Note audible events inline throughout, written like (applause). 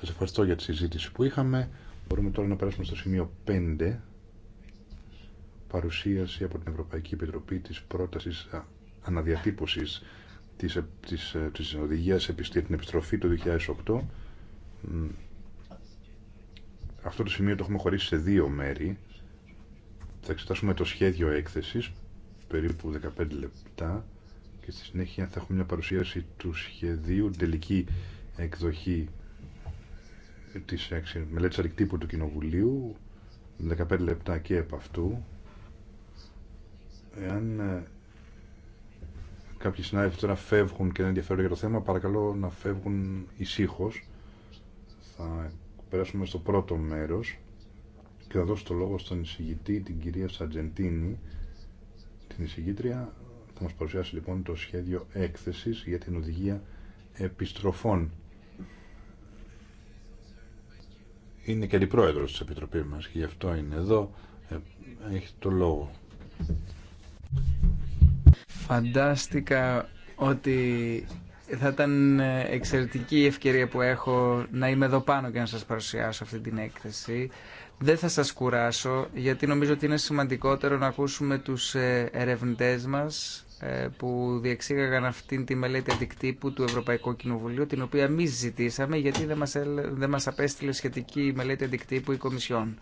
Σας ευχαριστώ για τη συζήτηση που είχαμε. Μπορούμε τώρα να περάσουμε στο σημείο 5. Παρουσίαση από την Ευρωπαϊκή Επιτροπή της πρότασης αναδιατύπωσης της, ε, της, ε, της οδηγίας την επιστροφή του 2008. Αυτό το σημείο το έχουμε χωρίσει σε δύο μέρη. Θα εξετάσουμε το σχέδιο έκθεσης, περίπου 15 λεπτά, και στη συνέχεια θα έχουμε μια παρουσίαση του σχεδίου, τελική εκδοχή της μελέτης αρρηκτύπου του Κοινοβουλίου 15 λεπτά και επ' αυτού εάν ε, κάποιοι συνάδελφοι τώρα φεύγουν και δεν ενδιαφέρονται για το θέμα παρακαλώ να φεύγουν ησύχω. θα περάσουμε στο πρώτο μέρος και θα δώσω το λόγο στον εισηγητή την κυρία Σατζεντίνη την εισηγήτρια θα μας παρουσιάσει λοιπόν το σχέδιο έκθεσης για την οδηγία επιστροφών είναι και αντιπρόεδρος της Επιτροπής μας και γι' αυτό είναι εδώ. Ε, έχει το λόγο. Φαντάστηκα ότι θα ήταν εξαιρετική η ευκαιρία που έχω να είμαι εδώ πάνω και να σας παρουσιάσω αυτή την έκθεση. Δεν θα σας κουράσω γιατί νομίζω ότι είναι σημαντικότερο να ακούσουμε τους ε, ερευνητές μας ε, που διεξήγαγαν αυτή τη μελέτη αντικτύπου του Ευρωπαϊκού Κοινοβουλίου, την οποία εμεί ζητήσαμε γιατί δεν μα δεν μας απέστειλε σχετική μελέτη αντικτύπου η Κομισιόν.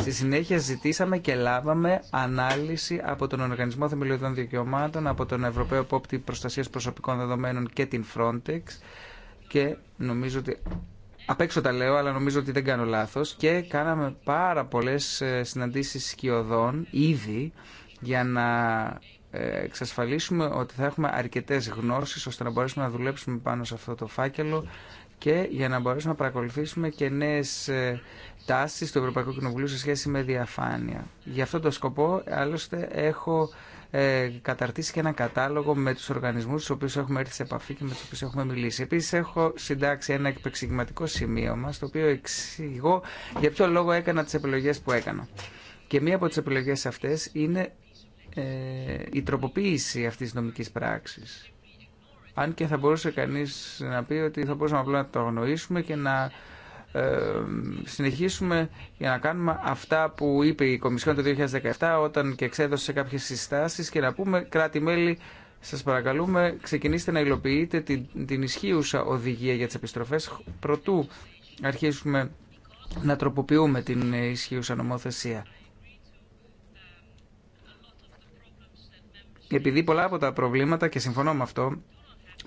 Στη συνέχεια ζητήσαμε και λάβαμε ανάλυση από τον Οργανισμό Θεμελιωδών Δικαιωμάτων, από τον Ευρωπαίο Πόπτη Προστασία Προσωπικών Δεδομένων και την Frontex και νομίζω ότι Απ' έξω τα λέω, αλλά νομίζω ότι δεν κάνω λάθο και κάναμε πάρα πολλές ε, συναντήσεις σκιωδών ήδη για να εξασφαλίσουμε ότι θα έχουμε αρκετές γνώσεις ώστε να μπορέσουμε να δουλέψουμε πάνω σε αυτό το φάκελο και για να μπορέσουμε να παρακολουθήσουμε και νέες ε, τάσεις του Ευρωπαϊκού Κοινοβουλίου σε σχέση με διαφάνεια. Γι' αυτό τον σκοπό, άλλωστε, έχω ε, καταρτήσει και ένα κατάλογο με τους οργανισμούς στους οποίους έχουμε έρθει σε επαφή και με τους οποίους έχουμε μιλήσει. Επίσης έχω συντάξει ένα επεξηγηματικό σημείο μας, το οποίο εξηγώ για ποιο λόγο έκανα τις επιλογές που έκανα. Και μία από τις επιλογές αυτές είναι ε, η τροποποίηση αυτής της νομικής πράξης. Αν και θα μπορούσε κανείς να πει ότι θα μπορούσαμε απλά να το γνωρίσουμε και να ε, συνεχίσουμε για να κάνουμε αυτά που είπε η Κομισιόν το 2017 όταν και εξέδωσε κάποιες συστάσεις και να πούμε κράτη-μέλη σας παρακαλούμε ξεκινήστε να υλοποιείτε την, την ισχύουσα οδηγία για τις επιστροφές προτού αρχίσουμε να τροποποιούμε την ισχύουσα νομοθεσία. επειδή πολλά από τα προβλήματα, και συμφωνώ με αυτό,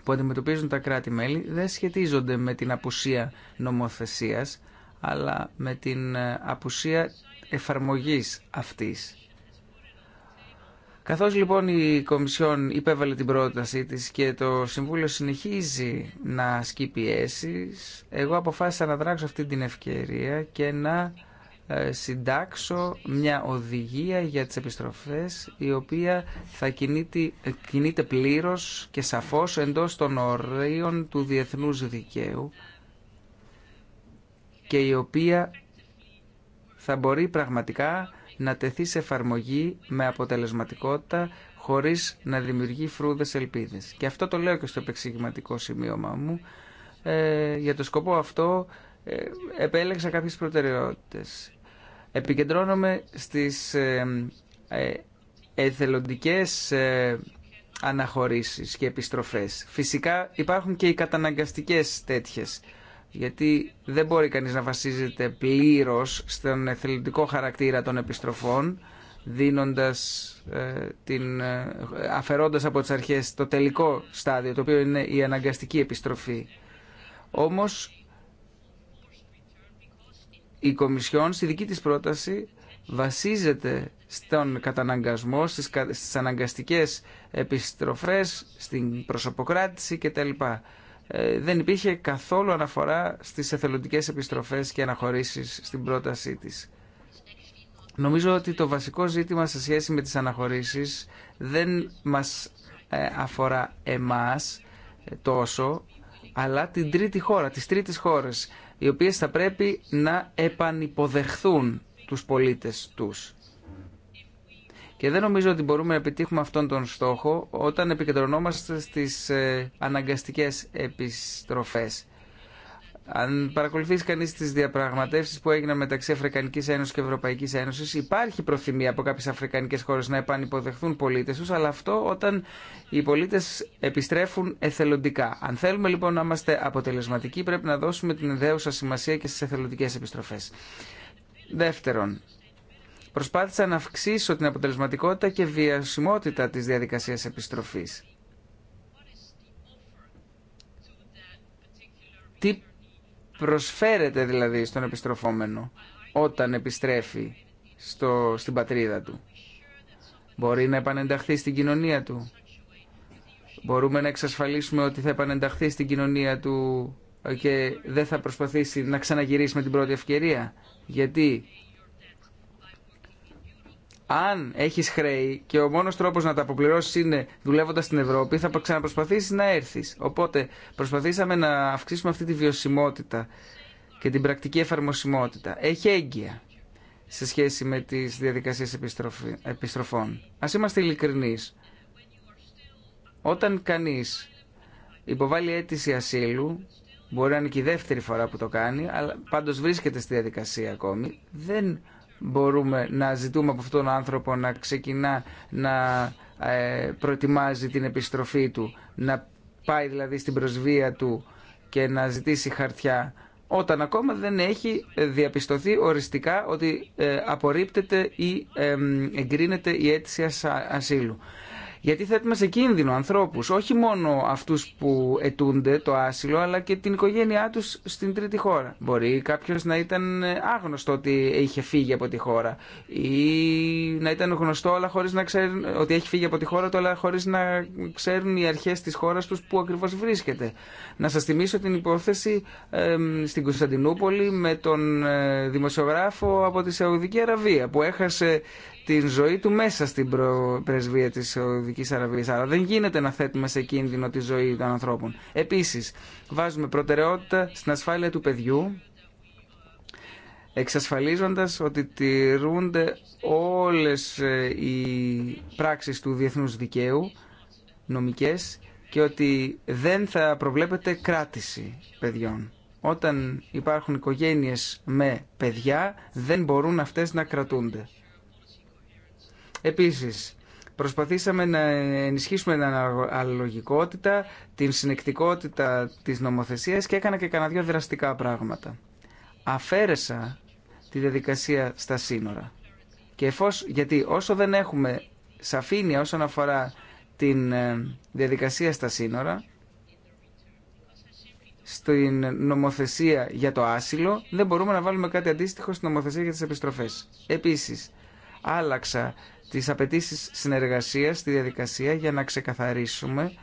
που αντιμετωπίζουν τα κράτη-μέλη δεν σχετίζονται με την απουσία νομοθεσίας, αλλά με την ε, απουσία εφαρμογής αυτής. Καθώς λοιπόν η Κομισιόν υπέβαλε την πρότασή της και το Συμβούλιο συνεχίζει να ασκεί πιέσεις, εγώ αποφάσισα να δράξω αυτή την ευκαιρία και να ε, συντάξω μια οδηγία για τις επιστροφές η οποία θα κινείται, κινείται πλήρως και σαφώς εντός των ορίων του διεθνούς δικαίου και η οποία θα μπορεί πραγματικά να τεθεί σε εφαρμογή με αποτελεσματικότητα χωρίς να δημιουργεί φρούδες ελπίδες. Και αυτό το λέω και στο επεξηγηματικό σημείωμα μου. Ε, για το σκοπό αυτό ε, επέλεξα κάποιες προτεραιότητες Επικεντρώνομαι στις ε, ε, εθελοντικές ε, αναχωρήσεις και επιστροφές. Φυσικά υπάρχουν και οι καταναγκαστικές τέτοιες, γιατί δεν μπορεί κανείς να βασίζεται πλήρως στον εθελοντικό χαρακτήρα των επιστροφών, δίνοντας, την, αφαιρώντας από τις αρχές το τελικό στάδιο, το οποίο είναι η αναγκαστική επιστροφή. Όμως η Κομισιόν στη δική της πρόταση βασίζεται στον καταναγκασμό, στις, στις αναγκαστικές επιστροφές, στην προσωποκράτηση κτλ. Ε, δεν υπήρχε καθόλου αναφορά στις εθελοντικές επιστροφές και αναχωρήσεις στην πρότασή της. Νομίζω ότι το βασικό ζήτημα σε σχέση με τις αναχωρήσεις δεν μας ε, αφορά εμάς ε, τόσο, αλλά την τρίτη χώρα, τις τρίτες χώρες οι οποίες θα πρέπει να επανυποδεχθούν τους πολίτες τους. Και δεν νομίζω ότι μπορούμε να επιτύχουμε αυτόν τον στόχο όταν επικεντρωνόμαστε στις ε, αναγκαστικές επιστροφές. Αν παρακολουθήσει κανεί τι διαπραγματεύσει που έγιναν μεταξύ Αφρικανική Ένωση και Ευρωπαϊκή Ένωση, υπάρχει προθυμία από κάποιε αφρικανικέ χώρε να επανυποδεχθούν πολίτε του, αλλά αυτό όταν οι πολίτε επιστρέφουν εθελοντικά. Αν θέλουμε λοιπόν να είμαστε αποτελεσματικοί, πρέπει να δώσουμε την ιδέουσα σημασία και στι εθελοντικέ επιστροφέ. Δεύτερον, προσπάθησα να αυξήσω την αποτελεσματικότητα και βιασιμότητα τη διαδικασία επιστροφή προσφέρεται δηλαδή στον επιστροφόμενο όταν επιστρέφει στο, στην πατρίδα του. Μπορεί να επανενταχθεί στην κοινωνία του. Μπορούμε να εξασφαλίσουμε ότι θα επανενταχθεί στην κοινωνία του και δεν θα προσπαθήσει να ξαναγυρίσει με την πρώτη ευκαιρία. Γιατί αν έχει χρέη και ο μόνο τρόπο να τα αποπληρώσει είναι δουλεύοντα στην Ευρώπη, θα ξαναπροσπαθήσει να έρθει. Οπότε προσπαθήσαμε να αυξήσουμε αυτή τη βιωσιμότητα και την πρακτική εφαρμοσιμότητα. Έχει έγκυα σε σχέση με τι διαδικασίε επιστροφών. Α είμαστε ειλικρινεί. Όταν κανεί υποβάλλει αίτηση ασύλου, μπορεί να είναι και η δεύτερη φορά που το κάνει, αλλά πάντω βρίσκεται στη διαδικασία ακόμη, δεν μπορούμε να ζητούμε από αυτόν τον άνθρωπο να ξεκινά να ε, προετοιμάζει την επιστροφή του, να πάει δηλαδή στην προσβία του και να ζητήσει χαρτιά όταν ακόμα δεν έχει διαπιστωθεί οριστικά ότι ε, απορρίπτεται ή εγκρίνεται η αίτηση ασύλου. Γιατί θέτουμε σε κίνδυνο ανθρώπου, όχι μόνο αυτού που ετούνται το άσυλο, αλλά και την οικογένειά του στην τρίτη χώρα. Μπορεί κάποιο να ήταν άγνωστο ότι είχε φύγει από τη χώρα ή να ήταν γνωστό αλλά χωρίς να ξέρουν, ότι έχει φύγει από τη χώρα του, αλλά χωρίς να ξέρουν οι αρχέ τη χώρα του που ακριβώ βρίσκεται. Να σα θυμίσω την υπόθεση ε, στην Κωνσταντινούπολη με τον ε, δημοσιογράφο από τη Σαουδική Αραβία που έχασε την ζωή του μέσα στην πρεσβεία της Σαουδικής Αραβίας. Αλλά δεν γίνεται να θέτουμε σε κίνδυνο τη ζωή των ανθρώπων. Επίσης, βάζουμε προτεραιότητα στην ασφάλεια του παιδιού, εξασφαλίζοντας ότι τηρούνται όλες ε, οι πράξεις του διεθνούς δικαίου, νομικές, και ότι δεν θα προβλέπεται κράτηση παιδιών. Όταν υπάρχουν οικογένειες με παιδιά, δεν μπορούν αυτές να κρατούνται. Επίσης, προσπαθήσαμε να ενισχύσουμε την αναλογικότητα, την συνεκτικότητα της νομοθεσίας και έκανα και κανένα δυο δραστικά πράγματα. Αφαίρεσα τη διαδικασία στα σύνορα. Και γιατί όσο δεν έχουμε σαφήνεια όσον αφορά την ε, διαδικασία στα σύνορα, στην νομοθεσία για το άσυλο, δεν μπορούμε να βάλουμε κάτι αντίστοιχο στην νομοθεσία για τις επιστροφές. Επίσης, άλλαξα τις απαιτήσει συνεργασίας στη διαδικασία για να ξεκαθαρίσουμε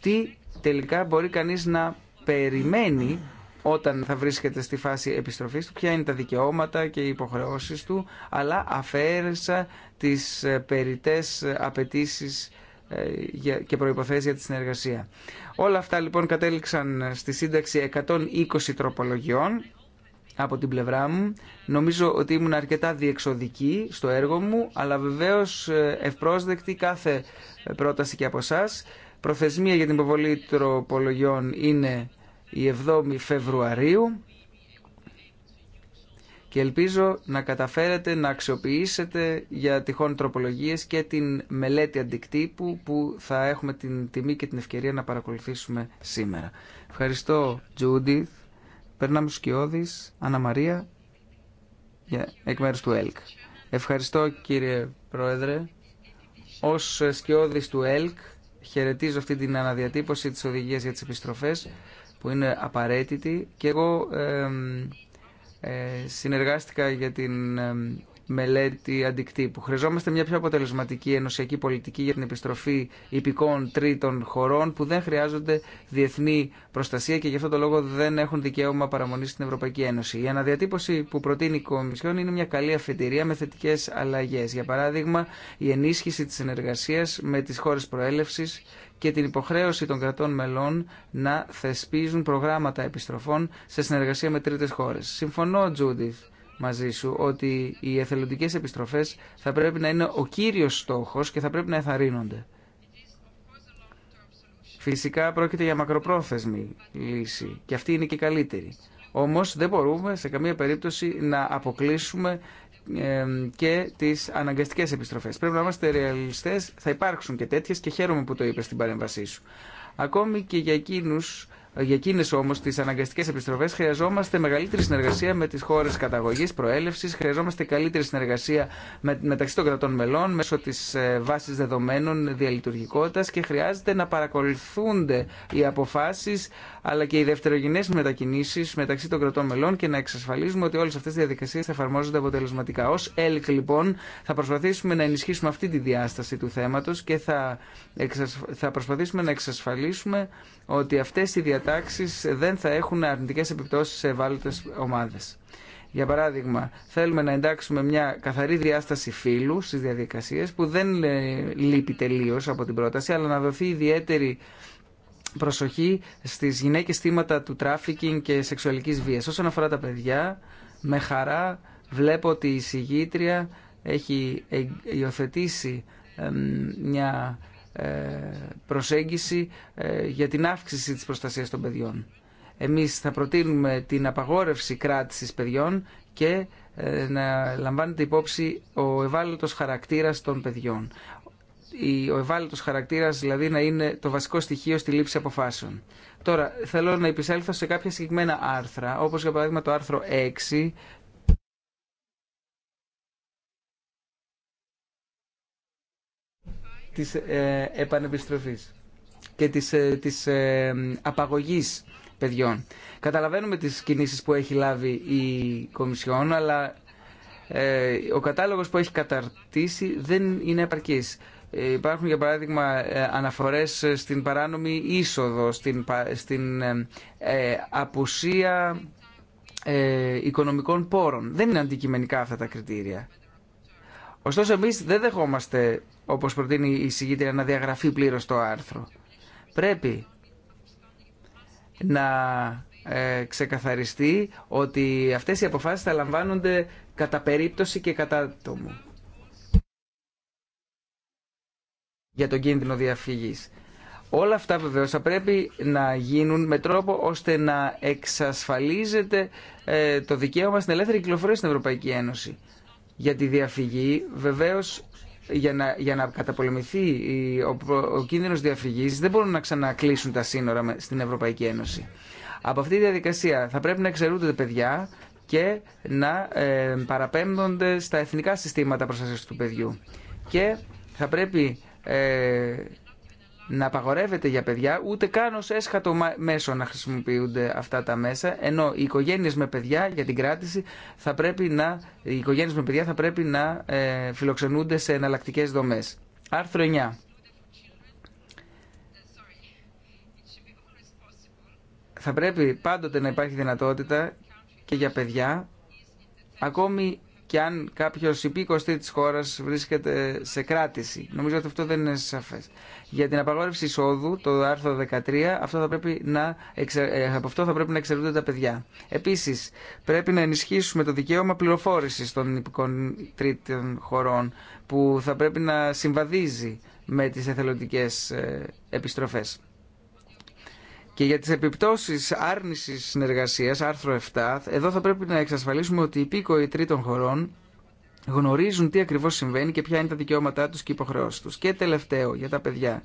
τι τελικά μπορεί κανείς να περιμένει όταν θα βρίσκεται στη φάση επιστροφής του, ποια είναι τα δικαιώματα και οι υποχρεώσεις του, αλλά αφαίρεσα τις ε, περιτές απαιτήσει ε, και προϋποθέσεις για τη συνεργασία. Όλα αυτά λοιπόν κατέληξαν στη σύνταξη 120 τροπολογιών από την πλευρά μου. Νομίζω ότι ήμουν αρκετά διεξοδική στο έργο μου, αλλά βεβαίως ε, ευπρόσδεκτη κάθε πρόταση και από εσά. Προθεσμία για την υποβολή τροπολογιών είναι η 7η Φεβρουαρίου και ελπίζω να καταφέρετε να αξιοποιήσετε για τυχόν τροπολογίες και την μελέτη αντικτύπου που θα έχουμε την τιμή και την ευκαιρία να παρακολουθήσουμε σήμερα. Ευχαριστώ, Τζούντιθ. Περνάμε στους Κιώδης, Αναμαρία, για, εκ μέρους του ΕΛΚ. Ευχαριστώ κύριε Πρόεδρε. Ως σκιώδης του ΕΛΚ χαιρετίζω αυτή την αναδιατύπωση της οδηγίας για τις επιστροφές που είναι απαραίτητη και εγώ ε, συνεργάστηκα για την μελέτη αντικτύπου. Χρειαζόμαστε μια πιο αποτελεσματική ενωσιακή πολιτική για την επιστροφή υπηκών τρίτων χωρών που δεν χρειάζονται διεθνή προστασία και γι' αυτό το λόγο δεν έχουν δικαίωμα παραμονή στην Ευρωπαϊκή Ένωση. Η αναδιατύπωση που προτείνει η Κομισιόν είναι μια καλή αφετηρία με θετικέ αλλαγέ. Για παράδειγμα, η ενίσχυση τη συνεργασία με τι χώρε προέλευση και την υποχρέωση των κρατών μελών να θεσπίζουν προγράμματα επιστροφών σε συνεργασία με τρίτες χώρες. Συμφωνώ, Τζούντιθ, μαζί σου ότι οι εθελοντικές επιστροφές θα πρέπει να είναι ο κύριος στόχος και θα πρέπει να εθαρρύνονται. Φυσικά πρόκειται για μακροπρόθεσμη λύση και αυτή είναι και καλύτερη. Όμως δεν μπορούμε σε καμία περίπτωση να αποκλείσουμε και τις αναγκαστικές επιστροφές. Πρέπει να είμαστε ρεαλιστές, θα υπάρξουν και τέτοιες και χαίρομαι που το είπες στην παρέμβασή σου. Ακόμη και για εκείνους για εκείνε όμω τι αναγκαστικέ επιστροφέ χρειαζόμαστε μεγαλύτερη συνεργασία με τι χώρε καταγωγή, προέλευση, χρειαζόμαστε καλύτερη συνεργασία με, μεταξύ των κρατών μελών μέσω τη ε, βάση δεδομένων διαλειτουργικότητα και χρειάζεται να παρακολουθούνται οι αποφάσει αλλά και οι δευτερογενεί μετακινήσει μεταξύ των κρατών μελών και να εξασφαλίζουμε ότι όλε αυτέ οι διαδικασίε θα εφαρμόζονται αποτελεσματικά. Ω ΕΛΚ, λοιπόν, θα προσπαθήσουμε να ενισχύσουμε αυτή τη διάσταση του θέματο και θα, θα προσπαθήσουμε να εξασφαλίσουμε ότι αυτέ οι διατάξει δεν θα έχουν αρνητικέ επιπτώσει σε ευάλωτε ομάδε. Για παράδειγμα, θέλουμε να εντάξουμε μια καθαρή διάσταση φύλου στις διαδικασίες που δεν ε, λείπει τελείω από την πρόταση, αλλά να δοθεί ιδιαίτερη προσοχή στις γυναίκες θύματα του τράφικινγκ και σεξουαλικής βίας. Όσον αφορά τα παιδιά, με χαρά βλέπω ότι η συγγήτρια έχει υιοθετήσει μια ε, προσέγγιση ε, για την αύξηση της προστασίας των παιδιών. Εμείς θα προτείνουμε την απαγόρευση κράτησης παιδιών και ε, να λαμβάνεται υπόψη ο ευάλωτος χαρακτήρας των παιδιών ο ευάλωτο χαρακτήρα δηλαδή να είναι το βασικό στοιχείο στη λήψη αποφάσεων. Τώρα, θέλω να επισέλθω σε κάποια συγκεκριμένα άρθρα, Όπω για παράδειγμα το άρθρο 6, της ε, επανεπιστροφής και της, ε, της ε, απαγωγής παιδιών. Καταλαβαίνουμε τις κινήσεις που έχει λάβει η Κομισιόν, αλλά ε, ο κατάλογος που έχει καταρτήσει δεν είναι επαρκής. Υπάρχουν για παράδειγμα ε, αναφορές στην παράνομη είσοδο, στην, στην ε, ε, απουσία ε, οικονομικών πόρων. Δεν είναι αντικειμενικά αυτά τα κριτήρια. Ωστόσο εμείς δεν δεχόμαστε, όπως προτείνει η συγκίτρια, να διαγραφεί πλήρως το άρθρο. Πρέπει να ε, ξεκαθαριστεί ότι αυτές οι αποφάσεις θα λαμβάνονται κατά περίπτωση και κατά τόμου. για τον κίνδυνο διαφυγής. Όλα αυτά βεβαίω θα πρέπει να γίνουν με τρόπο ώστε να εξασφαλίζεται ε, το δικαίωμα στην ελεύθερη κυκλοφορία στην Ευρωπαϊκή Ένωση. Για τη διαφυγή βεβαίω για να, για να καταπολεμηθεί ο, ο κίνδυνος διαφυγής δεν μπορούν να ξανακλείσουν τα σύνορα στην Ευρωπαϊκή Ένωση. Από αυτή τη διαδικασία θα πρέπει να εξαιρούνται τα παιδιά και να ε, παραπέμπονται στα εθνικά συστήματα προστασία του παιδιού. Και θα πρέπει ε, να απαγορεύεται για παιδιά ούτε καν ως έσχατο μέσο να χρησιμοποιούνται αυτά τα μέσα ενώ οι οικογένειε με παιδιά για την κράτηση θα πρέπει να, οι με παιδιά θα πρέπει να ε, φιλοξενούνται σε εναλλακτικέ δομέ. Άρθρο 9. Θα πρέπει πάντοτε να υπάρχει δυνατότητα και για παιδιά, ακόμη και αν κάποιο υπήκοστη τη χώρα βρίσκεται σε κράτηση. Νομίζω ότι αυτό δεν είναι σαφέ. Για την απαγόρευση εισόδου, το άρθρο 13, αυτό θα πρέπει να, ε, από αυτό θα πρέπει να εξαιρούνται τα παιδιά. Επίση, πρέπει να ενισχύσουμε το δικαίωμα πληροφόρηση των υπηκών τρίτων χωρών, που θα πρέπει να συμβαδίζει με τις εθελοντικές ε, επιστροφές. Και για τις επιπτώσεις άρνησης συνεργασίας, άρθρο 7, εδώ θα πρέπει να εξασφαλίσουμε ότι οι υπήκοοι τρίτων χωρών γνωρίζουν τι ακριβώς συμβαίνει και ποια είναι τα δικαιώματά τους και οι υποχρεώσεις τους. Και τελευταίο, για τα παιδιά.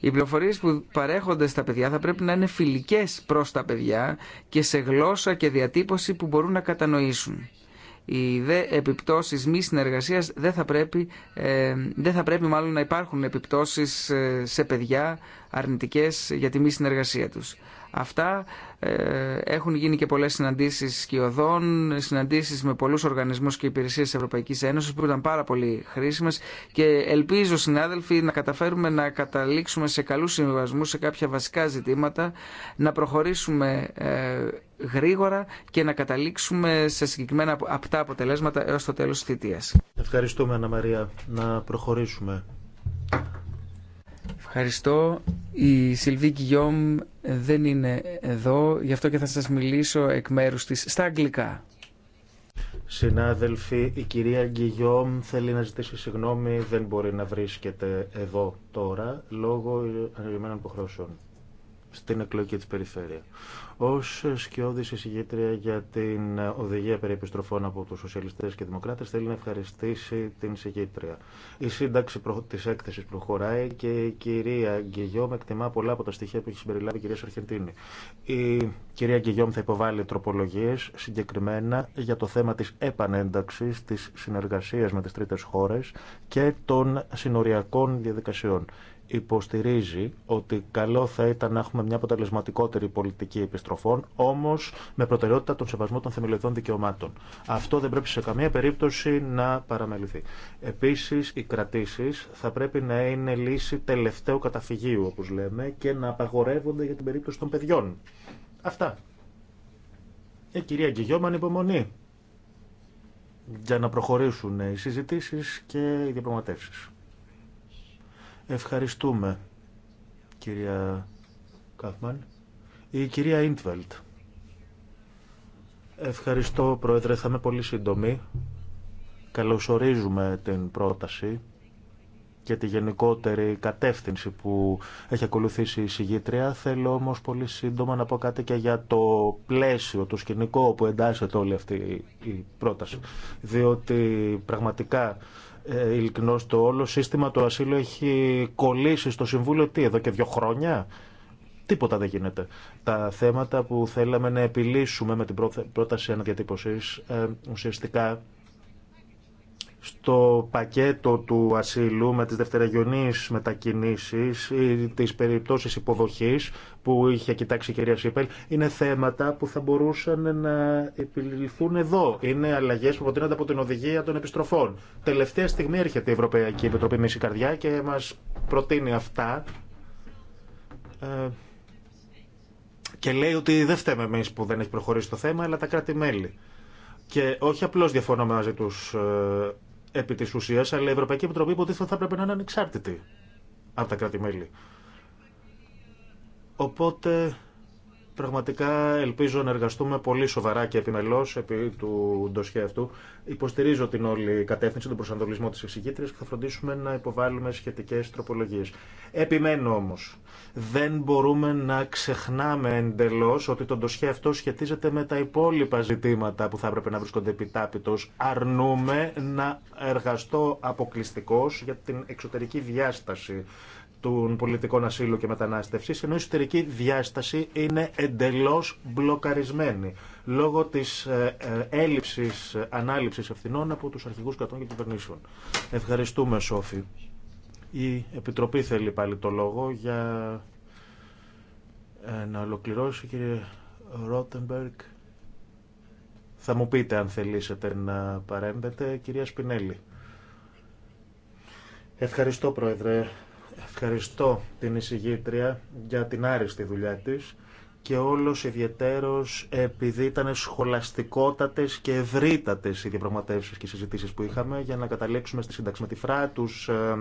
Οι πληροφορίες που παρέχονται στα παιδιά θα πρέπει να είναι φιλικές προς τα παιδιά και σε γλώσσα και διατύπωση που μπορούν να κατανοήσουν οι δε επιπτώσεις μη συνεργασία δεν θα πρέπει, ε, δεν θα πρέπει μάλλον να υπάρχουν επιπτώσεις ε, σε παιδιά αρνητικές για τη μη συνεργασία τους αυτά. Ε, έχουν γίνει και πολλές συναντήσεις σκιωδών, συναντήσεις με πολλούς οργανισμούς και υπηρεσίες της Ευρωπαϊκής Ένωσης που ήταν πάρα πολύ χρήσιμες και ελπίζω συνάδελφοι να καταφέρουμε να καταλήξουμε σε καλούς συμβασμούς σε κάποια βασικά ζητήματα, να προχωρήσουμε ε, γρήγορα και να καταλήξουμε σε συγκεκριμένα απτά αποτελέσματα έως το τέλος της θητείας. Ευχαριστούμε Αναμαρία. Να προχωρήσουμε. Ευχαριστώ. Η Σιλβί Γιόμ δεν είναι εδώ, γι' αυτό και θα σας μιλήσω εκ μέρους της στα αγγλικά. Συνάδελφοι, η κυρία Γκυγιόμ θέλει να ζητήσει συγγνώμη, δεν μπορεί να βρίσκεται εδώ τώρα, λόγω ενεργημένων υποχρεώσεων στην εκλογική της περιφέρεια. Ως σκιώδης εισηγήτρια για την οδηγία περί επιστροφών από τους σοσιαλιστές και δημοκράτες θέλει να ευχαριστήσει την εισηγήτρια. Η σύνταξη της έκθεσης προχωράει και η κυρία Γκυγιόμ εκτιμά πολλά από τα στοιχεία που έχει συμπεριλάβει η κυρία Σαρχεντίνη. Η κυρία Γκυγιόμ θα υποβάλει τροπολογίες συγκεκριμένα για το θέμα της επανένταξης, της συνεργασίας με τις τρίτες χώρες και των συνοριακών διαδικασιών υποστηρίζει ότι καλό θα ήταν να έχουμε μια αποτελεσματικότερη πολιτική επιστροφών, όμω με προτεραιότητα τον σεβασμό των θεμελιωδών δικαιωμάτων. Αυτό δεν πρέπει σε καμία περίπτωση να παραμεληθεί. Επίση, οι κρατήσει θα πρέπει να είναι λύση τελευταίου καταφυγίου, όπω λέμε, και να απαγορεύονται για την περίπτωση των παιδιών. Αυτά. Η ε, κυρία Γκυγιώμα ανυπομονή για να προχωρήσουν οι συζητήσεις και οι διαπραγματεύσεις. Ευχαριστούμε, κυρία Κάθμαν, Η κυρία Ίντβελτ. Ευχαριστώ, Πρόεδρε. Θα είμαι πολύ σύντομη. Καλωσορίζουμε την πρόταση και τη γενικότερη κατεύθυνση που έχει ακολουθήσει η συγγήτρια. Θέλω όμως πολύ σύντομα να πω κάτι και για το πλαίσιο, το σκηνικό που εντάσσεται όλη αυτή η πρόταση. Διότι πραγματικά ε, ειλικρινώς το όλο σύστημα του ασύλου έχει κολλήσει στο Συμβούλιο τι εδώ και δύο χρόνια. Τίποτα δεν γίνεται. Τα θέματα που θέλαμε να επιλύσουμε με την πρόταση αναδιατύπωσης ε, ουσιαστικά στο πακέτο του ασύλου με τις δευτεραγιονείς μετακινήσεις ή τις περιπτώσεις υποδοχής που είχε κοιτάξει η κυρία Σίπελ είναι θέματα που θα μπορούσαν να επιληθούν εδώ. Είναι αλλαγέ που προτείνονται από την οδηγία των επιστροφών. Τελευταία στιγμή έρχεται η Ευρωπαϊκή Επιτροπή Μίση Καρδιά και μας προτείνει αυτά ε, και λέει ότι δεν φταίμε εμεί που δεν έχει προχωρήσει το θέμα, αλλά τα κράτη-μέλη. Και όχι απλώς διαφωνώ μαζί τους ε, επί τη ουσία, αλλά η Ευρωπαϊκή Επιτροπή υποτίθεται θα πρέπει να είναι ανεξάρτητη από τα κράτη-μέλη. Οπότε Πραγματικά ελπίζω να εργαστούμε πολύ σοβαρά και επιμελώ. επί του ντοσιέ αυτού. Υποστηρίζω την όλη κατεύθυνση, τον προσανατολισμό τη εξηγήτρια και θα φροντίσουμε να υποβάλουμε σχετικέ τροπολογίες. Επιμένω όμω, δεν μπορούμε να ξεχνάμε εντελώ ότι το ντοσιέ αυτό σχετίζεται με τα υπόλοιπα ζητήματα που θα έπρεπε να βρίσκονται επιτάπητο. Αρνούμε να εργαστώ αποκλειστικώ για την εξωτερική διάσταση των πολιτικών ασύλου και μετανάστευση ενώ η εσωτερική διάσταση είναι εντελώς μπλοκαρισμένη λόγω της ε, ε, έλλειψης ε, ανάληψη ευθυνών από τους αρχηγούς κρατών και κυβερνήσεων. Ευχαριστούμε, Σόφη. Η Επιτροπή θέλει πάλι το λόγο για να ολοκληρώσει, κύριε Ρότεμπεργκ. Θα μου πείτε αν θελήσετε να παρέμβετε. Κυρία Σπινέλη. Ευχαριστώ, Πρόεδρε. Ευχαριστώ την εισηγήτρια για την άριστη δουλειά της και όλος ιδιαιτέρως επειδή ήταν σχολαστικότατες και ευρύτατες οι διαπραγματεύσεις και οι συζητήσεις που είχαμε για να καταλήξουμε στη συνταξιματιφρά τους ε,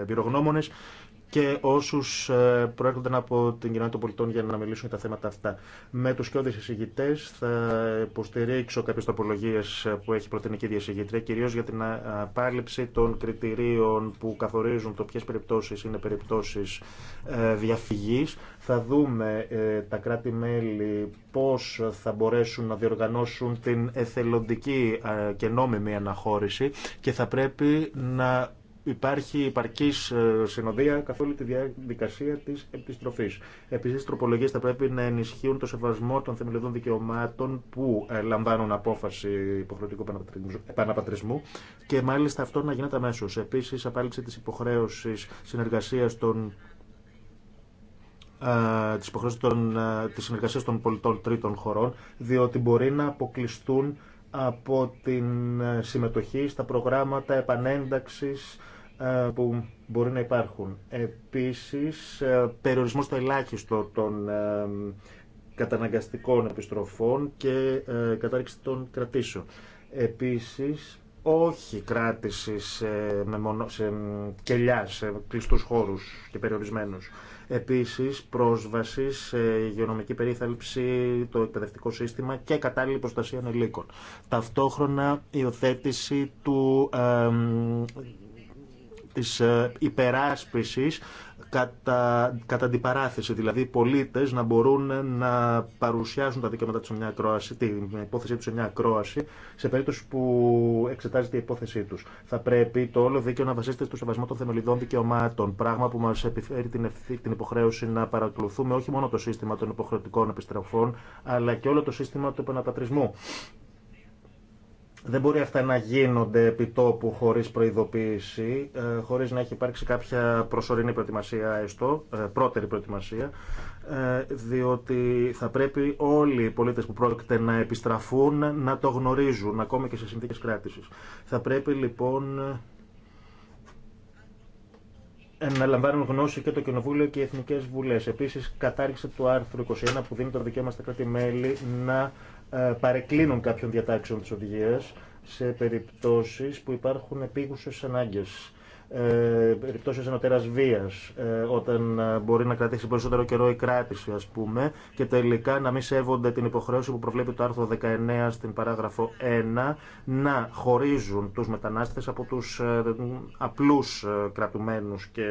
εμπειρογνώμονες και όσου ε, προέρχονται από την κοινότητα των πολιτών για να μιλήσουν για τα θέματα αυτά. Με του κοιόδη εισηγητέ θα υποστηρίξω κάποιε τοπολογίε που έχει προτείνει και η εισηγητρία, κυρίω για την απάλληψη των κριτηρίων που καθορίζουν το ποιε περιπτώσει είναι περιπτώσει ε, διαφυγή. Θα δούμε ε, τα κράτη-μέλη πώ θα μπορέσουν να διοργανώσουν την εθελοντική και νόμιμη αναχώρηση και θα πρέπει να υπάρχει υπαρκή ε, συνοδεία καθ' όλη τη διαδικασία τη επιστροφή. Επίση, οι τροπολογίε θα πρέπει να ενισχύουν το σεβασμό των θεμελιωδών δικαιωμάτων που ε, λαμβάνουν απόφαση υποχρεωτικού επαναπατρισμού και μάλιστα αυτό να γίνεται αμέσω. Επίση, απάλληψη τη υποχρέωση συνεργασία των ε, της υποχρέωσης των, της συνεργασίας των πολιτών τρίτων χωρών, διότι μπορεί να αποκλειστούν από την συμμετοχή στα προγράμματα επανένταξης ε, που μπορεί να υπάρχουν. Επίσης, ε, περιορισμός στο ελάχιστο των ε, καταναγκαστικών επιστροφών και κατάρριξη των κρατήσεων. Επίσης, όχι κράτηση σε, μονο, σε κελιά, σε κλειστούς χώρους και περιορισμένους. Επίσης, πρόσβαση σε υγειονομική περίθαλψη, το εκπαιδευτικό σύστημα και κατάλληλη προστασία ανελίκων. Ταυτόχρονα, υιοθέτηση του της ε, υπεράσπισης κατά, κατά την παράθεση. Δηλαδή, οι πολίτε να μπορούν να παρουσιάζουν τα δικαιώματα της σε μια ακρόαση, την υπόθεσή του σε μια ακρόαση, σε περίπτωση που εξετάζεται η υπόθεσή του. Θα πρέπει το όλο δίκαιο να βασίζεται στο σεβασμό των θεμελιδών δικαιωμάτων. Πράγμα που μα επιφέρει την, ευθύ, την υποχρέωση να παρακολουθούμε όχι μόνο το σύστημα των υποχρεωτικών επιστροφών, αλλά και όλο το σύστημα του επαναπατρισμού. Δεν μπορεί αυτά να γίνονται επί τόπου χωρίς προειδοποίηση, ε, χωρίς να έχει υπάρξει κάποια προσωρινή προετοιμασία έστω, ε, πρώτερη προετοιμασία, ε, διότι θα πρέπει όλοι οι πολίτες που πρόκειται να επιστραφούν να το γνωρίζουν, ακόμη και σε συνθήκες κράτησης. Θα πρέπει λοιπόν να λαμβάνουν γνώση και το Κοινοβούλιο και οι Εθνικέ Βουλέ. Επίση, κατάργηση του άρθρου 21 που δίνει το δικαίωμα στα κράτη-μέλη να ε, παρεκκλίνουν κάποιων διατάξεων της οδηγίας σε περιπτώσεις που υπάρχουν επίγουσες ανάγκες. Ε, περιπτώσεις ενοτεράς βίας, ε, όταν ε, μπορεί να κρατήσει περισσότερο καιρό η κράτηση α πούμε και τελικά να μην σέβονται την υποχρέωση που προβλέπει το άρθρο 19 στην παράγραφο 1 να χωρίζουν του μετανάστε από του ε, απλούς κρατουμένους και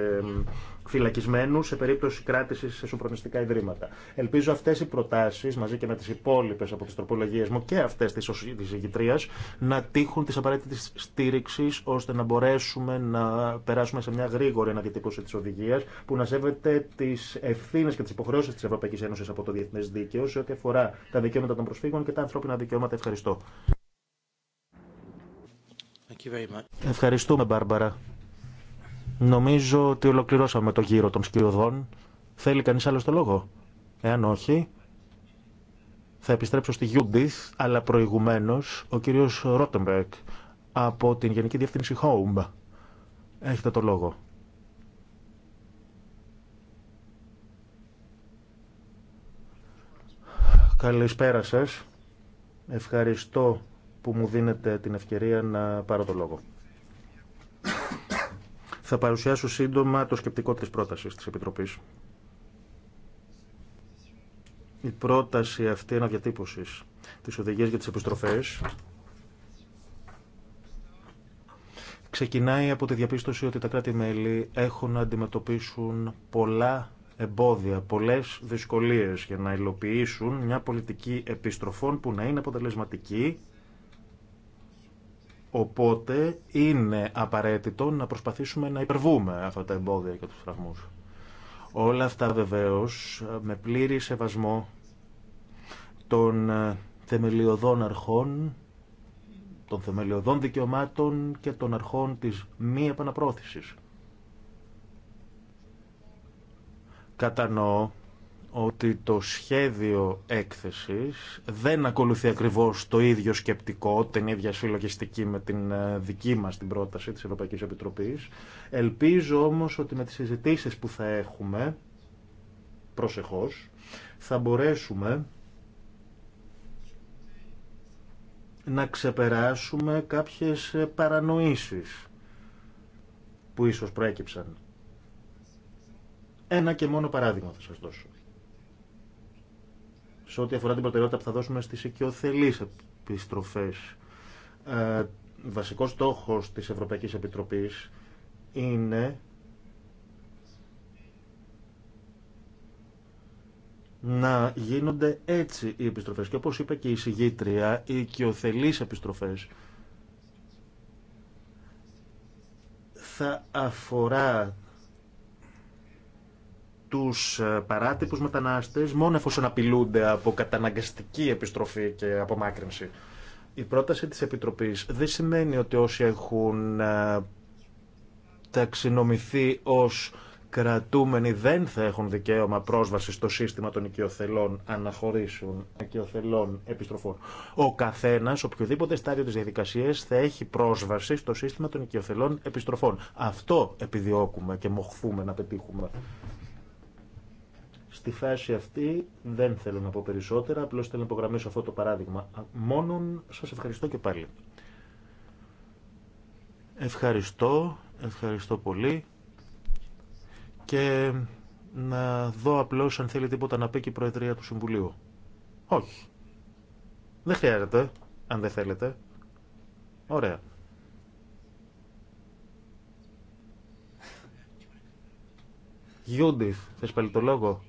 φυλακισμένου σε περίπτωση κράτηση σε σοφρονιστικά ιδρύματα. Ελπίζω αυτέ οι προτάσει μαζί και με τι υπόλοιπε από τι τροπολογίε μου και αυτέ τη ηγητρία να τύχουν τη απαραίτητη στήριξη ώστε να μπορέσουμε να περάσουμε σε μια γρήγορη αναδιατύπωση τη οδηγία που να σέβεται τι ευθύνε και τι υποχρεώσει τη Ευρωπαϊκή Ένωση από το Διεθνέ Δίκαιο σε ό,τι αφορά τα δικαιώματα των προσφύγων και τα ανθρώπινα δικαιώματα. Ευχαριστώ. Ευχαριστούμε, Μπάρμπαρα. Νομίζω ότι ολοκληρώσαμε το γύρο των σκιωδών. Θέλει κανείς άλλο το λόγο. Εάν όχι, θα επιστρέψω στη Γιούντις, αλλά προηγουμένως ο κύριος Ρότεμπεκ από την Γενική Διεύθυνση Home. Έχετε το λόγο. Καλησπέρα σας. Ευχαριστώ που μου δίνετε την ευκαιρία να πάρω το λόγο. Θα παρουσιάσω σύντομα το σκεπτικό της πρότασης της Επιτροπής. Η πρόταση αυτή αναδιατύπωσης της οδηγίας για τις επιστροφές ξεκινάει από τη διαπίστωση ότι τα κράτη-μέλη έχουν να αντιμετωπίσουν πολλά εμπόδια, πολλές δυσκολίες για να υλοποιήσουν μια πολιτική επιστροφών που να είναι αποτελεσματική Οπότε είναι απαραίτητο να προσπαθήσουμε να υπερβούμε αυτά τα εμπόδια και τους φραγμούς. Όλα αυτά βεβαίως με πλήρη σεβασμό των ε, θεμελιωδών αρχών, των θεμελιωδών δικαιωμάτων και των αρχών της μη επαναπρόθεσης. Κατανοώ ότι το σχέδιο έκθεσης δεν ακολουθεί ακριβώς το ίδιο σκεπτικό, την ίδια συλλογιστική με την ε, δική μας την πρόταση της Ευρωπαϊκής Επιτροπής. Ελπίζω όμως ότι με τις συζητήσεις που θα έχουμε, προσεχώς, θα μπορέσουμε να ξεπεράσουμε κάποιες παρανοήσεις που ίσως προέκυψαν. Ένα και μόνο παράδειγμα θα σας δώσω σε ό,τι αφορά την προτεραιότητα που θα δώσουμε στις οικειοθελείς επιστροφές. Ε, βασικός στόχος της Ευρωπαϊκής Επιτροπής είναι να γίνονται έτσι οι επιστροφές. Και όπως είπε και η συγγήτρια, οι οικειοθελείς επιστροφές θα αφορά τους ε, παράτυπους μετανάστες μόνο εφόσον απειλούνται από καταναγκαστική επιστροφή και απομάκρυνση. Η πρόταση της Επιτροπής δεν σημαίνει ότι όσοι έχουν ε, ταξινομηθεί ως κρατούμενοι δεν θα έχουν δικαίωμα πρόσβαση στο σύστημα των οικειοθελών αναχωρήσεων, οικειοθελών επιστροφών. Ο καθένα, οποιοδήποτε στάδιο τη διαδικασία, θα έχει πρόσβαση στο σύστημα των οικειοθελών επιστροφών. Αυτό επιδιώκουμε και μοχθούμε να πετύχουμε Στη φάση αυτή δεν θέλω να πω περισσότερα, απλώς θέλω να υπογραμμίσω αυτό το παράδειγμα. Μόνον σας ευχαριστώ και πάλι. Ευχαριστώ, ευχαριστώ πολύ και να δω απλώς αν θέλει τίποτα να πει και η Προεδρία του Συμβουλίου. Όχι. Δεν χρειάζεται, αν δεν θέλετε. Ωραία. Γιούντιθ, θες πάλι το λόγο.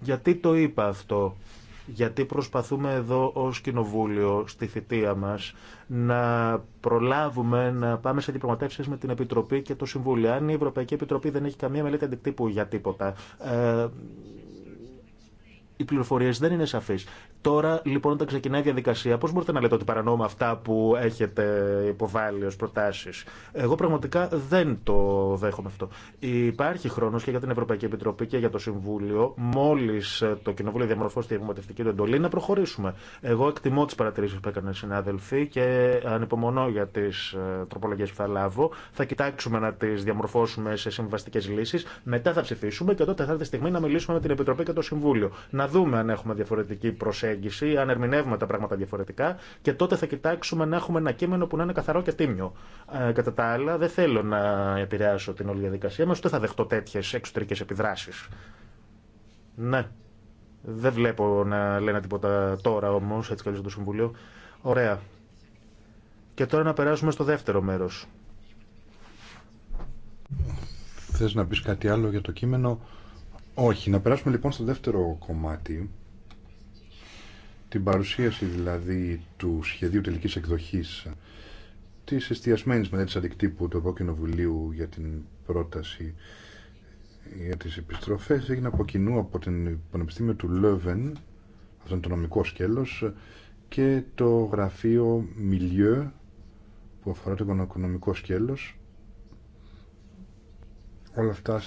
Γιατί το είπα αυτό. Γιατί προσπαθούμε εδώ ως Κοινοβούλιο στη θητεία μας να προλάβουμε να πάμε σε διαπραγματεύσει με την Επιτροπή και το Συμβούλιο. Αν η Ευρωπαϊκή Επιτροπή δεν έχει καμία μελέτη αντικτύπου για τίποτα, ε, οι πληροφορίε δεν είναι σαφεί. Τώρα λοιπόν, όταν ξεκινάει η διαδικασία, πώ μπορείτε να λέτε ότι παρανόμα αυτά που έχετε υποβάλει ω προτάσει. Εγώ πραγματικά δεν το δέχομαι αυτό. Υπάρχει χρόνο και για την Ευρωπαϊκή Επιτροπή και για το Συμβούλιο, μόλι ε, το Κοινοβούλιο διαμορφώσει τη διαπραγματευτική του εντολή, να προχωρήσουμε. Εγώ εκτιμώ τι παρατηρήσει που έκαναν οι συνάδελφοι και ανυπομονώ για τι ε, τροπολογίε που θα λάβω. Θα κοιτάξουμε να τι διαμορφώσουμε σε συμβαστικέ λύσει. Μετά θα ψηφίσουμε και τότε θα έρθει στιγμή να μιλήσουμε με την Επιτροπή και το Συμβούλιο δούμε αν έχουμε διαφορετική προσέγγιση, αν ερμηνεύουμε τα πράγματα διαφορετικά και τότε θα κοιτάξουμε να έχουμε ένα κείμενο που να είναι καθαρό και τίμιο. Ε, κατά τα άλλα, δεν θέλω να επηρεάσω την όλη διαδικασία μα, ούτε θα δεχτώ τέτοιε εξωτερικέ επιδράσει. Ναι. Δεν βλέπω να λένε τίποτα τώρα όμω, έτσι κι το Συμβουλίο. Ωραία. Και τώρα να περάσουμε στο δεύτερο μέρο. Θε να πει κάτι άλλο για το κείμενο. Όχι, να περάσουμε λοιπόν στο δεύτερο κομμάτι, την παρουσίαση δηλαδή του σχεδίου τελικής εκδοχής της εστιασμένης της αντικτύπου του Ευρωκοινοβουλίου για την πρόταση για τις επιστροφές έγινε από κοινού από την Πανεπιστήμιο του Λόβεν, αυτό είναι το νομικό σκέλος, και το γραφείο Μιλιό που αφορά το οικονομικό σκέλος. Όλα αυτά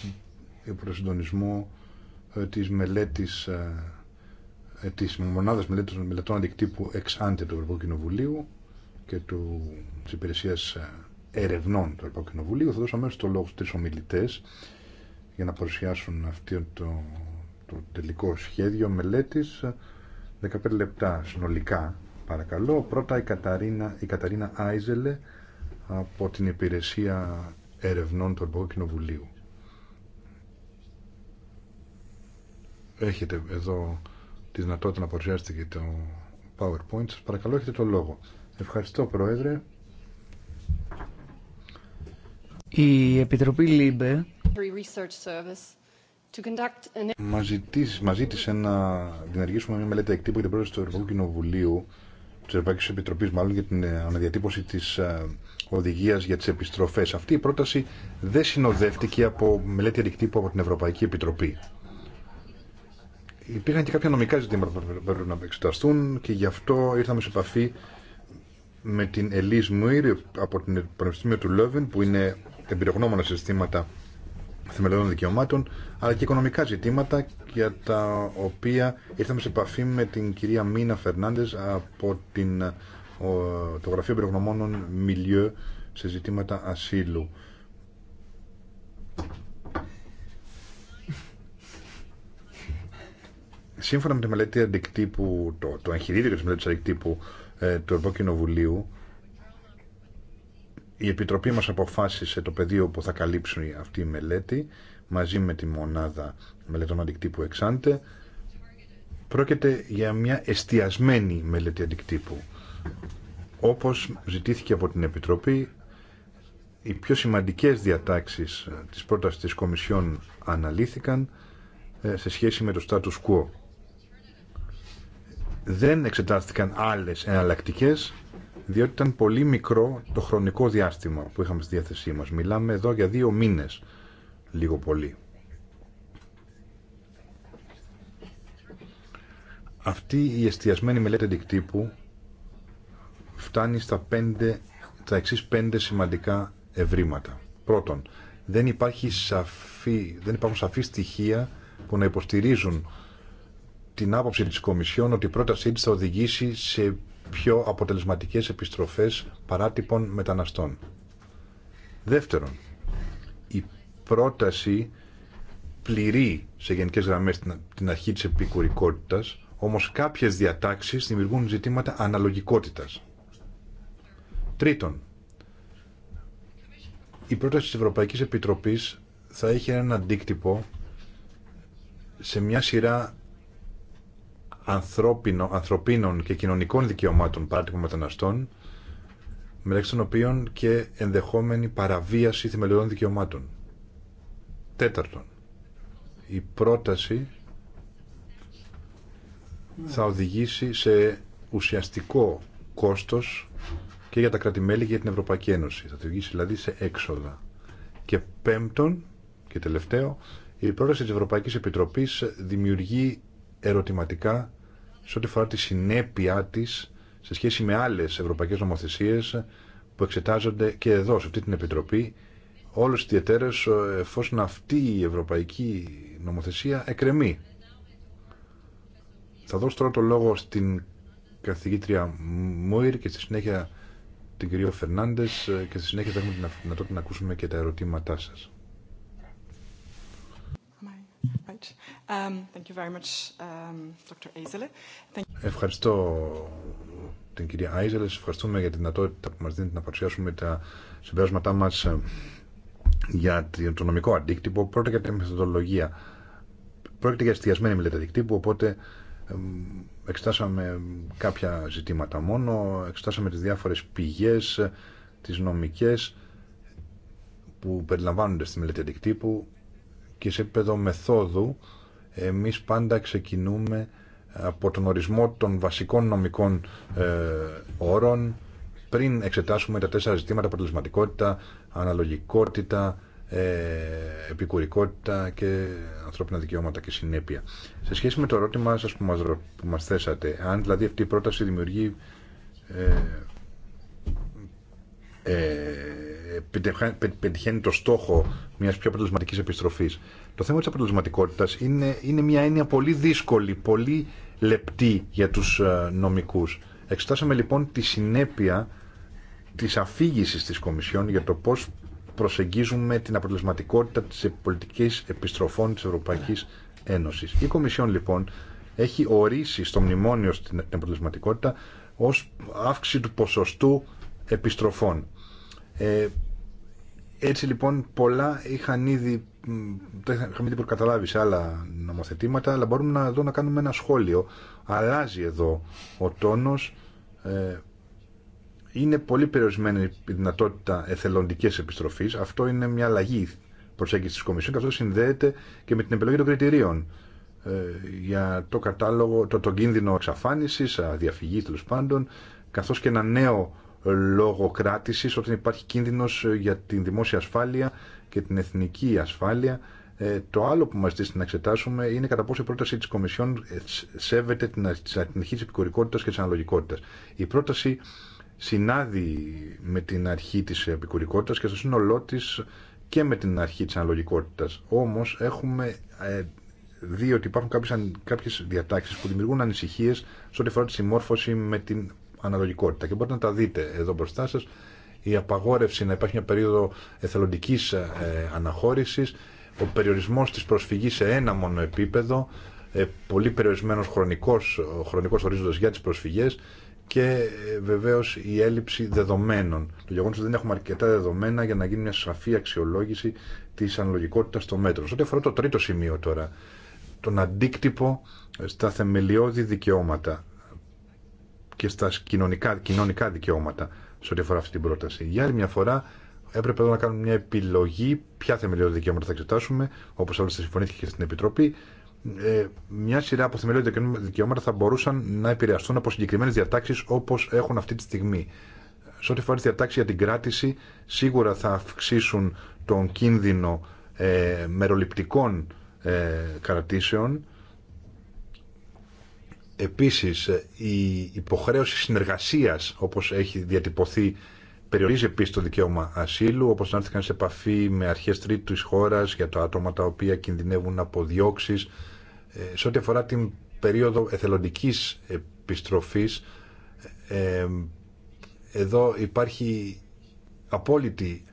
υπό το συντονισμό ε, της μελέτης ε, ε, της μονάδας μελέτης, μελετών αντικτύπου εξ του Ευρωπαϊκού Κοινοβουλίου και του, της υπηρεσίας ερευνών του Ευρωπαϊκού Κοινοβουλίου θα δώσω αμέσως το λόγο στους ομιλητές για να παρουσιάσουν αυτό το, το τελικό σχέδιο μελέτης 15 λεπτά συνολικά παρακαλώ πρώτα η Καταρίνα, η Καταρίνα Άιζελε από την υπηρεσία ερευνών του Ευρωπαϊκού Κοινοβουλίου έχετε εδώ τη δυνατότητα να παρουσιάσετε και το PowerPoint. Σας παρακαλώ έχετε το λόγο. Ευχαριστώ Πρόεδρε. Η Επιτροπή ΛΥΜΠΕ μα ζήτησε να δημιουργήσουμε μια μελέτη εκτύπου για την πρόεδρο του Ευρωπαϊκού Κοινοβουλίου τη Ευρωπαϊκή Επιτροπή, μάλλον για την ε, αναδιατύπωση τη ε, οδηγία για τι επιστροφέ. Αυτή η πρόταση δεν συνοδεύτηκε από μελέτη αντικτύπου από την Ευρωπαϊκή Επιτροπή υπήρχαν και κάποια νομικά ζητήματα που πρέπει να εξεταστούν και γι' αυτό ήρθαμε σε επαφή με την Ελίζ Μουίρ από την Πανεπιστήμιο του Λόβεν που είναι εμπειρογνώμονα σε συστήματα θεμελιωδών δικαιωμάτων αλλά και οικονομικά ζητήματα για τα οποία ήρθαμε σε επαφή με την κυρία Μίνα Φερνάντες από την, το Γραφείο Εμπειρογνωμόνων Μιλιού σε ζητήματα ασύλου. Σύμφωνα με τη μελέτη αντικτύπου, το, το εγχειρίδιο της μελέτη αντικτύπου ε, του Κοινοβουλίου, η Επιτροπή μας αποφάσισε το πεδίο που θα καλύψουν αυτή η μελέτη μαζί με τη μονάδα μελετών αντικτύπου εξάντε. Πρόκειται για μια εστιασμένη μελέτη αντικτύπου. Όπως ζητήθηκε από την Επιτροπή, οι πιο σημαντικές διατάξεις ε, της πρότασης της Κομισιόν αναλύθηκαν ε, σε σχέση με το status quo δεν εξετάστηκαν άλλε εναλλακτικέ, διότι ήταν πολύ μικρό το χρονικό διάστημα που είχαμε στη διάθεσή μα. Μιλάμε εδώ για δύο μήνες, λίγο πολύ. Αυτή η εστιασμένη μελέτη αντικτύπου φτάνει στα, πέντε, στα εξής πέντε σημαντικά ευρήματα. Πρώτον, δεν, υπάρχει σαφή, δεν υπάρχουν σαφή στοιχεία που να υποστηρίζουν την άποψη της Κομισιόν ότι η πρότασή της θα οδηγήσει σε πιο αποτελεσματικές επιστροφές παράτυπων μεταναστών. Δεύτερον, η πρόταση πληρεί σε γενικές γραμμές την αρχή της επικουρικότητας, όμως κάποιες διατάξεις δημιουργούν ζητήματα αναλογικότητας. Τρίτον, η πρόταση της Ευρωπαϊκής Επιτροπής θα έχει έναν αντίκτυπο σε μια σειρά ανθρώπινο, ανθρωπίνων και κοινωνικών δικαιωμάτων παράτυπων μεταναστών, μεταξύ των οποίων και ενδεχόμενη παραβίαση θεμελιωδών δικαιωμάτων. Τέταρτον, η πρόταση θα οδηγήσει σε ουσιαστικό κόστος και για τα κράτη-μέλη και για την Ευρωπαϊκή Ένωση. Θα οδηγήσει δηλαδή σε έξοδα. Και πέμπτον και τελευταίο, η πρόταση της Ευρωπαϊκής Επιτροπής δημιουργεί ερωτηματικά σε ό,τι αφορά τη συνέπειά τη σε σχέση με άλλες ευρωπαϊκές νομοθεσίες που εξετάζονται και εδώ, σε αυτή την Επιτροπή, όλες ιδιαίτερες εφόσον αυτή η ευρωπαϊκή νομοθεσία εκρεμεί. Θα δώσω τώρα το λόγο στην καθηγήτρια Μούιρ και στη συνέχεια την κυρία Φερνάντε και στη συνέχεια θα έχουμε την δυνατότητα να ακούσουμε και τα ερωτήματά σας. Um, um, Ευχαριστώ την κυρία Άιζελε. Ευχαριστούμε για τη δυνατότητα που μα δίνετε να παρουσιάσουμε τα συμπεράσματά μα ε, για το νομικό αντίκτυπο. Πρώτα για τη μεθοδολογία. Πρόκειται για εστιασμένη μελέτη αντικτύπου, οπότε ε, εξετάσαμε κάποια ζητήματα μόνο, εξετάσαμε τις διάφορες πηγές, ε, τι νομικέ που περιλαμβάνονται στη μελέτη αντικτύπου και σε επίπεδο μεθόδου εμείς πάντα ξεκινούμε από τον ορισμό των βασικών νομικών ε, όρων πριν εξετάσουμε τα τέσσερα ζητήματα αποτελεσματικότητα, αναλογικότητα, ε, επικουρικότητα και ανθρώπινα δικαιώματα και συνέπεια. Σε σχέση με το ερώτημα σας που μας, που μας θέσατε, αν δηλαδή αυτή η πρόταση δημιουργεί ε, ε πετυχαίνει το στόχο μια πιο αποτελεσματική επιστροφή. Το θέμα τη αποτελεσματικότητα είναι, είναι μια έννοια πολύ δύσκολη, πολύ λεπτή για τους ε, νομικούς. Εξετάσαμε λοιπόν τη συνέπεια της αφήγηση της Κομισιόν για το πώ προσεγγίζουμε την αποτελεσματικότητα τη πολιτική επιστροφών τη Ευρωπαϊκή Ένωσης. Η Κομισιόν λοιπόν έχει ορίσει στο μνημόνιο την αποτελεσματικότητα ω αύξηση του ποσοστού επιστροφών. Ε, έτσι λοιπόν πολλά είχαν ήδη, το είχαμε ήδη προκαταλάβει σε άλλα νομοθετήματα, αλλά μπορούμε να, εδώ να κάνουμε ένα σχόλιο. Αλλάζει εδώ ο τόνος, ε, είναι πολύ περιορισμένη η δυνατότητα εθελοντικής επιστροφής, αυτό είναι μια αλλαγή προσέγγιση της Κομισιόν, καθώς συνδέεται και με την επιλογή των κριτηρίων ε, για το κατάλογο, το, το κίνδυνο εξαφάνισης, αδιαφυγής τέλο πάντων, καθώς και ένα νέο λογοκράτησης όταν υπάρχει κίνδυνος για την δημόσια ασφάλεια και την εθνική ασφάλεια. Ε, το άλλο που μας ζητήσει να εξετάσουμε είναι κατά πόσο η πρόταση της Κομισιόν ε, σέβεται την αρχή της επικουρικότητας και της αναλογικότητας. Η πρόταση συνάδει με την αρχή της επικουρικότητας και στο σύνολό τη και με την αρχή της αναλογικότητας. Όμως έχουμε ε, δει ότι υπάρχουν κάποιες, διατάξει διατάξεις που δημιουργούν ανησυχίες σε ό,τι αφορά τη συμμόρφωση με την αναλογικότητα. Και μπορείτε να τα δείτε εδώ μπροστά σα. Η απαγόρευση να υπάρχει μια περίοδο εθελοντικής ε, αναχώρηση, ο περιορισμό τη προσφυγή σε ένα μόνο επίπεδο, ε, πολύ περιορισμένο χρονικό ορίζοντα ορίζοντας για τι προσφυγέ και ε, βεβαίω η έλλειψη δεδομένων. Το γεγονό ότι δεν έχουμε αρκετά δεδομένα για να γίνει μια σαφή αξιολόγηση τη αναλογικότητα των μέτρων. Σε ό,τι αφορά το τρίτο σημείο τώρα, τον αντίκτυπο στα θεμελιώδη δικαιώματα και στα κοινωνικά, κοινωνικά δικαιώματα σε ό,τι αφορά αυτή την πρόταση. Για άλλη μια φορά έπρεπε εδώ να κάνουμε μια επιλογή ποια θεμελιώδη δικαιώματα θα εξετάσουμε, όπω άλλωστε συμφωνήθηκε και στην Επιτροπή. Ε, μια σειρά από θεμελιώδη δικαιώματα θα μπορούσαν να επηρεαστούν από συγκεκριμένε διατάξει όπω έχουν αυτή τη στιγμή. Σε ό,τι αφορά τη διατάξει για την κράτηση, σίγουρα θα αυξήσουν τον κίνδυνο ε, μεροληπτικών ε, κρατήσεων Επίσης, η υποχρέωση συνεργασίας, όπως έχει διατυπωθεί, περιορίζει επίσης το δικαίωμα ασύλου, όπως να σε επαφή με αρχές τρίτου της χώρας για τα άτομα τα οποία κινδυνεύουν από διώξεις. Ε, σε ό,τι αφορά την περίοδο εθελοντικής επιστροφής, ε, εδώ υπάρχει απόλυτη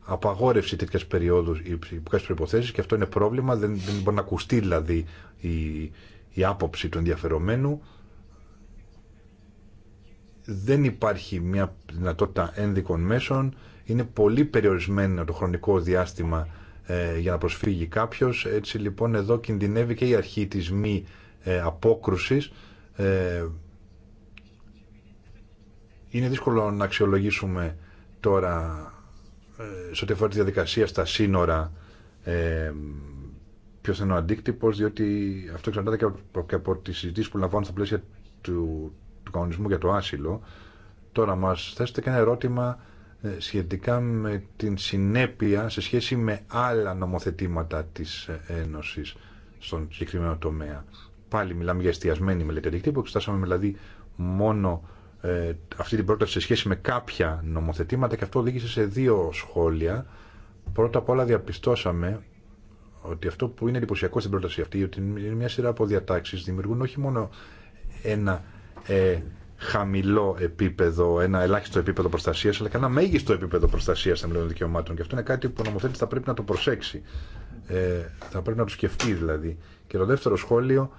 απαγόρευση τέτοιας περιόδου ή προποθέσει και αυτό είναι πρόβλημα. Δεν, δεν μπορεί να ακουστεί δηλαδή η, η άποψη του ενδιαφερομένου δεν υπάρχει μια δυνατότητα ένδικων μέσων είναι πολύ περιορισμένο το χρονικό διάστημα ε, για να προσφύγει κάποιος έτσι λοιπόν εδώ κινδυνεύει και η αρχή της μη ε, απόκρουσης ε, είναι δύσκολο να αξιολογήσουμε τώρα ε, σε ό,τι αφορά τη διαδικασία στα σύνορα ε, ποιο είναι ο αντίκτυπο, διότι αυτό εξαρτάται και από τι συζητήσει που λαμβάνουν στα πλαίσια του, του κανονισμού για το άσυλο. Τώρα μα θέσετε και ένα ερώτημα ε, σχετικά με την συνέπεια σε σχέση με άλλα νομοθετήματα τη ε, Ένωση στον συγκεκριμένο τομέα. Πάλι μιλάμε για εστιασμένη μελέτη αντικτύπου, εξετάσαμε δηλαδή μόνο ε, αυτή την πρόταση σε σχέση με κάποια νομοθετήματα και αυτό οδήγησε σε δύο σχόλια. Πρώτα απ' όλα διαπιστώσαμε ότι αυτό που είναι εντυπωσιακό στην πρόταση αυτή, ότι είναι μια σειρά από διατάξεις, δημιουργούν όχι μόνο ένα ε, χαμηλό επίπεδο, ένα ελάχιστο επίπεδο προστασία, αλλά και ένα μέγιστο επίπεδο προστασία των δικαιωμάτων. Και αυτό είναι κάτι που ο νομοθέτη θα πρέπει να το προσέξει. Ε, θα πρέπει να το σκεφτεί δηλαδή. Και το δεύτερο σχόλιο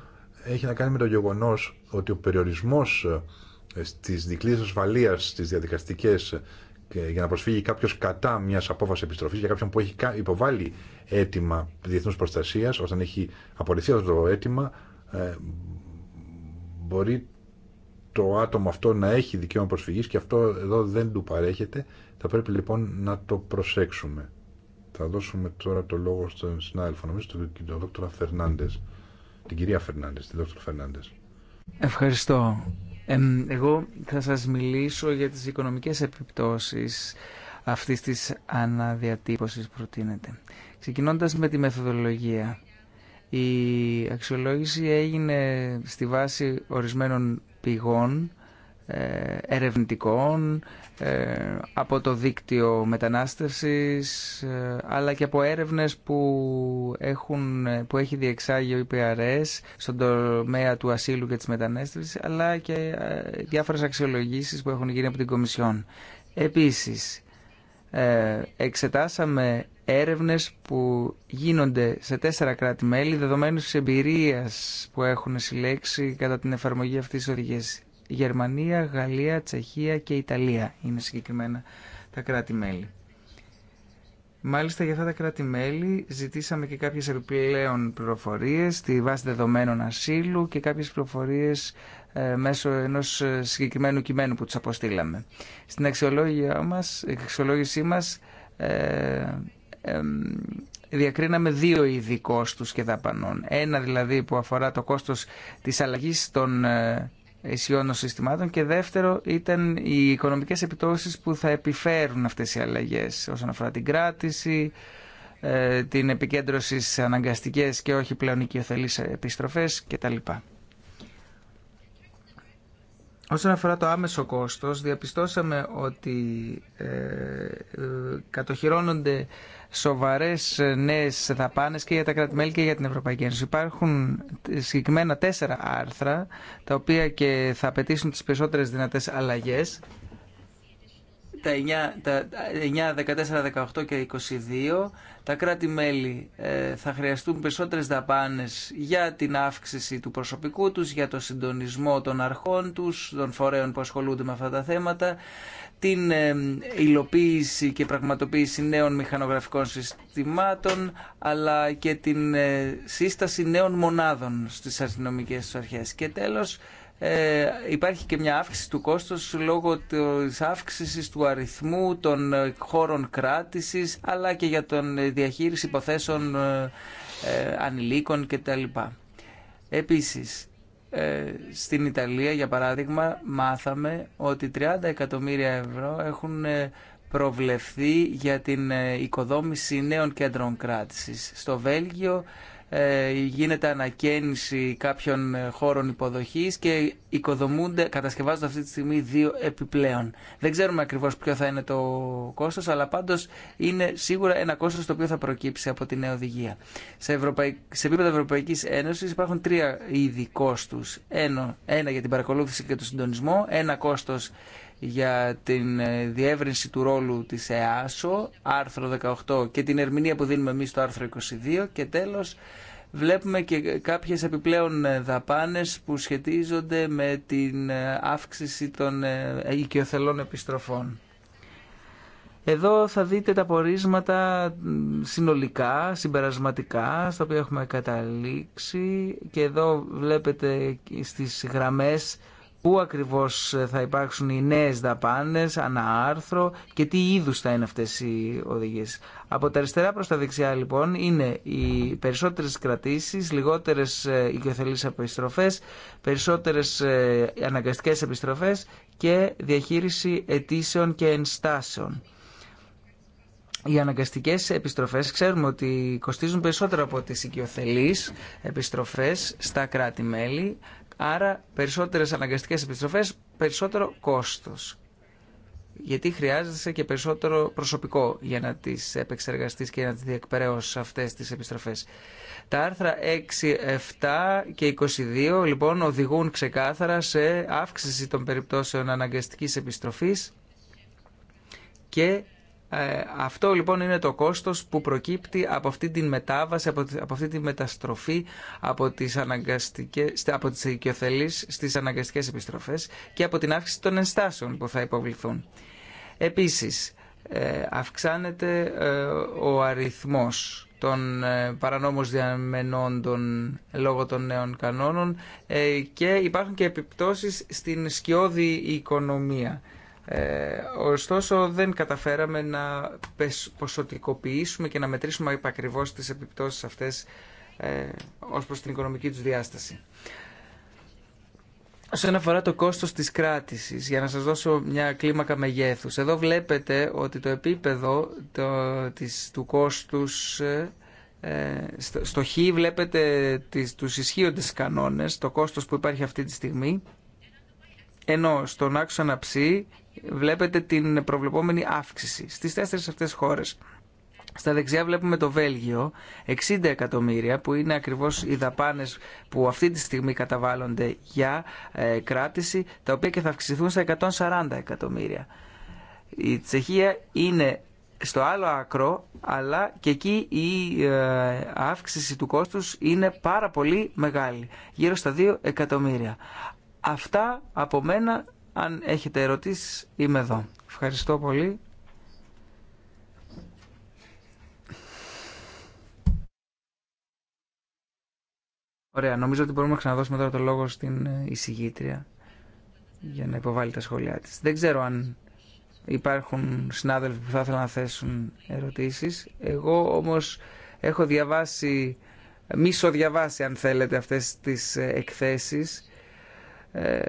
έχει να κάνει με το γεγονό ότι ο περιορισμό ε, στι δικλείδε ασφαλεία, στι διαδικαστικέ, ε, για να προσφύγει κάποιο κατά μια απόφαση επιστροφή για κάποιον που έχει υποβάλει αίτημα διεθνού προστασία, όταν έχει απορριφθεί αυτό το αίτημα, ε, μπορεί το άτομο αυτό να έχει δικαίωμα προσφυγή και αυτό εδώ δεν του παρέχεται. Θα πρέπει λοιπόν να το προσέξουμε. Θα δώσουμε τώρα το λόγο στον συνάδελφο, νομίζω, τον δόκτωρα Φερνάντε, Την κυρία Φερνάντε, την δόκτωρα Φερνάντε. Ευχαριστώ. εγώ θα σας μιλήσω για τις οικονομικές επιπτώσεις αυτής της αναδιατύπωσης που προτείνεται. Ξεκινώντας με τη μεθοδολογία. Η αξιολόγηση έγινε στη βάση ορισμένων πηγών, ε, ερευνητικών, ε, από το δίκτυο μετανάστευσης, ε, αλλά και από έρευνες που, έχουν, που έχει διεξάγει ο IPRS στον τομέα του ασύλου και της μετανάστευσης, αλλά και διάφορες αξιολογήσεις που έχουν γίνει από την Κομισιόν. Επίσης, ε, εξετάσαμε έρευνες που γίνονται σε τέσσερα κράτη-μέλη δεδομένου της εμπειρίας που έχουν συλλέξει κατά την εφαρμογή αυτής της οδηγίας. Γερμανία, Γαλλία, Τσεχία και Ιταλία είναι συγκεκριμένα τα κράτη-μέλη. Μάλιστα για αυτά τα κράτη-μέλη ζητήσαμε και κάποιες επιπλέον πληροφορίες στη βάση δεδομένων ασύλου και κάποιες πληροφορίες ε, μέσω ενό συγκεκριμένου κειμένου που του αποστήλαμε. Στην μας, αξιολόγησή μας ε, διακρίναμε δύο είδη κόστους και δαπανών. Ένα δηλαδή που αφορά το κόστος της αλλαγής των ε, των συστημάτων και δεύτερο ήταν οι οικονομικές επιπτώσεις που θα επιφέρουν αυτές οι αλλαγές όσον αφορά την κράτηση, την επικέντρωση σε αναγκαστικές και όχι πλέον οικειοθελείς επιστροφές κτλ. Όσον αφορά το άμεσο κόστος, διαπιστώσαμε ότι ε, κατοχυρώνονται σοβαρές ε, νέες δαπάνες και για τα κρατη και για την Ευρωπαϊκή Ένωση. Υπάρχουν ε, συγκεκριμένα τέσσερα άρθρα, τα οποία και θα απαιτήσουν τις περισσότερες δυνατές αλλαγές τα 9, 14, 18 και 22. Τα κράτη-μέλη ε, θα χρειαστούν περισσότερες δαπάνες για την αύξηση του προσωπικού τους, για το συντονισμό των αρχών τους, των φορέων που ασχολούνται με αυτά τα θέματα, την ε, υλοποίηση και πραγματοποίηση νέων μηχανογραφικών συστημάτων, αλλά και την ε, σύσταση νέων μονάδων στις αστυνομικές αρχές. Και τέλος, ε, υπάρχει και μια αύξηση του κόστους λόγω της αύξησης του αριθμού των ε, χώρων κράτησης αλλά και για τον ε, διαχείριση υποθέσεων ε, ανηλίκων κτλ. Επίσης, στην Ιταλία για παράδειγμα μάθαμε ότι 30 εκατομμύρια ευρώ έχουν προβλεφθεί για την οικοδόμηση νέων κέντρων κράτησης. Στο Βέλγιο ε, γίνεται ανακαίνιση κάποιων ε, χώρων υποδοχής και οικοδομούνται, κατασκευάζονται αυτή τη στιγμή δύο επιπλέον. Δεν ξέρουμε ακριβώς ποιο θα είναι το κόστος, αλλά πάντως είναι σίγουρα ένα κόστος το οποίο θα προκύψει από τη νέα οδηγία. Σε, Ευρωπαϊ... σε επίπεδο Ευρωπαϊκής Ένωσης υπάρχουν τρία είδη κόστους. Ένα, ένα για την παρακολούθηση και τον συντονισμό, ένα κόστος για την ε, διεύρυνση του ρόλου της ΕΑΣΟ, άρθρο 18 και την ερμηνεία που δίνουμε εμείς στο άρθρο 22 και τέλος βλέπουμε και κάποιες επιπλέον ε, δαπάνες που σχετίζονται με την ε, αύξηση των οικειοθελών επιστροφών. Εδώ θα δείτε τα πορίσματα συνολικά, συμπερασματικά, στα οποία έχουμε καταλήξει και εδώ βλέπετε στις γραμμές πού ακριβώς θα υπάρξουν οι νέες δαπάνες, ανά άρθρο και τι είδους θα είναι αυτές οι οδηγίες. Από τα αριστερά προς τα δεξιά λοιπόν είναι οι περισσότερες κρατήσεις, λιγότερες ε, οικειοθελείς επιστροφές, περισσότερες ε, αναγκαστικές επιστροφές και διαχείριση αιτήσεων και ενστάσεων. Οι αναγκαστικές επιστροφέ ξέρουμε ότι κοστίζουν περισσότερο από τι οικειοθελεί επιστροφέ στα κράτη-μέλη. Άρα περισσότερες αναγκαστικές επιστροφές, περισσότερο κόστος. Γιατί χρειάζεσαι και περισσότερο προσωπικό για να τις επεξεργαστείς και να τις διεκπαιρέωσεις αυτές τις επιστροφές. Τα άρθρα 6, 7 και 22 λοιπόν οδηγούν ξεκάθαρα σε αύξηση των περιπτώσεων αναγκαστικής επιστροφής και ε, αυτό λοιπόν είναι το κόστος που προκύπτει από αυτή την μετάβαση, από, αυτή τη μεταστροφή από τις, αναγκαστικές, από τις οικειοθελείς στις αναγκαστικές επιστροφές και από την αύξηση των ενστάσεων που θα υποβληθούν. Επίσης, ε, αυξάνεται ε, ο αριθμός των παρανόμως διαμενόντων λόγω των νέων κανόνων και υπάρχουν και επιπτώσεις στην σκιώδη οικονομία. Ε, ωστόσο δεν καταφέραμε να ποσοτικοποιήσουμε και να μετρήσουμε επακριβώς τις επιπτώσεις αυτές ε, ως προς την οικονομική τους διάσταση. Όσον αφορά το κόστος της κράτησης, για να σας δώσω μια κλίμακα μεγέθους, εδώ βλέπετε ότι το επίπεδο το, της, του κόστους ε, ε στο χ βλέπετε τις, τους ισχύοντες κανόνες, το κόστος που υπάρχει αυτή τη στιγμή, ενώ στον άξονα ψ βλέπετε την προβλεπόμενη αύξηση στις τέσσερις αυτές χώρες. Στα δεξιά βλέπουμε το Βέλγιο, 60 εκατομμύρια που είναι ακριβώς οι δαπάνες που αυτή τη στιγμή καταβάλλονται για ε, κράτηση, τα οποία και θα αυξηθούν στα 140 εκατομμύρια. Η Τσεχία είναι στο άλλο άκρο, αλλά και εκεί η ε, αύξηση του κόστους είναι πάρα πολύ μεγάλη, γύρω στα 2 εκατομμύρια. Αυτά από μένα αν έχετε ερωτήσεις, είμαι εδώ. Ευχαριστώ πολύ. Ωραία, νομίζω ότι μπορούμε να ξαναδώσουμε τώρα το λόγο στην ε, εισηγήτρια για να υποβάλει τα σχόλιά της. Δεν ξέρω αν υπάρχουν συνάδελφοι που θα ήθελαν να θέσουν ερωτήσεις. Εγώ όμως έχω διαβάσει, μισοδιαβάσει αν θέλετε αυτές τις ε, εκθέσεις ε,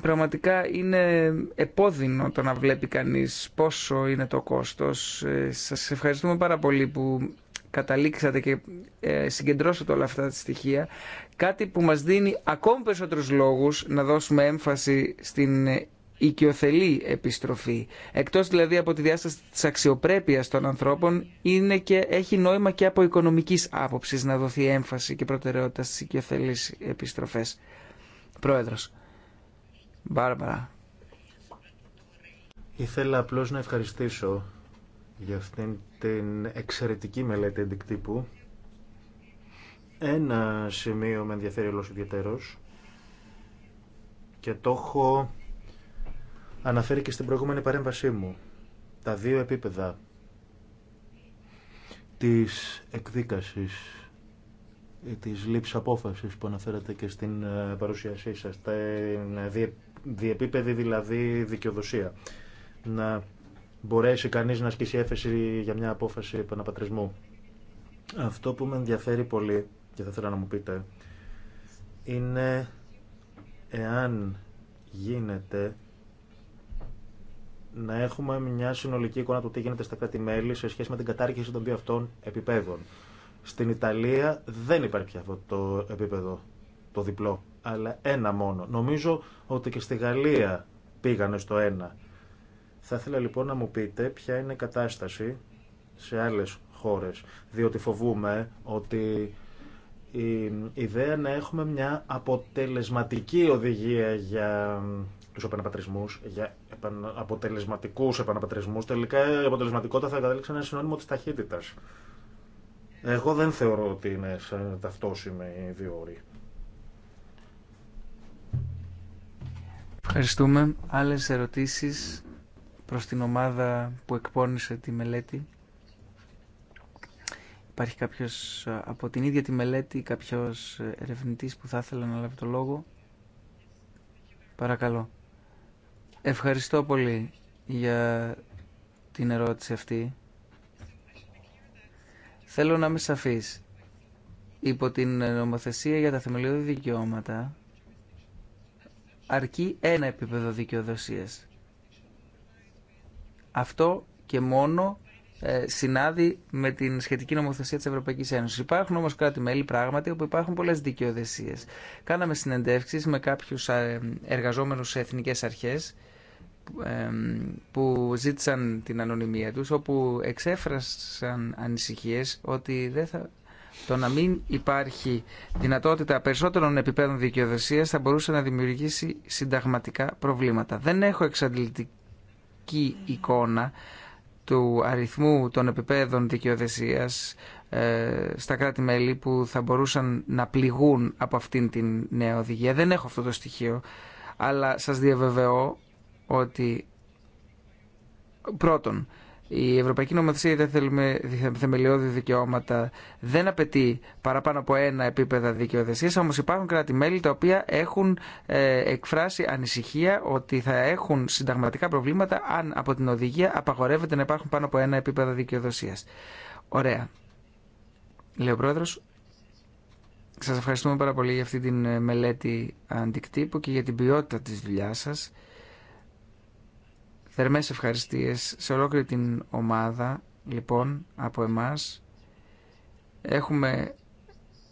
πραγματικά είναι επώδυνο το να βλέπει κανείς πόσο είναι το κόστος. Ε, σας ευχαριστούμε πάρα πολύ που καταλήξατε και ε, συγκεντρώσατε όλα αυτά τα στοιχεία. Κάτι που μας δίνει ακόμη περισσότερους λόγους να δώσουμε έμφαση στην ε, οικειοθελή επιστροφή. Εκτός δηλαδή από τη διάσταση της αξιοπρέπειας των ανθρώπων, είναι και, έχει νόημα και από οικονομικής άποψης να δοθεί έμφαση και προτεραιότητα στις οικειοθελείς επιστροφές. Πρόεδρος. Μπάρμπαρα. Ήθελα απλώς να ευχαριστήσω για αυτήν την εξαιρετική μελέτη εντυκτύπου. Ένα σημείο με ενδιαφέρει όλος ιδιαίτερος και το έχω αναφέρει και στην προηγούμενη παρέμβασή μου. Τα δύο επίπεδα της εκδίκασης ή της λήψης απόφασης που αναφέρατε και στην ε, παρουσίασή σας, τα. Ε, διεπίπεδη δηλαδή δικαιοδοσία. Να μπορέσει κανεί να ασκήσει έφεση για μια απόφαση επαναπατρισμού. Αυτό που με ενδιαφέρει πολύ και θα ήθελα να μου πείτε είναι εάν γίνεται να έχουμε μια συνολική εικόνα του τι γίνεται στα κράτη-μέλη σε σχέση με την κατάργηση των δύο αυτών επιπέδων. Στην Ιταλία δεν υπάρχει αυτό το επίπεδο το διπλό, αλλά ένα μόνο. Νομίζω ότι και στη Γαλλία πήγανε στο ένα. Θα ήθελα λοιπόν να μου πείτε ποια είναι η κατάσταση σε άλλες χώρες, διότι φοβούμε ότι η ιδέα να έχουμε μια αποτελεσματική οδηγία για τους επαναπατρισμούς, για αποτελεσματικούς επαναπατρισμούς, τελικά η αποτελεσματικότητα θα καταλήξει ένα συνώνυμο της ταχύτητας. Εγώ δεν θεωρώ ότι είναι ταυτόσιμη η δύο Ευχαριστούμε. Άλλες ερωτήσεις προς την ομάδα που εκπώνησε τη μελέτη. Υπάρχει κάποιος ε, από την ίδια τη μελέτη, κάποιος ε, ερευνητής που θα ήθελε να λάβει το λόγο. Παρακαλώ. Ευχαριστώ πολύ για την ερώτηση αυτή. Θέλω να είμαι σαφής. Υπό την νομοθεσία για τα θεμελιώδη δικαιώματα αρκεί ένα επίπεδο δικαιοδοσίας. Αυτό και μόνο ε, συνάδει με την σχετική νομοθεσία της Ευρωπαϊκής Ένωσης. Υπάρχουν όμως κράτη-μέλη πράγματι όπου υπάρχουν πολλές δικαιοδοσίες. Κάναμε συνεντεύξεις με κάποιους ε, εργαζόμενους σε εθνικές αρχές ε, που ζήτησαν την ανωνυμία τους, όπου εξέφρασαν ανησυχίες ότι δεν θα το να μην υπάρχει δυνατότητα περισσότερων επιπέδων δικαιοδοσία θα μπορούσε να δημιουργήσει συνταγματικά προβλήματα. Δεν έχω εξαντλητική εικόνα του αριθμού των επιπέδων δικαιοδοσία ε, στα κράτη-μέλη που θα μπορούσαν να πληγούν από αυτήν την νέα οδηγία. Δεν έχω αυτό το στοιχείο, αλλά σας διαβεβαιώ ότι πρώτον, η Ευρωπαϊκή Νομοθεσία δεν θέλουμε θεμελιώδη δικαιώματα, δεν απαιτεί παραπάνω από ένα επίπεδα όμω όμως υπάρχουν κράτη-μέλη τα οποία έχουν ε, εκφράσει ανησυχία ότι θα έχουν συνταγματικά προβλήματα αν από την οδηγία απαγορεύεται να υπάρχουν πάνω από ένα επίπεδο δικαιοδοσίας. Ωραία. Λέω πρόεδρο. σας ευχαριστούμε πάρα πολύ για αυτή την ε, μελέτη αντικτύπου και για την ποιότητα της δουλειάς σας. Θερμές ευχαριστίες σε ολόκληρη την ομάδα, λοιπόν, από εμάς. Έχουμε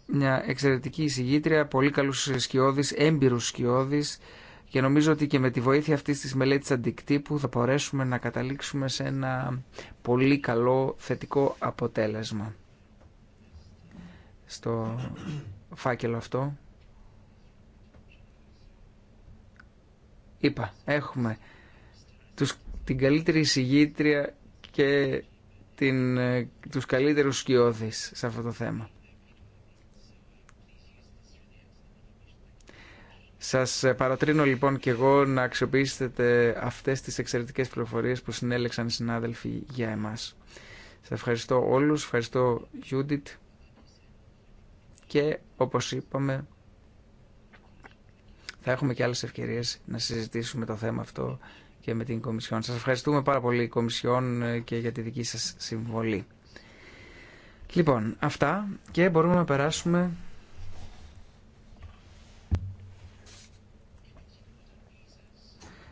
μια εξαιρετική εισηγήτρια, πολύ καλούς σκιώδεις, έμπειρους σκιώδεις και νομίζω ότι και με τη βοήθεια αυτής της μελέτης αντικτύπου θα μπορέσουμε να καταλήξουμε σε ένα πολύ καλό θετικό αποτέλεσμα στο φάκελο αυτό. Είπα, έχουμε τους, την καλύτερη εισηγήτρια και την, ε, τους καλύτερους σκιώδεις σε αυτό το θέμα. Σας ε, παρατρύνω λοιπόν και εγώ να αξιοποιήσετε αυτές τις εξαιρετικές πληροφορίες που συνέλεξαν οι συνάδελφοι για εμάς. Σας ευχαριστώ όλους, ευχαριστώ Judith και όπως είπαμε θα έχουμε και άλλες ευκαιρίες να συζητήσουμε το θέμα αυτό και με την Κομισιόν. Σας ευχαριστούμε πάρα πολύ Κομισιόν και για τη δική σας συμβολή. Λοιπόν, αυτά και μπορούμε να περάσουμε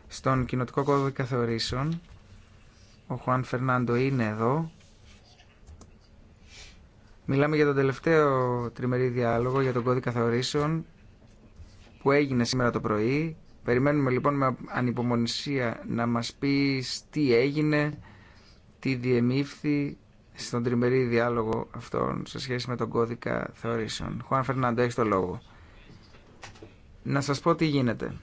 στον Κοινοτικό Κώδικα Θεωρήσεων. Ο Χουάν Φερνάντο είναι εδώ. Μιλάμε για τον τελευταίο τριμερή διάλογο για τον κώδικα θεωρήσεων που έγινε σήμερα το πρωί Περιμένουμε λοιπόν με ανυπομονησία να μας πει τι έγινε, τι διεμήφθη στον τριμερή διάλογο αυτόν σε σχέση με τον κώδικα θεωρήσεων. Χωάν Φερνάντο, έχει το λόγο. Να σας πω τι γίνεται.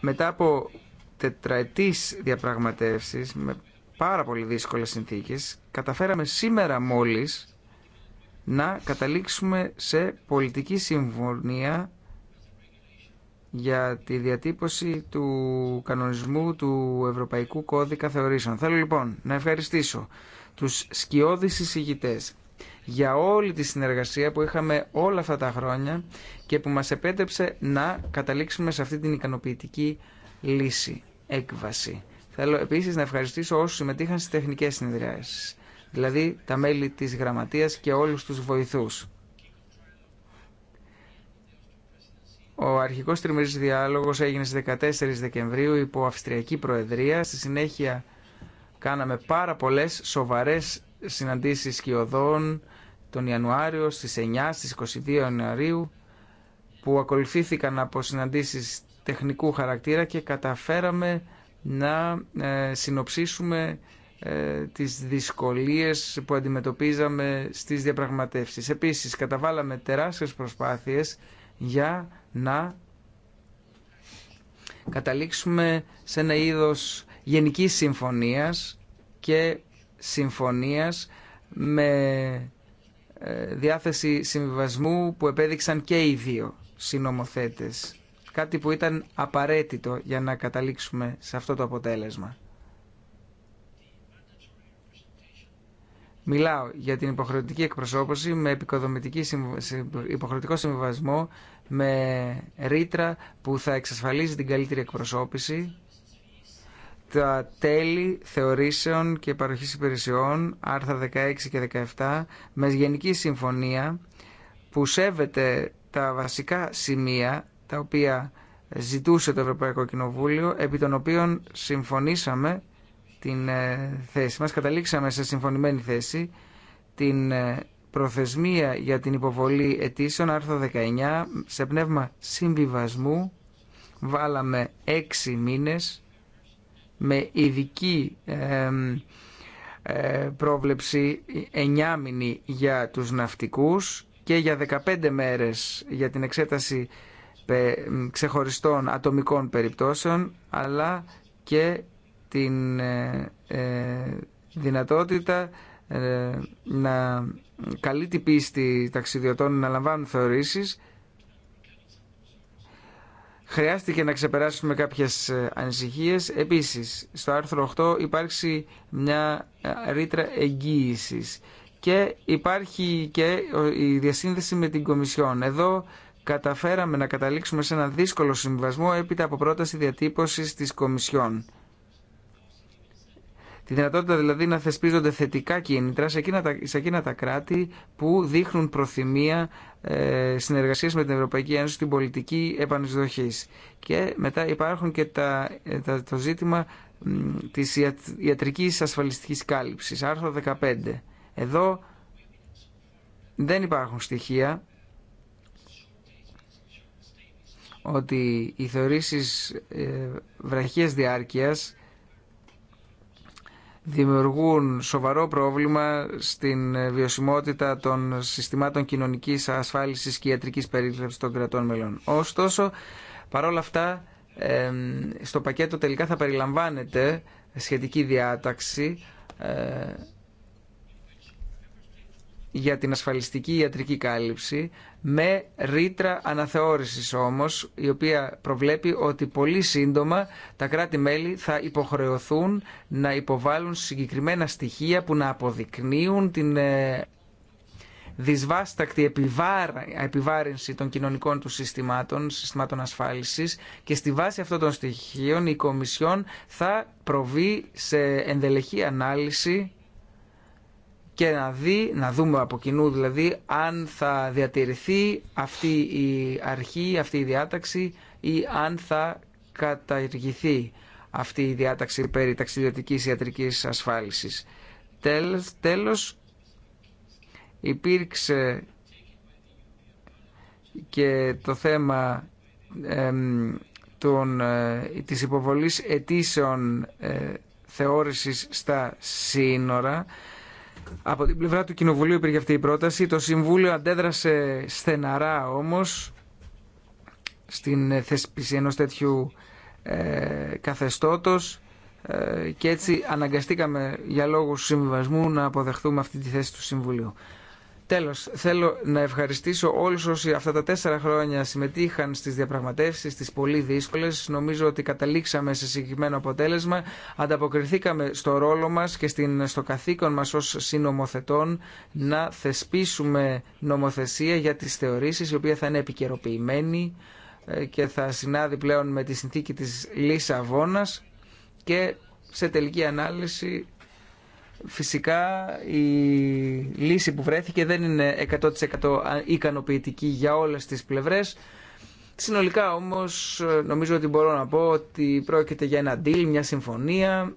Μετά από τετραετής διαπραγματεύσεις με πάρα πολύ δύσκολες συνθήκες, καταφέραμε σήμερα μόλις να καταλήξουμε σε πολιτική συμφωνία για τη διατύπωση του κανονισμού του Ευρωπαϊκού Κώδικα Θεωρήσεων. Θέλω λοιπόν να ευχαριστήσω τους σκιώδεις συζητητές για όλη τη συνεργασία που είχαμε όλα αυτά τα χρόνια και που μας επέτρεψε να καταλήξουμε σε αυτή την ικανοποιητική λύση, έκβαση. Θέλω επίσης να ευχαριστήσω όσους συμμετείχαν στις τεχνικές συνεδριάσεις, δηλαδή τα μέλη της Γραμματείας και όλους τους βοηθούς. Ο αρχικός τριμερή διάλογος έγινε στις 14 Δεκεμβρίου υπό Αυστριακή Προεδρία. Στη συνέχεια κάναμε πάρα πολλές σοβαρές συναντήσεις σκιωδών τον Ιανουάριο, στι 9, στι 22 Ιανουαρίου που ακολουθήθηκαν από συναντήσεις τεχνικού χαρακτήρα και καταφέραμε να ε, συνοψίσουμε ε, τις δυσκολίες που αντιμετωπίζαμε στις διαπραγματεύσεις. Επίσης, καταβάλαμε τεράστιες προσπάθειες για να καταλήξουμε σε ένα είδος γενικής συμφωνίας και συμφωνίας με ε, διάθεση συμβιβασμού που επέδειξαν και οι δύο συνομοθέτες. Κάτι που ήταν απαραίτητο για να καταλήξουμε σε αυτό το αποτέλεσμα. Μιλάω για την υποχρεωτική εκπροσώπωση με υποχρεωτικό συμβιβασμό με ρήτρα που θα εξασφαλίζει την καλύτερη εκπροσώπηση τα τέλη θεωρήσεων και παροχής υπηρεσιών, άρθρα 16 και 17, με γενική συμφωνία που σέβεται τα βασικά σημεία τα οποία ζητούσε το Ευρωπαϊκό Κοινοβούλιο, επί των οποίων συμφωνήσαμε την ε, θέση μας, καταλήξαμε σε συμφωνημένη θέση, την ε, προθεσμία για την υποβολή αιτήσεων, άρθρο 19, σε πνεύμα συμβιβασμού, βάλαμε έξι μήνες με ειδική ε, πρόβλεψη 9 μήνυ για τους ναυτικούς και για 15 μέρες για την εξέταση ξεχωριστών ατομικών περιπτώσεων αλλά και την ε, ε, δυνατότητα ε, να καλεί την πίστη ταξιδιωτών να λαμβάνουν θεωρήσεις. Χρειάστηκε να ξεπεράσουμε κάποιες ε, ανησυχίες. Επίσης, στο άρθρο 8 υπάρχει μια ε, ρήτρα εγγύησης και υπάρχει και η διασύνδεση με την Κομισιόν. Εδώ καταφέραμε να καταλήξουμε σε ένα δύσκολο συμβασμό έπειτα από πρόταση διατύπωσης της Κομισιόν. Τη δυνατότητα δηλαδή να θεσπίζονται θετικά κίνητρα σε εκείνα τα, σε εκείνα τα κράτη που δείχνουν προθυμία ε, συνεργασίας με την Ευρωπαϊκή Ένωση στην πολιτική επανεισδοχής. Και μετά υπάρχουν και τα, ε, το ζήτημα της ιατρικής ασφαλιστικής κάλυψης, άρθρο 15. Εδώ δεν υπάρχουν στοιχεία ότι οι θεωρήσεις ε, βραχίας διάρκειας δημιουργούν σοβαρό πρόβλημα στην βιωσιμότητα των συστημάτων κοινωνικής ασφάλισης και ιατρικής περίληψης των κρατών μελών. Ωστόσο, παρόλα αυτά, στο πακέτο τελικά θα περιλαμβάνεται σχετική διάταξη ε, για την ασφαλιστική ιατρική κάλυψη με ρήτρα αναθεώρησης όμως η οποία προβλέπει ότι πολύ σύντομα τα κράτη-μέλη θα υποχρεωθούν να υποβάλουν συγκεκριμένα στοιχεία που να αποδεικνύουν την ε, δυσβάστακτη επιβάρυνση των κοινωνικών του συστημάτων, συστημάτων ασφάλισης και στη βάση αυτών των στοιχείων η Κομισιόν θα προβεί σε ενδελεχή ανάλυση και να δει, να δούμε από κοινού δηλαδή, αν θα διατηρηθεί αυτή η αρχή, αυτή η διάταξη ή αν θα καταργηθεί αυτή η διάταξη περί ταξιδιωτικής ιατρικής ασφάλισης. Τέλος, τέλος υπήρξε και το θέμα των, ε, της υποβολής αιτήσεων ε, θεώρησης στα σύνορα από την πλευρά του Κοινοβουλίου υπήρχε αυτή η πρόταση. Το Συμβούλιο αντέδρασε στεναρά όμως στην θέσπιση ενός τέτοιου ε, καθεστώτος ε, και έτσι αναγκαστήκαμε για λόγους συμβιβασμού να αποδεχθούμε αυτή τη θέση του Συμβουλίου. Τέλος, θέλω να ευχαριστήσω όλους όσοι αυτά τα τέσσερα χρόνια συμμετείχαν στις διαπραγματεύσεις, στις πολύ δύσκολες. Νομίζω ότι καταλήξαμε σε συγκεκριμένο αποτέλεσμα. Ανταποκριθήκαμε στο ρόλο μας και στην, στο καθήκον μας ως συνομοθετών να θεσπίσουμε νομοθεσία για τις θεωρήσεις, η οποία θα είναι επικαιροποιημένη ε, και θα συνάδει πλέον με τη συνθήκη της Λίσαβόνας και σε τελική ανάλυση Φυσικά η λύση που βρέθηκε δεν είναι 100% ικανοποιητική για όλες τις πλευρές. Συνολικά όμως νομίζω ότι μπορώ να πω ότι πρόκειται για ένα deal, μια συμφωνία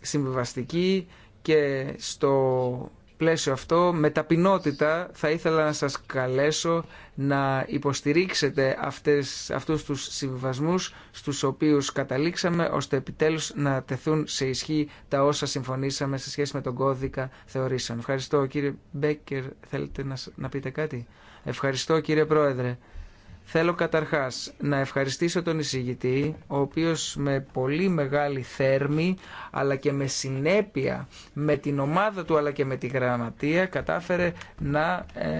συμβιβαστική και στο πλαίσιο αυτό με ταπεινότητα θα ήθελα να σας καλέσω να υποστηρίξετε αυτές, αυτούς τους συμβιβασμούς στους οποίους καταλήξαμε ώστε επιτέλους να τεθούν σε ισχύ τα όσα συμφωνήσαμε σε σχέση με τον κώδικα θεωρήσεων. Ευχαριστώ κύριε Μπέκερ, θέλετε να, να πείτε κάτι. Ευχαριστώ κύριε Πρόεδρε. Θέλω καταρχάς να ευχαριστήσω τον εισηγητή, ο οποίος με πολύ μεγάλη θέρμη, αλλά και με συνέπεια, με την ομάδα του αλλά και με τη γραμματεία, κατάφερε να ε,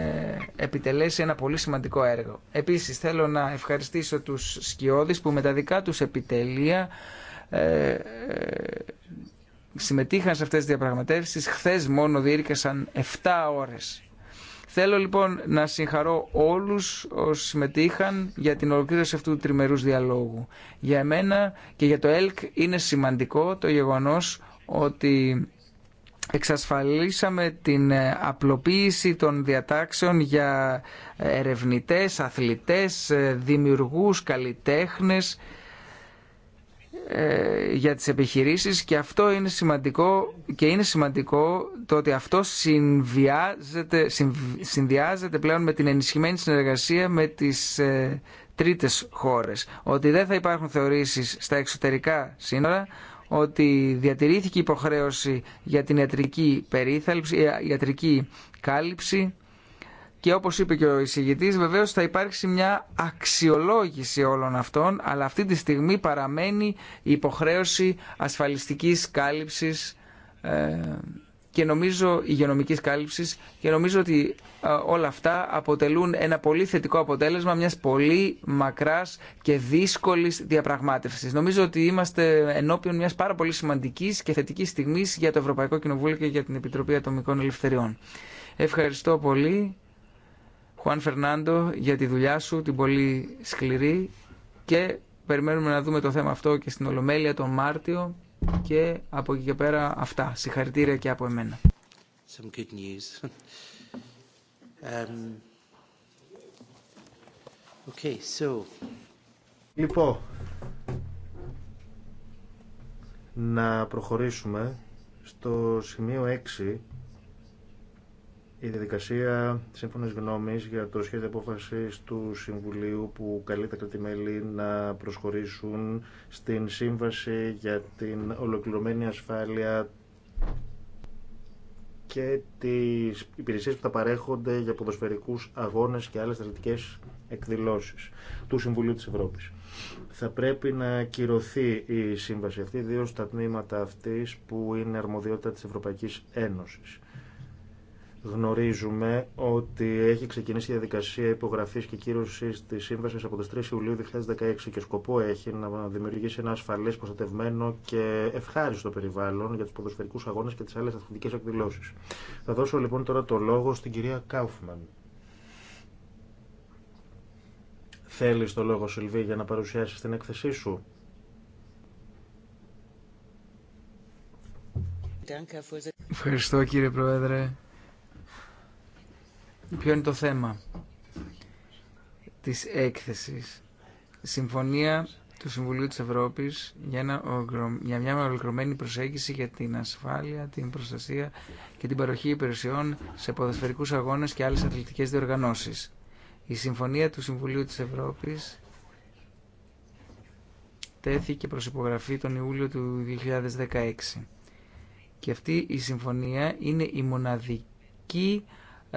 επιτελέσει ένα πολύ σημαντικό έργο. Επίσης θέλω να ευχαριστήσω τους σκιώδεις που με τα δικά τους επιτελεία ε, ε, συμμετείχαν σε αυτές τις διαπραγματεύσεις. Χθες μόνο διήρκεσαν 7 ώρες Θέλω λοιπόν να συγχαρώ όλους όσοι συμμετείχαν για την ολοκλήρωση αυτού του τριμερούς διαλόγου. Για εμένα και για το ΕΛΚ είναι σημαντικό το γεγονός ότι εξασφαλίσαμε την ε, απλοποίηση των διατάξεων για ε, ερευνητές, αθλητές, ε, δημιουργούς, καλλιτέχνες ε, για τις επιχειρήσεις και αυτό είναι σημαντικό και είναι σημαντικό το ότι αυτό συνδυάζεται, πλέον με την ενισχυμένη συνεργασία με τις ε, τρίτες χώρες. Ότι δεν θα υπάρχουν θεωρήσεις στα εξωτερικά σύνορα, ότι διατηρήθηκε υποχρέωση για την ιατρική περίθαλψη, ε, ιατρική κάλυψη και όπω είπε και ο εισηγητή, βεβαίω θα υπάρξει μια αξιολόγηση όλων αυτών, αλλά αυτή τη στιγμή παραμένει η υποχρέωση ασφαλιστική κάλυψη ε, και νομίζω υγειονομική κάλυψης και νομίζω ότι ε, όλα αυτά αποτελούν ένα πολύ θετικό αποτέλεσμα μια πολύ μακρά και δύσκολη διαπραγματεύση. Νομίζω ότι είμαστε ενώπιον μια πάρα πολύ σημαντική και θετική στιγμή για το Ευρωπαϊκό Κοινοβούλιο και για την Επιτροπή Ατομικών Ελευθεριών. Ευχαριστώ πολύ. Χουάν Φερνάντο για τη δουλειά σου, την πολύ σκληρή και περιμένουμε να δούμε το θέμα αυτό και στην Ολομέλεια τον Μάρτιο και από εκεί και πέρα αυτά. Συγχαρητήρια και από εμένα. Um, λοιπόν, να προχωρήσουμε στο σημείο 6 η διαδικασία σύμφωνη γνώμη για το σχέδιο απόφαση του Συμβουλίου που καλεί τα κρατημέλη να προσχωρήσουν στην Σύμβαση για την Ολοκληρωμένη Ασφάλεια και τι υπηρεσίε που τα παρέχονται για ποδοσφαιρικού αγώνε και άλλε αθλητικέ εκδηλώσει του Συμβουλίου τη Ευρώπη. Θα πρέπει να κυρωθεί η σύμβαση αυτή, ιδίω στα τμήματα αυτή που είναι αρμοδιότητα τη Ευρωπαϊκή Ένωση. Γνωρίζουμε ότι έχει ξεκινήσει η διαδικασία υπογραφή και κύρωση τη σύμβαση από τι 3 Ιουλίου 2016 και σκοπό έχει να δημιουργήσει ένα ασφαλέ, προστατευμένο και ευχάριστο περιβάλλον για του ποδοσφαιρικού αγώνε και τι άλλε αθλητικέ εκδηλώσει. Θα δώσω λοιπόν τώρα το λόγο στην κυρία Κάουφμαν. Θέλεις το λόγο, Σιλβί, για να παρουσιάσεις την έκθεσή σου. Ευχαριστώ, κύριε Πρόεδρε. Ποιο είναι το θέμα της έκθεσης. Συμφωνία του Συμβουλίου της Ευρώπης για, για μια ολοκληρωμένη προσέγγιση για την ασφάλεια, την προστασία και την παροχή υπηρεσιών σε ποδοσφαιρικούς αγώνες και άλλες αθλητικές διοργανώσεις. Η Συμφωνία του Συμβουλίου της Ευρώπης τέθηκε προς υπογραφή τον Ιούλιο του 2016. Και αυτή η συμφωνία είναι η μοναδική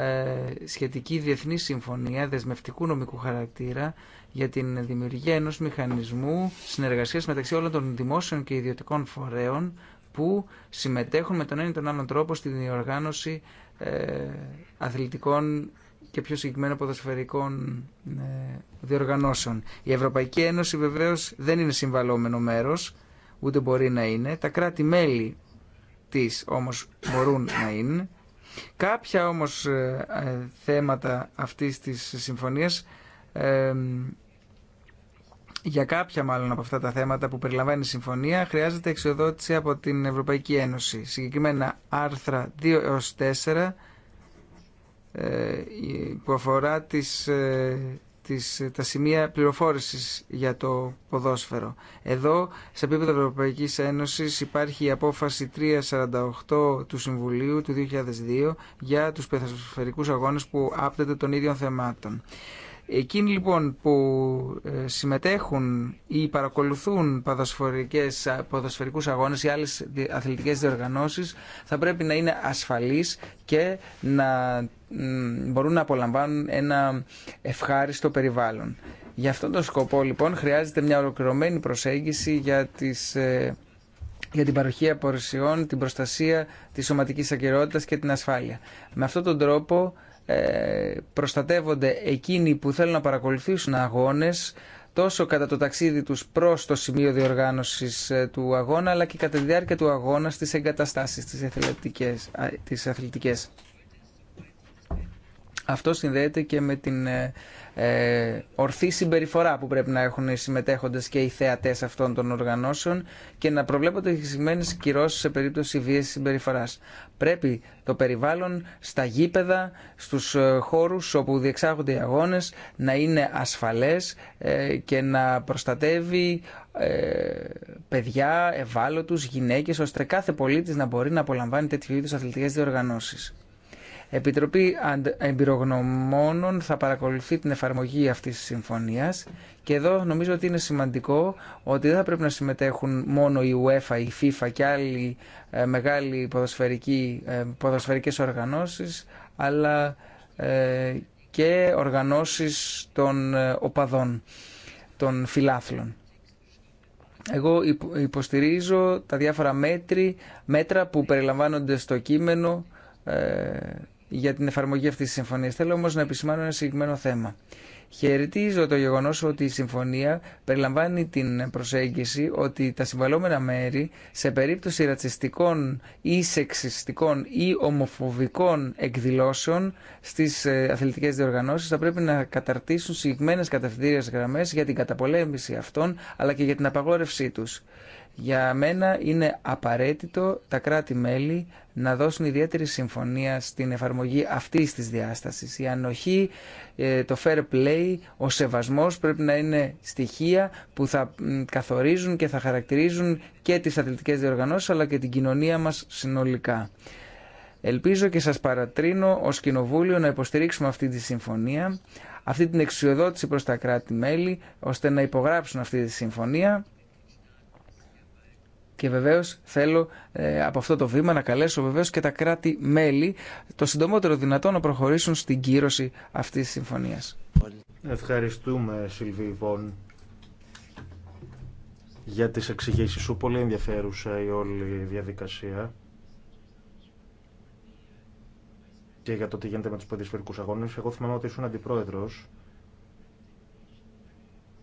ε, σχετική διεθνή συμφωνία δεσμευτικού νομικού χαρακτήρα για την δημιουργία ενός μηχανισμού συνεργασίας μεταξύ όλων των δημόσιων και ιδιωτικών φορέων που συμμετέχουν με τον ένα ή τον άλλον τρόπο στην διοργάνωση ε, αθλητικών και πιο συγκεκριμένα ποδοσφαιρικών ε, διοργανώσεων. Η Ευρωπαϊκή Ένωση βεβαίως δεν είναι συμβαλόμενο μέρος, ούτε μπορεί να είναι. Τα κράτη-μέλη της όμως μπορούν να είναι Κάποια όμως ε, ε, θέματα αυτής της συμφωνίας, ε, για κάποια μάλλον από αυτά τα θέματα που περιλαμβάνει η συμφωνία, χρειάζεται εξοδότηση από την Ευρωπαϊκή Ένωση. Συγκεκριμένα άρθρα 2 έως 4 που αφορά τις τις, τα σημεία πληροφόρηση για το ποδόσφαιρο. Εδώ, σε επίπεδο ευρωπαϊκή Ένωση, υπάρχει η απόφαση 348 του Συμβουλίου του 2002 για τους πεθασφαιρικού αγώνες που άπτεται των ίδιων θεμάτων. Εκείνοι λοιπόν που ε, συμμετέχουν ή παρακολουθούν ποδοσφαιρικούς αγώνες ή άλλες αθλητικές διοργανώσεις θα πρέπει να είναι ασφαλείς και να μπορούν να απολαμβάνουν ένα ευχάριστο περιβάλλον. Για αυτόν τον σκοπό λοιπόν χρειάζεται μια ολοκληρωμένη προσέγγιση για τις ε, για την παροχή απορρισιών, την προστασία της σωματικής ακαιρεότητας και την ασφάλεια. Με αυτόν τον τρόπο ε, προστατεύονται εκείνοι που θέλουν να παρακολουθήσουν αγώνες τόσο κατά το ταξίδι τους προς το σημείο διοργάνωσης ε, του αγώνα αλλά και κατά τη διάρκεια του αγώνα στις εγκαταστάσεις της αθλητικές. Τις αθλητικές. Αυτό συνδέεται και με την ε, ε, ορθή συμπεριφορά που πρέπει να έχουν οι συμμετέχοντες και οι θεατές αυτών των οργανώσεων και να προβλέπονται συγκεκριμένε κυρώσεις σε περίπτωση βίας συμπεριφοράς. Πρέπει το περιβάλλον στα γήπεδα, στους ε, χώρους όπου διεξάγονται οι αγώνες να είναι ασφαλές ε, και να προστατεύει ε, παιδιά, ευάλωτους, γυναίκες, ώστε κάθε πολίτης να μπορεί να απολαμβάνει τέτοιου είδους αθλητικές διοργανώσεις. Επιτροπή Εμπειρογνωμόνων θα παρακολουθεί την εφαρμογή αυτής της συμφωνίας και εδώ νομίζω ότι είναι σημαντικό ότι δεν θα πρέπει να συμμετέχουν μόνο η UEFA, η FIFA και άλλοι ε, μεγάλοι ποδοσφαιρικοί, ε, ποδοσφαιρικές οργανώσεις αλλά ε, και οργανώσεις των οπαδών, των φιλάθλων. Εγώ υποστηρίζω τα διάφορα μέτρη, μέτρα που περιλαμβάνονται στο κείμενο για την εφαρμογή αυτή τη συμφωνία. Θέλω όμω να επισημάνω ένα συγκεκριμένο θέμα. Χαιρετίζω το γεγονό ότι η συμφωνία περιλαμβάνει την προσέγγιση ότι τα συμβαλόμενα μέρη σε περίπτωση ρατσιστικών ή σεξιστικών ή ομοφοβικών εκδηλώσεων στι ε, αθλητικέ διοργανώσει θα πρέπει να καταρτήσουν συγκεκριμένε κατευθυντήριε γραμμέ για την καταπολέμηση αυτών αλλά και για την απαγόρευσή του. Για μένα είναι απαραίτητο τα κράτη-μέλη να δώσουν ιδιαίτερη συμφωνία στην εφαρμογή αυτή της διάστασης. Η ανοχή, ε, το fair play, ο σεβασμός πρέπει να είναι στοιχεία που θα καθορίζουν και θα χαρακτηρίζουν και τις αθλητικέ διοργανώσεις αλλά και την κοινωνία μας συνολικά. Ελπίζω και σας παρατρύνω ως Κοινοβούλιο να υποστηρίξουμε αυτή τη συμφωνία, αυτή την εξουσιοδότηση προς τα κράτη-μέλη, ώστε να υπογράψουν αυτή τη συμφωνία και βεβαίω θέλω ε, από αυτό το βήμα να καλέσω βεβαίω και τα κράτη-μέλη το συντομότερο δυνατό να προχωρήσουν στην κύρωση αυτή τη συμφωνία. Ευχαριστούμε, Σιλβί Βόν για τι εξηγήσει σου. Πολύ ενδιαφέρουσα η όλη διαδικασία. Και για το τι γίνεται με του ποδοσφαιρικού αγώνε. Εγώ θυμάμαι ότι ήσουν αντιπρόεδρο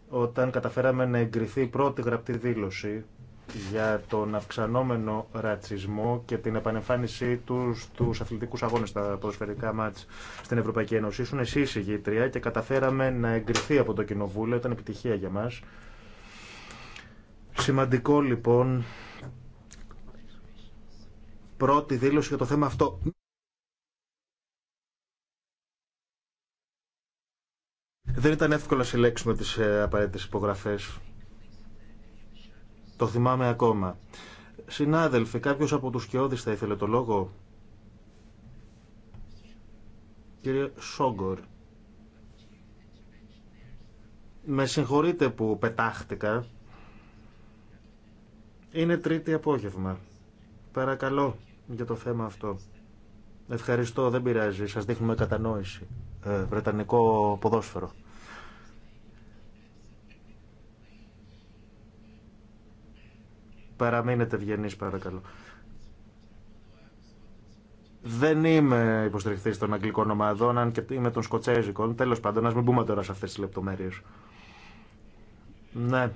όταν καταφέραμε να εγκριθεί η πρώτη γραπτή δήλωση για τον αυξανόμενο ρατσισμό και την επανεμφάνισή του στου αθλητικού αγώνε στα ποδοσφαιρικά μάτ στην Ευρωπαϊκή Ένωση. Ήσουν εσεί η γήτρια και καταφέραμε να εγκριθεί από το Κοινοβούλιο. Ήταν επιτυχία για μα. Σημαντικό λοιπόν. Πρώτη δήλωση για το θέμα αυτό. Δεν ήταν εύκολο να συλλέξουμε τις ε, απαραίτητες υπογραφές. Το θυμάμαι ακόμα. Συνάδελφοι, κάποιος από τους Κιώδης θα ήθελε το λόγο. Κύριε Σόγκορ. Με συγχωρείτε που πετάχτηκα. Είναι τρίτη απόγευμα. Παρακαλώ για το θέμα αυτό. Ευχαριστώ, δεν πειράζει. Σας δείχνουμε κατανόηση. Ε, βρετανικό ποδόσφαιρο. Παραμείνετε ευγενεί παρακαλώ. Δεν είμαι υποστηριχτή των αγγλικών ομάδων, αν και είμαι των σκοτσέζικων. Τέλο πάντων, α μην μπούμε τώρα σε αυτέ τι λεπτομέρειε. Ναι,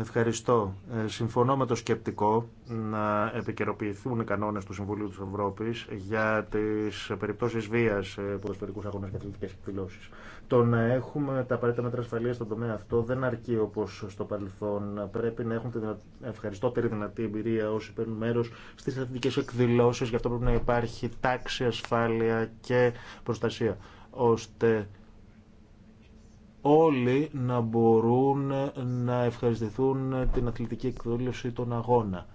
Ευχαριστώ. Ε, συμφωνώ με το σκεπτικό να επικαιροποιηθούν οι κανόνες του Συμβουλίου της Ευρώπης για τις περιπτώσεις βίας σε ποδοσφαιρικούς αγώνες και αθλητικές εκδηλώσεις. Το να έχουμε τα απαραίτητα μέτρα ασφαλείας στον τομέα αυτό δεν αρκεί όπως στο παρελθόν. Πρέπει να έχουν την ευχαριστότερη δυνατή εμπειρία όσοι παίρνουν μέρος στις αθλητικές εκδηλώσεις. Γι' αυτό πρέπει να υπάρχει τάξη, ασφάλεια και προστασία ώστε όλοι να μπορούν να ευχαριστηθούν την αθλητική εκδήλωση των αγώνα.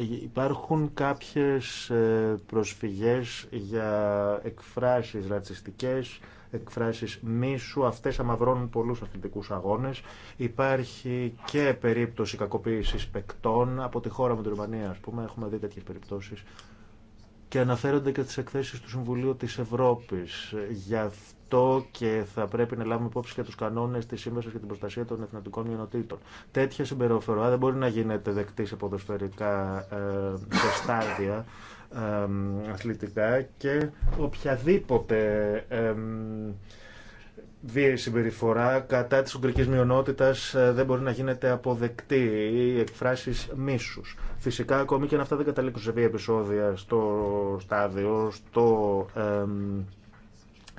Ε, υπάρχουν κάποιες ε, προσφυγές για εκφράσεις ρατσιστικές, εκφράσεις μίσου, αυτές αμαυρώνουν πολλούς αθλητικούς αγώνες. Υπάρχει και περίπτωση κακοποίησης παικτών από τη χώρα με την Ρουμανία, ας πούμε, έχουμε δει τέτοιες περιπτώσεις και αναφέρονται και τις εκθέσεις του Συμβουλίου της Ευρώπης για αυτό και θα πρέπει να λάβουμε υπόψη και του κανόνε τη Σύμβαση για την Προστασία των Εθνικών Μειονοτήτων. Τέτοια συμπεριφορά δεν μπορεί να γίνεται δεκτή σε ποδοσφαιρικά ε, στάδια αθλητικά και οποιαδήποτε βίαιη συμπεριφορά κατά της ουγγρικής μειονότητας ε, δεν μπορεί να γίνεται αποδεκτή ή εκφράσεις μίσους. Φυσικά ακόμη και αν αυτά δεν καταλήξουν σε βία επεισόδια στο στάδιο, στο,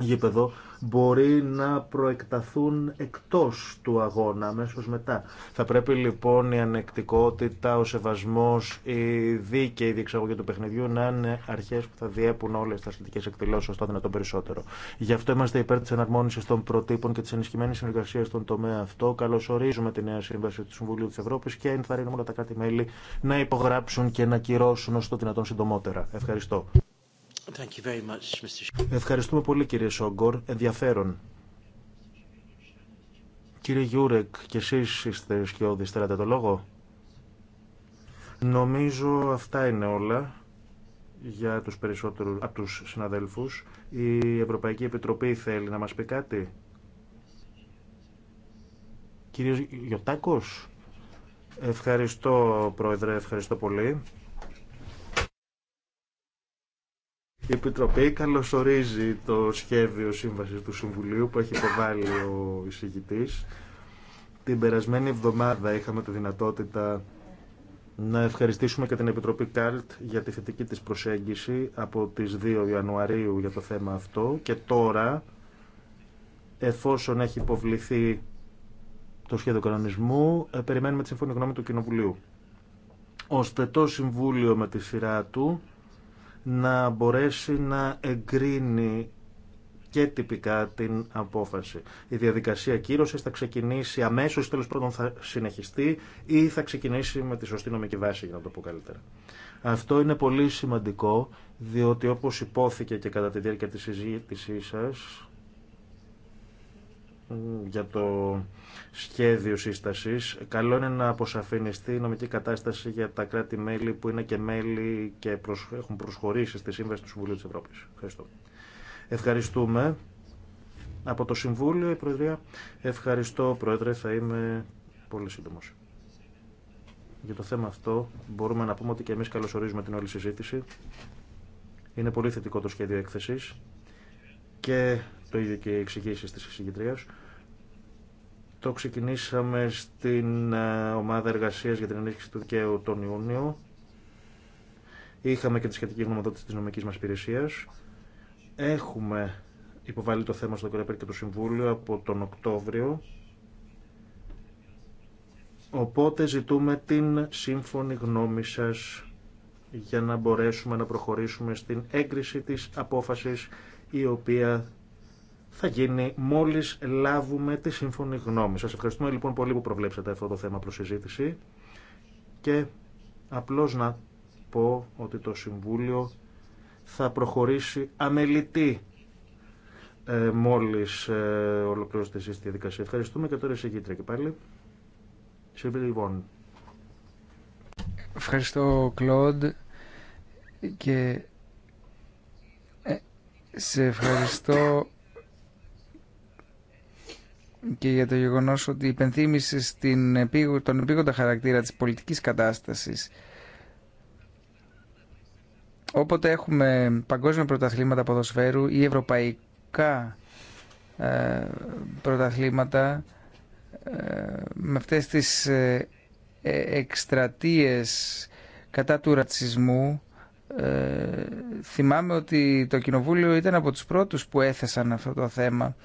γήπεδο μπορεί να προεκταθούν εκτός του αγώνα αμέσω μετά. Θα πρέπει λοιπόν η ανεκτικότητα, ο σεβασμός, η δίκαιη διεξαγωγή του παιχνιδιού να είναι αρχές που θα διέπουν όλες τις αθλητικές εκδηλώσεις όσο το δυνατόν περισσότερο. Γι' αυτό είμαστε υπέρ της εναρμόνισης των προτύπων και της ενισχυμένης συνεργασίας στον τομέα αυτό. Καλωσορίζουμε τη νέα σύμβαση του Συμβουλίου της Ευρώπης και ενθαρρύνουμε όλα τα κράτη-μέλη να υπογράψουν και να κυρώσουν όσο το δυνατόν συντομότερα. Ευχαριστώ. Ευχαριστούμε πολύ κύριε Σόγκορ. Ενδιαφέρον. Κύριε Γιούρεκ, και εσείς είστε σκιώδης, θέλατε το λόγο. Νομίζω αυτά είναι όλα για τους περισσότερους από τους συναδέλφους. Η Ευρωπαϊκή Επιτροπή θέλει να μας πει κάτι. Κύριε Γιωτάκος, ευχαριστώ Πρόεδρε, ευχαριστώ πολύ. Η Επιτροπή καλωσορίζει το σχέδιο σύμβασης του Συμβουλίου που έχει υποβάλει ο εισηγητής. Την περασμένη εβδομάδα είχαμε τη δυνατότητα να ευχαριστήσουμε και την Επιτροπή ΚΑΛΤ για τη θετική της προσέγγιση από τις 2 Ιανουαρίου για το θέμα αυτό και τώρα εφόσον έχει υποβληθεί το σχέδιο κανονισμού ε, περιμένουμε τη συμφωνία γνώμη του Κοινοβουλίου ώστε το Συμβούλιο με τη σειρά του να μπορέσει να εγκρίνει και τυπικά την απόφαση. Η διαδικασία κύρωσης θα ξεκινήσει αμέσως, τέλος πρώτων θα συνεχιστεί ή θα ξεκινήσει με τη σωστή νομική βάση, για να το πω καλύτερα. Αυτό είναι πολύ σημαντικό, διότι όπως υπόθηκε και κατά τη διάρκεια της συζήτησής σας, για το σχέδιο σύστασης. Καλό είναι να αποσαφινιστεί η νομική κατάσταση για τα κράτη-μέλη που είναι και μέλη και έχουν προσχωρήσει στη Σύμβαση του Συμβουλίου της Ευρώπης. Ευχαριστώ. Ευχαριστούμε. Από το Συμβούλιο, η Προεδρία. Ευχαριστώ, Πρόεδρε. Θα είμαι πολύ σύντομο. Για το θέμα αυτό μπορούμε να πούμε ότι και εμείς καλωσορίζουμε την όλη συζήτηση. Είναι πολύ θετικό το σχέδιο έκθεση. και το ίδιο και οι εξηγήσει τη εισηγητρία. Το ξεκινήσαμε στην ε, ομάδα εργασία για την ενίσχυση του δικαίου τον Ιούνιο. Είχαμε και τη σχετική γνωμοδότηση τη νομική μα υπηρεσία. Έχουμε υποβάλει το θέμα στο Κορέπερ και το Συμβούλιο από τον Οκτώβριο. Οπότε ζητούμε την σύμφωνη γνώμη σας για να μπορέσουμε να προχωρήσουμε στην έγκριση της απόφασης η οποία θα γίνει μόλις λάβουμε τη σύμφωνη γνώμη. Σας ευχαριστούμε λοιπόν πολύ που προβλέψατε αυτό το θέμα προς συζήτηση και απλώς να πω ότι το Συμβούλιο θα προχωρήσει αμελητή ε, μόλις ε, ολοκληρώσετε τη διαδικασία. Ευχαριστούμε και τώρα εισηγήτρια και πάλι. Λιβόν. Ευχαριστώ Κλοντ και ε, σε ευχαριστώ και για το γεγονό ότι υπενθύμησε στην, τον επίγοντα χαρακτήρα της πολιτικής κατάστασης. Όποτε έχουμε παγκόσμια πρωταθλήματα ποδοσφαίρου ή ευρωπαϊκά ε, πρωταθλήματα ε, με αυτές τις ε, ε, εκστρατείες κατά του ρατσισμού ε, θυμάμαι ότι το Κοινοβούλιο ήταν από τους πρώτους που έθεσαν αυτό το θέμα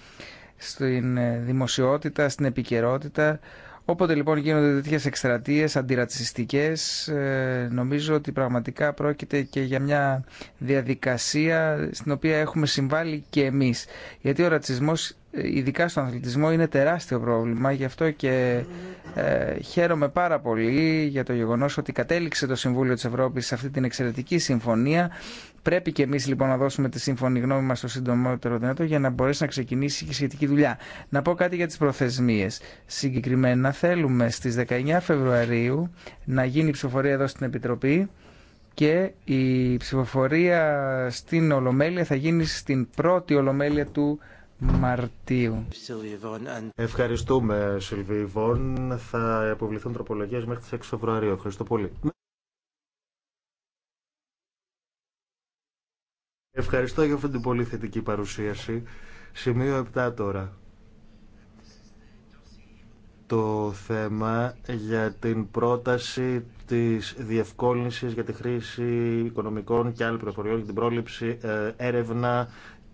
στην ε, δημοσιότητα, στην επικαιρότητα. Όποτε λοιπόν γίνονται τέτοιες εκστρατείες αντιρατσιστικές, ε, νομίζω ότι πραγματικά πρόκειται και για μια διαδικασία στην οποία έχουμε συμβάλει και εμείς. Γιατί ο ρατσισμός ειδικά στον αθλητισμό είναι τεράστιο πρόβλημα γι' αυτό και ε, χαίρομαι πάρα πολύ για το γεγονός ότι κατέληξε το Συμβούλιο της Ευρώπης σε αυτή την εξαιρετική συμφωνία πρέπει και εμείς λοιπόν να δώσουμε τη σύμφωνη γνώμη μας στο συντομότερο δυνατό για να μπορέσει να ξεκινήσει η σχετική δουλειά να πω κάτι για τις προθεσμίες συγκεκριμένα θέλουμε στις 19 Φεβρουαρίου να γίνει η ψηφοφορία εδώ στην Επιτροπή και η ψηφοφορία στην Ολομέλεια θα γίνει στην πρώτη Ολομέλεια του Μαρτίου. Ευχαριστούμε, Σιλβί Θα αποβληθούν τροπολογίες μέχρι τις 6 Φεβρουαρίου. Ευχαριστώ πολύ. Ευχαριστώ για αυτή την πολύ θετική παρουσίαση. Σημείο 7 τώρα. Το θέμα για την πρόταση της διευκόλυνσης για τη χρήση οικονομικών και άλλων πληροφοριών για την πρόληψη, ε, έρευνα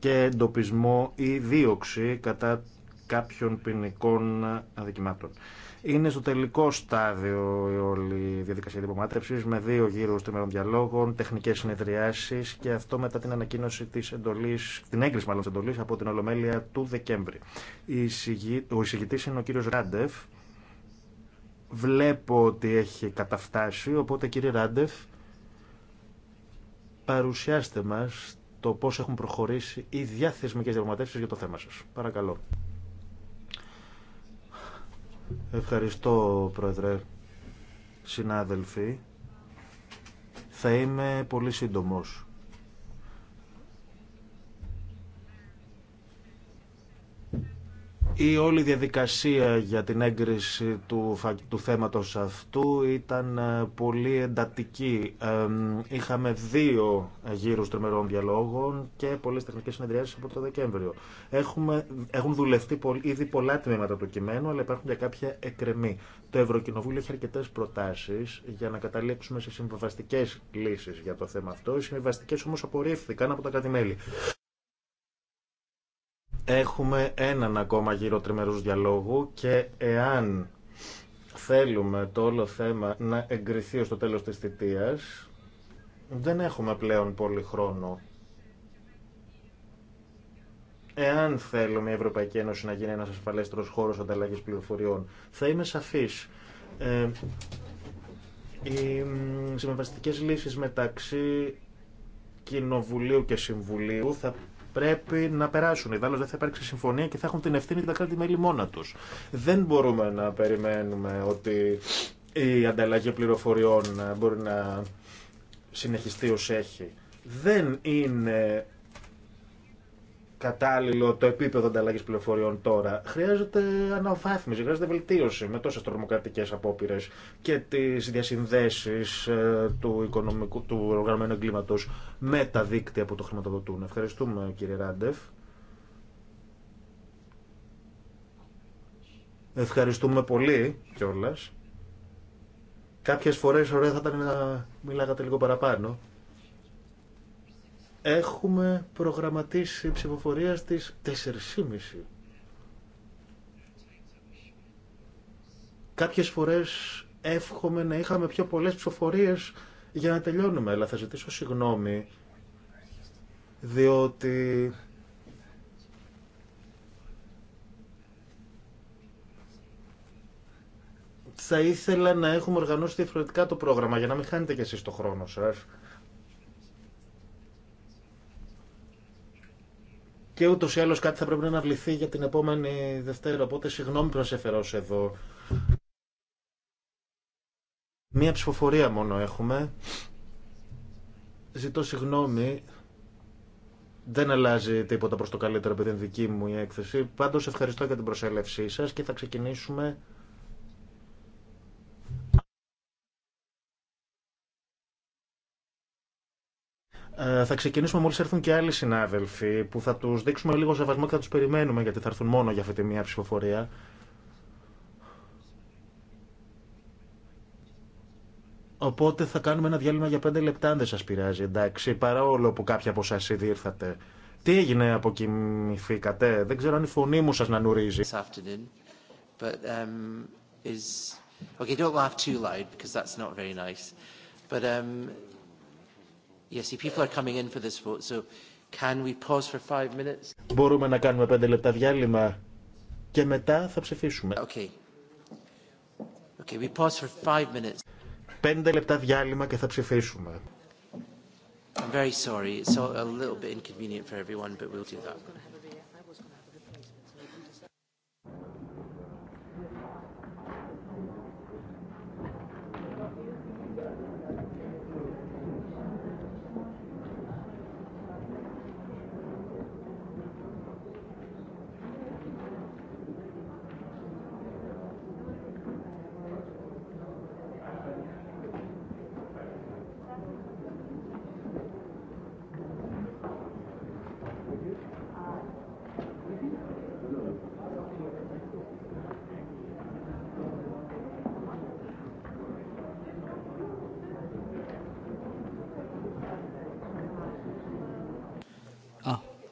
και εντοπισμό ή δίωξη κατά κάποιων ποινικών αδικημάτων. Είναι στο τελικό στάδιο η όλη η διαδικασία διαδικασια υποματρεψης με δύο γύρου τριμερών διαλόγων, τεχνικέ συνεδριάσεις... και αυτό μετά την ανακοίνωση τη εντολή, την έγκριση μάλλον τη εντολή από την Ολομέλεια του Δεκέμβρη. Ο εισηγητή είναι ο κύριο Ράντεφ. Βλέπω ότι έχει καταφτάσει, οπότε κύριε Ράντεφ, παρουσιάστε μας το πώς έχουν προχωρήσει οι διαθεσμικέ διαπραγματεύσει για το θέμα σας. Παρακαλώ. Ευχαριστώ, Πρόεδρε, συνάδελφοι. Θα είμαι πολύ σύντομος. Η όλη διαδικασία για την έγκριση του, του θέματος αυτού ήταν ε, πολύ εντατική. Είχαμε δύο γύρους τριμερών διαλόγων και πολλές τεχνικές συνεδριάσεις από το Δεκέμβριο. Έχουμε, έχουν δουλευτεί ήδη πολλά τμήματα του κειμένου, αλλά υπάρχουν και κάποια εκκρεμή. Το Ευρωκοινοβούλιο έχει αρκετέ προτάσει για να καταλήξουμε σε συμβαστικέ λύσει για το θέμα αυτό. Οι συμβαστικέ όμω απορρίφθηκαν από τα κρατη Έχουμε έναν ακόμα γύρο τριμερούς διαλόγου και εάν θέλουμε το όλο θέμα να εγκριθεί ως το τέλος της θητείας, δεν έχουμε πλέον πολύ χρόνο. Εάν θέλουμε η Ευρωπαϊκή Ένωση να γίνει ένας ασφαλέστερος χώρος ανταλλαγής πληροφοριών, θα είμαι σαφής. Ε, οι συμβαστικές λύσεις μεταξύ Κοινοβουλίου και Συμβουλίου θα πρέπει να περάσουν. Ιδάλλως δεν θα υπάρξει συμφωνία και θα έχουν την ευθύνη τα κράτη-μέλη μόνα του. Δεν μπορούμε να περιμένουμε ότι η ανταλλαγή πληροφοριών μπορεί να συνεχιστεί ως έχει. Δεν είναι κατάλληλο το επίπεδο ανταλλαγή πληροφοριών τώρα. Χρειάζεται αναβάθμιση, χρειάζεται βελτίωση με τόσε τρομοκρατικέ απόπειρε και τι διασυνδέσει ε, του, οικονομικού, του οργανωμένου εγκλήματο με τα δίκτυα που το χρηματοδοτούν. Ευχαριστούμε, κύριε Ράντεφ. Ευχαριστούμε πολύ κιόλα. Κάποιες φορές ωραία θα ήταν να μιλάγατε λίγο παραπάνω. Έχουμε προγραμματίσει ψηφοφορία στις 4.30. Κάποιες φορές εύχομαι να είχαμε πιο πολλές ψηφοφορίες για να τελειώνουμε, αλλά θα ζητήσω συγγνώμη, διότι θα ήθελα να έχουμε οργανώσει διαφορετικά το πρόγραμμα για να μην χάνετε κι εσείς το χρόνο σας. και ούτω ή άλλω κάτι θα πρέπει να αναβληθεί για την επόμενη Δευτέρα. Οπότε συγγνώμη που σε έφερα εδώ. Μία ψηφοφορία μόνο έχουμε. Ζητώ συγγνώμη. Δεν αλλάζει τίποτα προ το καλύτερο επειδή είναι δική μου η έκθεση. Πάντως ευχαριστώ για την προσέλευσή σας και θα ξεκινήσουμε Ε, θα ξεκινήσουμε μόλι έρθουν και άλλοι συνάδελφοι που θα του δείξουμε λίγο σεβασμό και θα του περιμένουμε γιατί θα έρθουν μόνο για αυτή τη μία ψηφοφορία. Οπότε θα κάνουμε ένα διάλειμμα για πέντε λεπτά αν δεν σα πειράζει, εντάξει, παρά που κάποια από εσά ήδη ήρθατε. Τι έγινε, αποκοιμηθήκατε. Δεν ξέρω αν η φωνή μου σα να νουρίζει. Um, okay, don't laugh too loud because that's not very nice. But um, Yes, see, people are coming in for this vote, so can we pause for five minutes? Μπορούμε να κάνουμε πέντε λεπτά διάλειμμα και μετά θα ψηφίσουμε. Okay. Okay, we pause for five minutes. Πέντε λεπτά διάλειμμα και θα ψηφίσουμε. I'm very sorry. It's a little bit inconvenient for everyone, but we'll do that.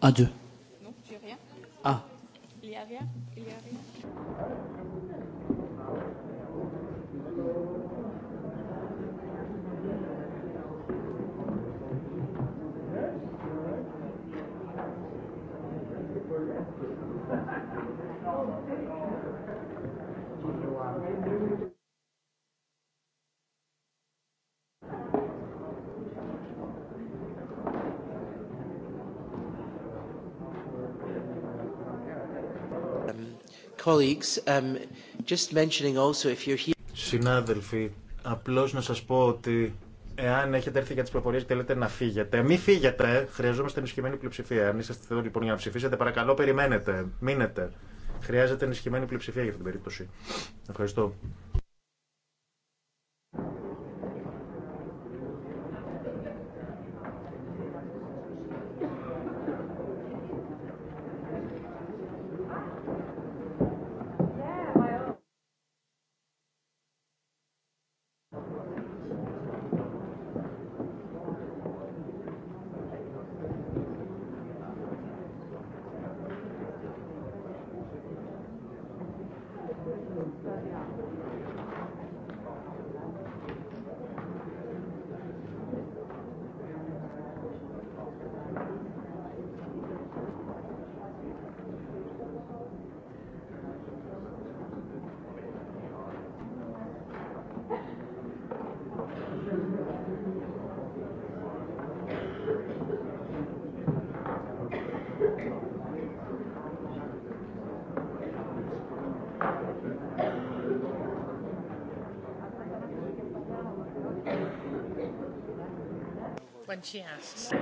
à deux. Um, Συνάδελφοι, απλώς να σας πω ότι εάν έχετε έρθει για τις προφορίες και θέλετε να φύγετε, μη φύγετε, χρειαζόμαστε ενισχυμένη πλειοψηφία. Αν είστε εδώ λοιπόν για να ψηφίσετε, παρακαλώ περιμένετε, μείνετε. Χρειάζεται ενισχυμένη πλειοψηφία για αυτή την περίπτωση. Ευχαριστώ. when she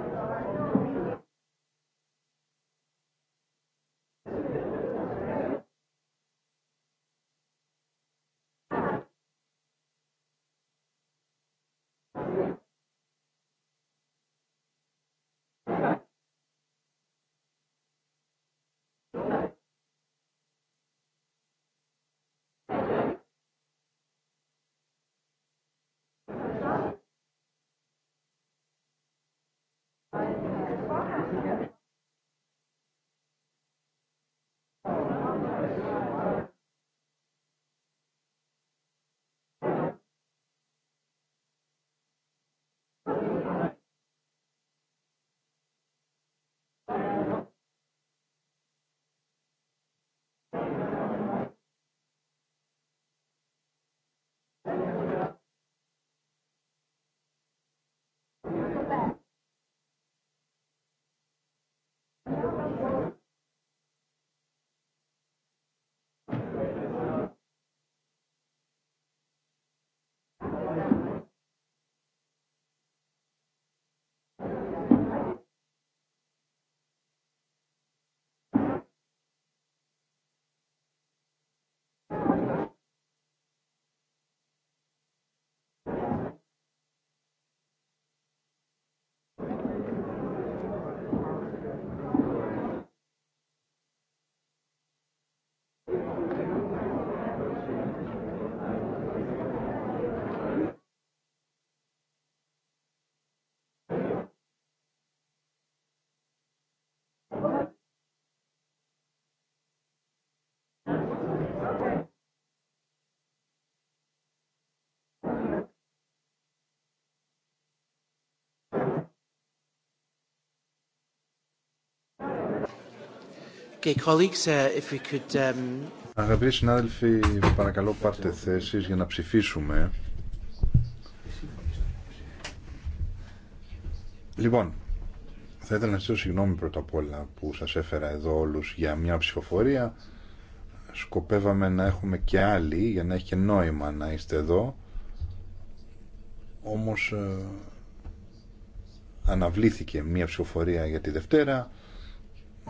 για Uh, um, Αγαπητοί συνάδελφοι, παρακαλώ πάρτε θέσεις για να ψηφίσουμε. Λοιπόν, θα ήθελα να ζητήσω συγγνώμη πρώτα απ' όλα που σας έφερα εδώ όλους για μια ψηφοφορία. Σκοπεύαμε να έχουμε και άλλοι για να έχει νόημα να είστε εδώ. Όμως ε, αναβλήθηκε μια ψηφοφορία για τη Δευτέρα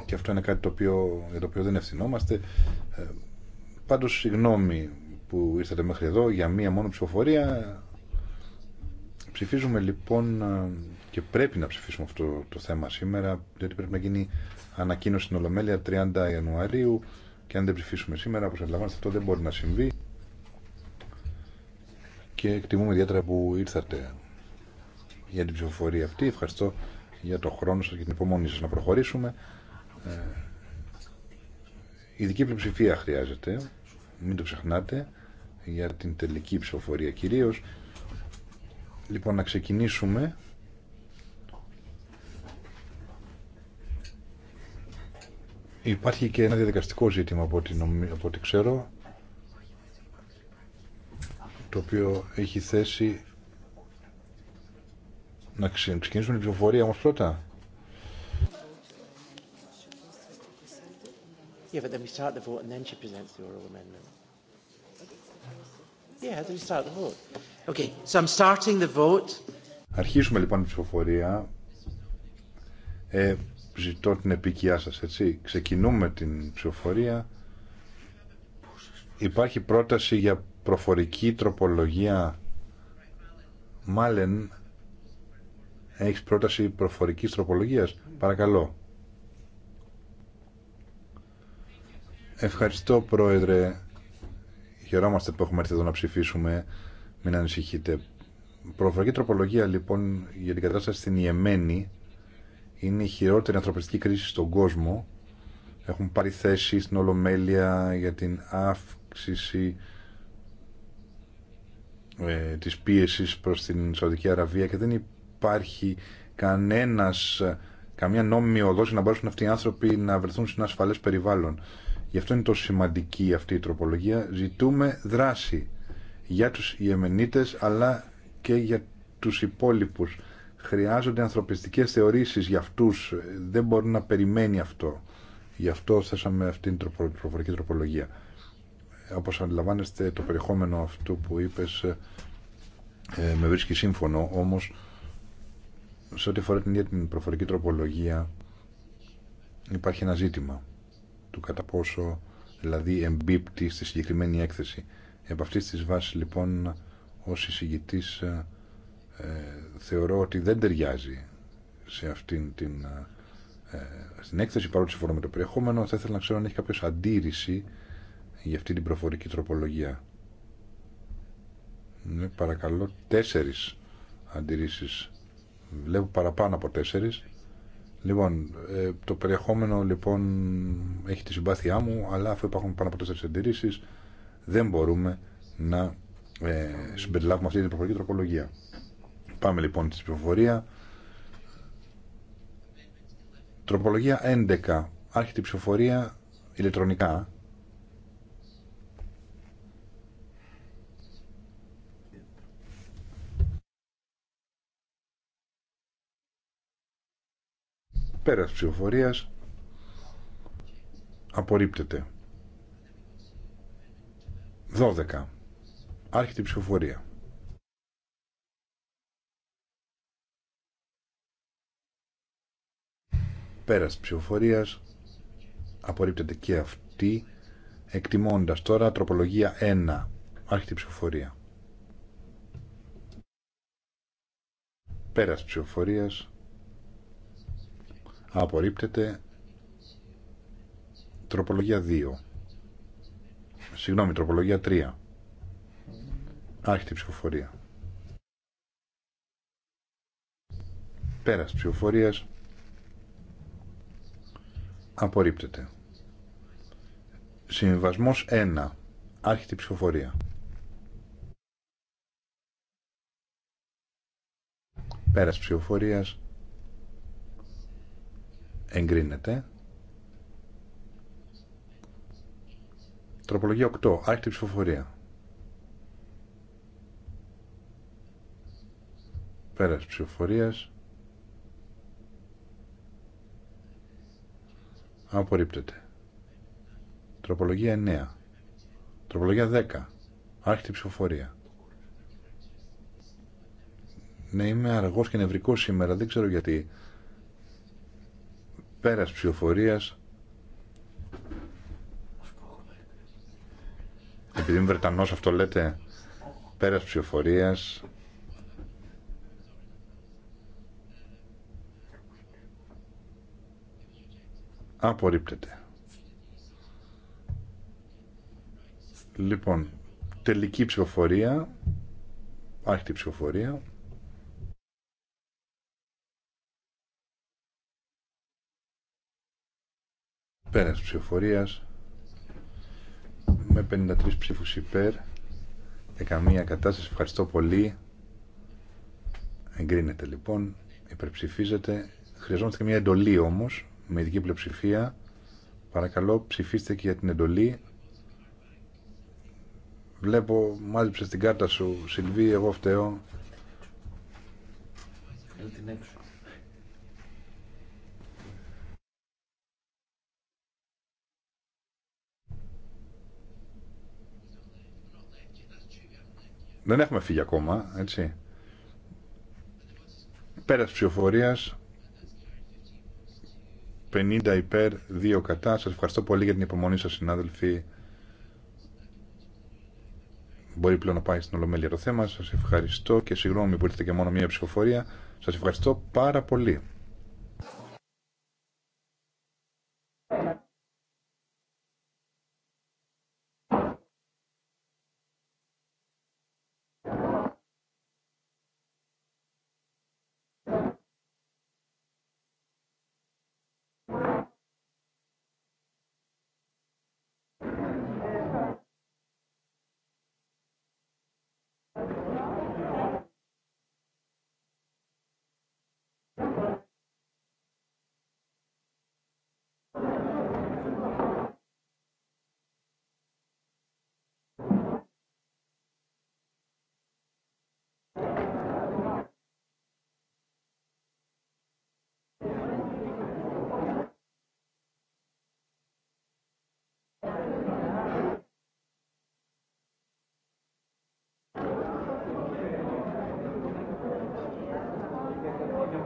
και αυτό είναι κάτι το οποίο, για το οποίο δεν ευθυνόμαστε. Ε, πάντως, συγγνώμη που ήρθατε μέχρι εδώ για μία μόνο ψηφοφορία. Ψηφίζουμε λοιπόν ε, και πρέπει να ψηφίσουμε αυτό το θέμα σήμερα, διότι πρέπει να γίνει ανακοίνωση στην Ολομέλεια 30 Ιανουαρίου και αν δεν ψηφίσουμε σήμερα, όπως αντιλαμβάνεστε, αυτό δεν μπορεί να συμβεί και εκτιμούμε ιδιαίτερα που ήρθατε για την ψηφοφορία αυτή. Ευχαριστώ για το χρόνο σας και την υπομονή σας να προχωρήσουμε. Ε, ειδική πλειοψηφία χρειάζεται, μην το ξεχνάτε, για την τελική ψηφοφορία κυρίως. Λοιπόν, να ξεκινήσουμε. Υπάρχει και ένα διαδικαστικό ζήτημα από ό,τι, ξέρω, το οποίο έχει θέση να ξεκινήσουμε την ψηφοφορία όμως πρώτα. Yeah, but then we start the vote and then she presents the oral amendment. Yeah, then we start the vote. Okay, so I'm starting the vote. Αρχίζουμε λοιπόν την ψηφοφορία. Ε, ζητώ την επικιά σας, έτσι. Ξεκινούμε την ψηφοφορία. Υπάρχει πρόταση για προφορική τροπολογία. Μάλεν, έχεις πρόταση προφορικής τροπολογίας. Παρακαλώ. Ευχαριστώ Πρόεδρε. Χαιρόμαστε που έχουμε έρθει εδώ να ψηφίσουμε. Μην ανησυχείτε. Προφορική τροπολογία λοιπόν για την κατάσταση στην Ιεμένη είναι η χειρότερη ανθρωπιστική κρίση στον κόσμο. Έχουν πάρει θέση στην Ολομέλεια για την αύξηση ε, της πίεσης προς την Σαουδική Αραβία και δεν υπάρχει κανένας, καμία νόμιμη οδός για να μπορέσουν αυτοί οι άνθρωποι να βρεθούν σε ένα ασφαλές περιβάλλον. Γι' αυτό είναι τόσο σημαντική αυτή η τροπολογία. Ζητούμε δράση για τους Ιεμενίτες αλλά και για τους υπόλοιπους. Χρειάζονται ανθρωπιστικές θεωρήσεις για αυτούς. Δεν μπορεί να περιμένει αυτό. Γι' αυτό θέσαμε αυτή την προφορική τροπολογία. Όπως αντιλαμβάνεστε το περιεχόμενο αυτού που είπες ε, ε με βρίσκει σύμφωνο όμως σε ό,τι αφορά την προφορική τροπολογία υπάρχει ένα ζήτημα του κατά πόσο δηλαδή εμπίπτει στη συγκεκριμένη έκθεση. Επ' αυτής της βάσης λοιπόν ως εισηγητής ε, ε θεωρώ ότι δεν ταιριάζει σε αυτήν την, ε, ε, στην έκθεση παρότι συμφωνώ με το περιεχόμενο θα ήθελα να ξέρω αν έχει κάποιος αντίρρηση για αυτή την προφορική τροπολογία. Ναι, παρακαλώ τέσσερις αντιρρήσεις. Βλέπω παραπάνω από τέσσερις. Λοιπόν, ε, το περιεχόμενο λοιπόν έχει τη συμπάθειά μου, αλλά αφού υπάρχουν πάνω από τέσσερι εντηρήσει, δεν μπορούμε να ε, συμπεριλάβουμε αυτή την προφορική τροπολογία. Πάμε λοιπόν στην ψηφοφορία. Τροπολογία 11. Άρχεται η ψηφοφορία ηλεκτρονικά. Πέρας ψηφοφορίας απορρίπτεται. 12. Άρχεται ψηφοφορία. Πέρας ψηφοφορίας απορρίπτεται και αυτή εκτιμώντας τώρα τροπολογία 1. Άρχεται ψηφοφορία. Πέρας ψηφοφορία απορρίπτεται τροπολογία 2 συγγνώμη τροπολογία 3 άρχεται η ψηφοφορία πέρας ψηφοφορίας απορρίπτεται συμβασμός 1 άρχεται η ψηφοφορία πέρας ψηφοφορίας Εγκρίνεται. Τροπολογία 8. η ψηφοφορία. Πέρας ψηφοφορίας. Απορρίπτεται. Τροπολογία 9. Τροπολογία 10. η ψηφοφορία. Ναι, είμαι αργός και νευρικός σήμερα, δεν ξέρω γιατί. Πέρας ψηφοφορίας. Επειδή είμαι Βρετανός αυτό λέτε. Πέρας ψηφοφορίας. Απορρίπτεται. Λοιπόν, τελική ψηφοφορία. Άρχιτη ψηφοφορία. Πέρας ψηφοφορίας με 53 ψήφους υπέρ 11 καμία κατάσταση. Ευχαριστώ πολύ. Εγκρίνεται λοιπόν, υπερψηφίζεται. Χρειαζόμαστε και μια εντολή όμως, με ειδική πλειοψηφία. Παρακαλώ ψηφίστε και για την εντολή. Βλέπω, μάζεψε την κάρτα σου, Σιλβί, εγώ φταίω. Δεν έχουμε φύγει ακόμα, έτσι. Πέρας ψηφοφορίας, 50 υπέρ, 2 κατά. Σας ευχαριστώ πολύ για την υπομονή σας, συνάδελφοι. Μπορεί πλέον να πάει στην Ολομέλεια το θέμα. Σας ευχαριστώ και συγγνώμη που ήρθατε και μόνο μία ψηφοφορία. Σας ευχαριστώ πάρα πολύ.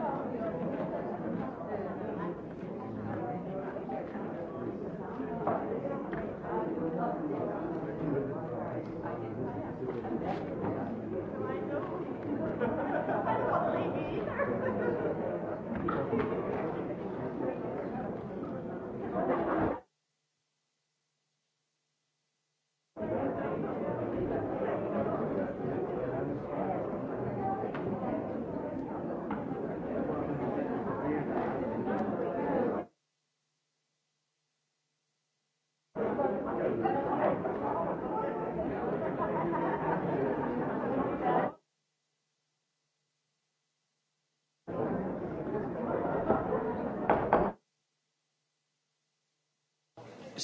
Ευχαριστώ.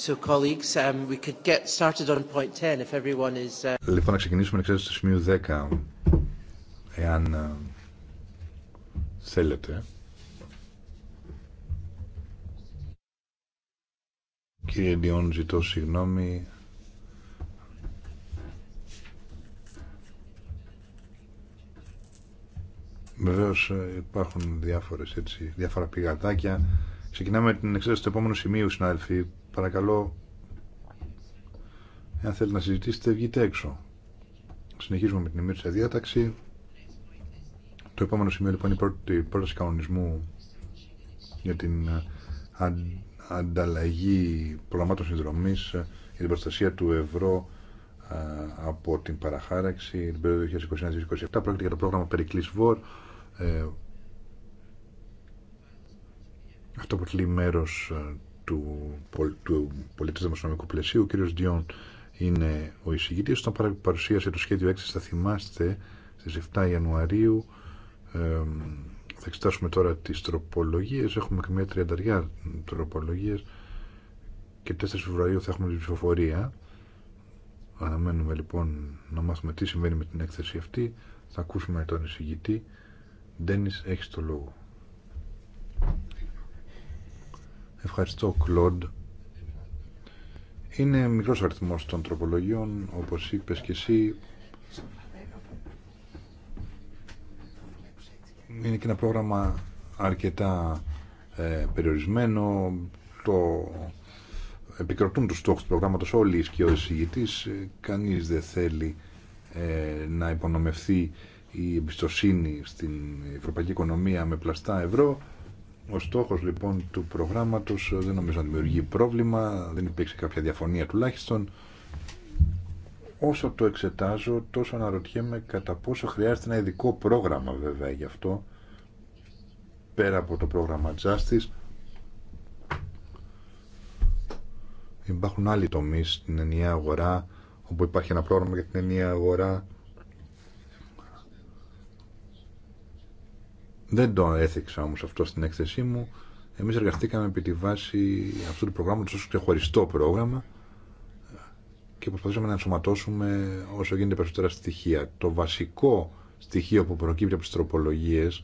Λοιπόν, να ξεκινήσουμε εξέταση του σημείου 10, εάν ε, θέλετε. Κύριε Ντιόν, ζητώ συγγνώμη. Βεβαίω ε, υπάρχουν διάφορες, έτσι, διάφορα πηγατάκια. Ξεκινάμε την εξέταση του επόμενου σημείου, συνάδελφοι, Παρακαλώ, εάν θέλετε να συζητήσετε, βγείτε έξω. Συνεχίζουμε με την ημέρα διάταξη. Το επόμενο σημείο λοιπόν είναι η πρώτη πρόταση κανονισμού για την ε, ανταλλαγή προγραμμάτων συνδρομής ε, για την προστασία του ευρώ ε, από την παραχάραξη την περίοδο 2021-2027. Πρόκειται για το πρόγραμμα Περικλής Βόρ. αυτό αποτελεί μέρος του, του πολίτη δημοσιονομικού πλαισίου. Ο κύριος Διόν είναι ο εισηγητής. Όταν παρουσίασε το σχέδιο 6, θα θυμάστε στις 7 Ιανουαρίου ε, θα εξετάσουμε τώρα τις τροπολογίες. Έχουμε και μια τριανταριά τροπολογίες και 4 Φεβρουαρίου θα έχουμε την ψηφοφορία. Αναμένουμε λοιπόν να μάθουμε τι συμβαίνει με την έκθεση αυτή. Θα ακούσουμε τον εισηγητή. Ντένις, έχεις το λόγο. Ευχαριστώ, Κλοντ. Είναι μικρός αριθμός των τροπολογιών, όπως είπες και εσύ. Είναι και ένα πρόγραμμα αρκετά ε, περιορισμένο. Το επικροτούν τους στόχους του προγράμματος όλοι οι σκιώδες ηγητής. Κανείς δεν θέλει ε, να υπονομευθεί η εμπιστοσύνη στην ευρωπαϊκή οικονομία με πλαστά ευρώ. Ο στόχο λοιπόν του προγράμματο ε, δεν νομίζω να δημιουργεί πρόβλημα, δεν υπήρξε κάποια διαφωνία τουλάχιστον. Όσο το εξετάζω, τόσο αναρωτιέμαι κατά πόσο χρειάζεται ένα ειδικό πρόγραμμα βέβαια γι' αυτό, πέρα από το πρόγραμμα Justice. Υπάρχουν άλλοι τομεί στην ενιαία αγορά, όπου υπάρχει ένα πρόγραμμα για την ενιαία αγορά, Δεν το έθιξα όμως αυτό στην έκθεσή μου. Εμείς εργαστήκαμε επί τη βάση αυτού του προγράμματος ως ξεχωριστό πρόγραμμα και προσπαθήσαμε να ενσωματώσουμε όσο γίνεται περισσότερα στοιχεία. Το βασικό στοιχείο που προκύπτει από τις τροπολογίες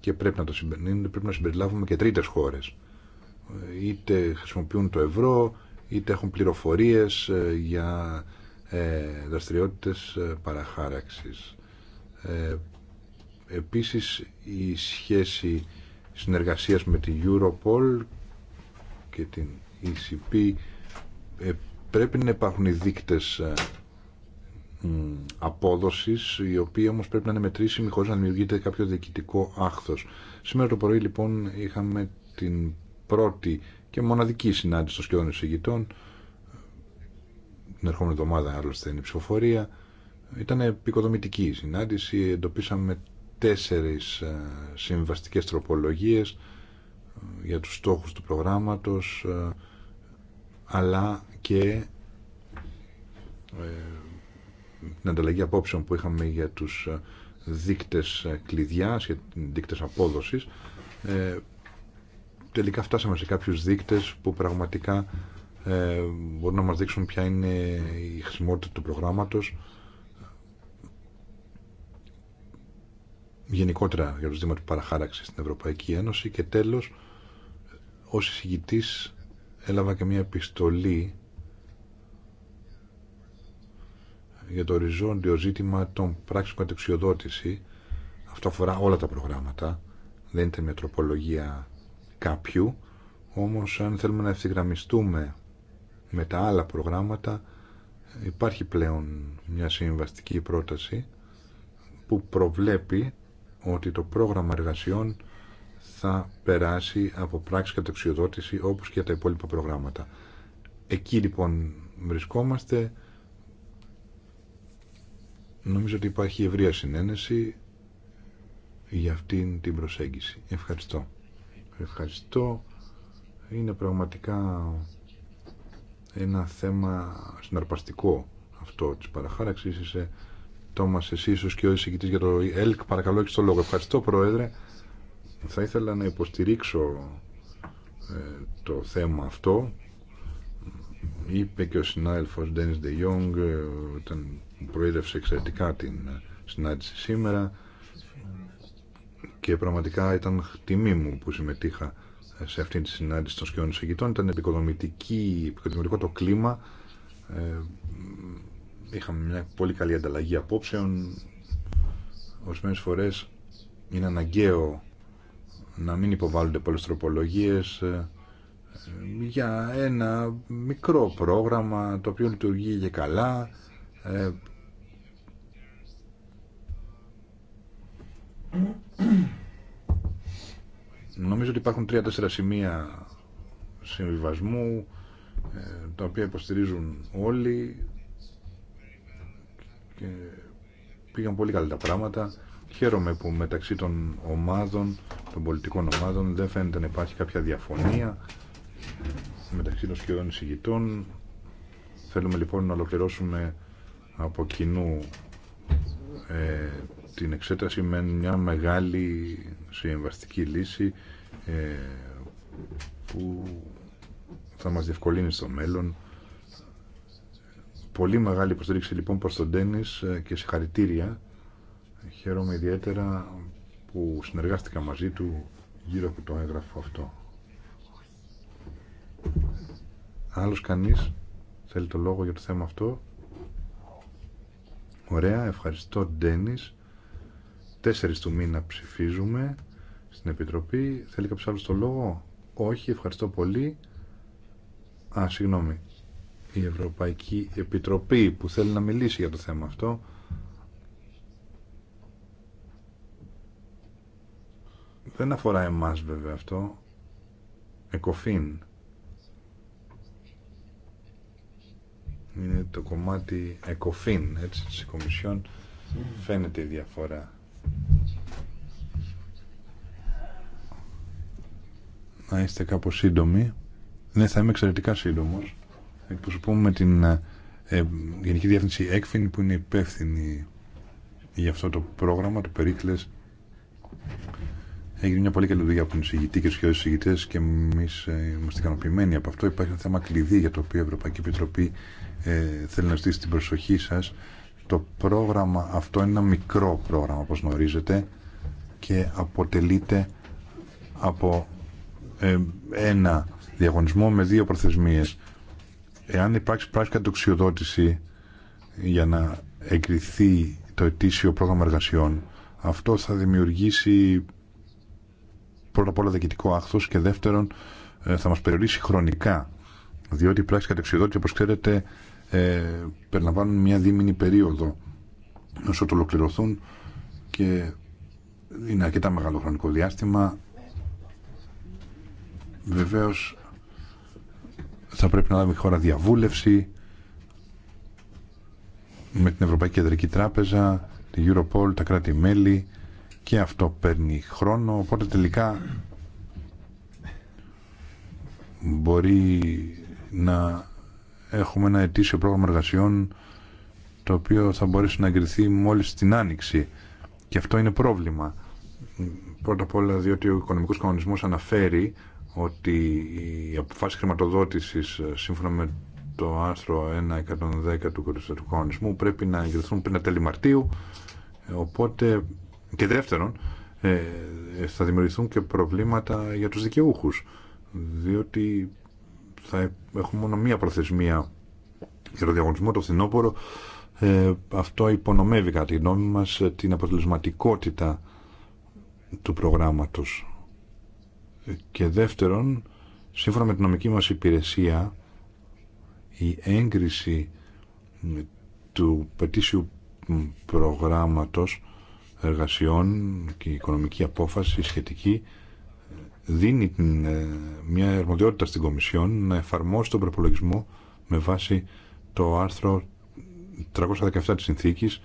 και πρέπει να, το συμπεριλάβουμε, πρέπει να συμπεριλάβουμε και τρίτες χώρες. Είτε χρησιμοποιούν το ευρώ, είτε έχουν πληροφορίες ε, για ε, δραστηριότητες ε, Επίσης η σχέση συνεργασίας με την Europol και την ECP ε, πρέπει να υπάρχουν οι δείκτες ε, απόδοσης οι οποίοι όμως πρέπει να είναι μετρήσιμοι χωρίς να δημιουργείται κάποιο διοικητικό άχθος. Σήμερα το πρωί λοιπόν είχαμε την πρώτη και μοναδική συνάντηση των σχεδόν εισηγητών την ερχόμενη εβδομάδα άλλωστε είναι η ψηφοφορία ήταν επικοδομητική η συνάντηση εντοπίσαμε τέσσερις ε, συμβαστικές τροπολογίες ε, για τους στόχους του προγράμματος ε, αλλά και την ανταλλαγή απόψεων που είχαμε για τους δείκτες κλειδιά, δείκτες απόδοσης τελικά φτάσαμε σε κάποιους δείκτες που πραγματικά μπορούν να μας δείξουν ποια είναι η χρησιμότητα του προγράμματος γενικότερα για το ζήτημα του παραχάραξης στην Ευρωπαϊκή Ένωση και τέλος ως εισηγητής έλαβα και μια επιστολή για το οριζόντιο ζήτημα των πράξεων κατεξιοδότηση αυτό αφορά όλα τα προγράμματα δεν είναι μια τροπολογία κάποιου όμως αν θέλουμε να ευθυγραμμιστούμε με τα άλλα προγράμματα υπάρχει πλέον μια συμβαστική πρόταση που προβλέπει ότι το πρόγραμμα εργασιών θα περάσει από πράξη κατεξιοδότηση όπως και τα υπόλοιπα προγράμματα. Εκεί λοιπόν βρισκόμαστε. Νομίζω ότι υπάρχει ευρεία συνένεση για αυτήν την προσέγγιση. Ευχαριστώ. Ευχαριστώ. Είναι πραγματικά ένα θέμα συναρπαστικό αυτό της παραχάραξης. Τόμα, εσύ ίσω και ο για το ΕΛΚ, παρακαλώ, έχει το λόγο. Ευχαριστώ, Πρόεδρε. Θα ήθελα να υποστηρίξω ε, το θέμα αυτό. Είπε και ο συνάδελφος Ντένις Ντε Ιόγκ, ε, όταν προείδευσε εξαιρετικά την ε, συνάντηση σήμερα και πραγματικά ήταν τιμή μου που συμμετείχα σε αυτή τη συνάντηση των σκιών εισηγητών. Ήταν επικοδομητικό το κλίμα. Είχαμε μια πολύ καλή ανταλλαγή απόψεων. Ορισμένε φορέ είναι αναγκαίο να μην υποβάλλονται πολλέ τροπολογίε ε, για ένα μικρό πρόγραμμα το οποίο λειτουργεί και καλά. Ε, νομίζω ότι υπάρχουν τρία-τέσσερα σημεία συμβιβασμού ε, τα οποία υποστηρίζουν όλοι και πήγαν πολύ καλά τα πράγματα. Χαίρομαι που μεταξύ των ομάδων, των πολιτικών ομάδων, δεν φαίνεται να υπάρχει κάποια διαφωνία μεταξύ των σχεδόν εισηγητών. Θέλουμε λοιπόν να ολοκληρώσουμε από κοινού ε, την εξέταση με μια μεγάλη συμβαστική λύση ε, που θα μας διευκολύνει στο μέλλον Πολύ μεγάλη υποστήριξη λοιπόν προς τον τένις ε, και συγχαρητήρια. Χαίρομαι ιδιαίτερα που συνεργάστηκα μαζί του γύρω από το έγγραφο αυτό. Άλλος κανείς θέλει το λόγο για το θέμα αυτό. Ωραία, ευχαριστώ Ντένις. Τέσσερις του μήνα ψηφίζουμε στην Επιτροπή. Θέλει κάποιος άλλος το λόγο. Όχι, ευχαριστώ πολύ. Α, συγγνώμη η Ευρωπαϊκή Επιτροπή που θέλει να μιλήσει για το θέμα αυτό. Δεν αφορά εμάς βέβαια αυτό. Εκοφίν Είναι το κομμάτι εκοφήν, έτσι, της Κομισιόν. Φαίνεται η διαφορά. Να είστε κάπως σύντομοι. Ναι, θα είμαι εξαιρετικά σύντομος. Εκπροσωπούμε την ε, Γενική Διεύθυνση ΕΚΦΙΝ που είναι υπεύθυνη για αυτό το πρόγραμμα, το Περίκλες. Έγινε μια πολύ καλή δουλειά από τον εισηγητή και του χιλιάδε εισηγητέ και εμεί ε, είμαστε ικανοποιημένοι από αυτό. Υπάρχει ένα θέμα κλειδί για το οποίο η Ευρωπαϊκή Επιτροπή ε, θέλει να στήσει την προσοχή σα. Το πρόγραμμα αυτό είναι ένα μικρό πρόγραμμα, όπω γνωρίζετε, και αποτελείται από ένα διαγωνισμό με δύο προθεσμίες εάν υπάρξει πράξη κατοξιοδότηση για να εγκριθεί το ετήσιο πρόγραμμα εργασιών, αυτό θα δημιουργήσει πρώτα απ' όλα διοικητικό και δεύτερον ε, θα μας περιορίσει χρονικά διότι οι πράξεις όπως ξέρετε ε, περιλαμβάνουν μια δίμηνη περίοδο όσο το ολοκληρωθούν και είναι αρκετά μεγάλο χρονικό διάστημα βεβαίως θα πρέπει να λάβει χώρα διαβούλευση με την Ευρωπαϊκή Κεντρική Τράπεζα, τη Europol, τα κράτη-μέλη και αυτό παίρνει χρόνο, οπότε τελικά μπορεί να έχουμε ένα ετήσιο πρόγραμμα εργασιών το οποίο θα μπορέσει να εγκριθεί μόλις την Άνοιξη και αυτό είναι πρόβλημα πρώτα απ' όλα διότι ο οικονομικός κανονισμός αναφέρει ότι η αποφάση χρηματοδότησης ε, σύμφωνα με το άρθρο 1.110 του Κοριστατικού Κανονισμού πρέπει να εγκριθούν πριν τέλη Μαρτίου ε, οπότε και δεύτερον ε, θα δημιουργηθούν και προβλήματα για τους δικαιούχους διότι θα έχουμε μόνο μία προθεσμία για το διαγωνισμό το φθινόπωρο αυτό υπονομεύει κατά τη γνώμη μας την αποτελεσματικότητα του προγράμματος και δεύτερον, σύμφωνα με την νομική μας υπηρεσία, η έγκριση του πετήσιου προγράμματος εργασιών και η οικονομική απόφαση σχετική δίνει την, ε, μια αρμοδιότητα στην Κομισιόν να εφαρμόσει τον προπολογισμό με βάση το άρθρο 317 της Συνθήκης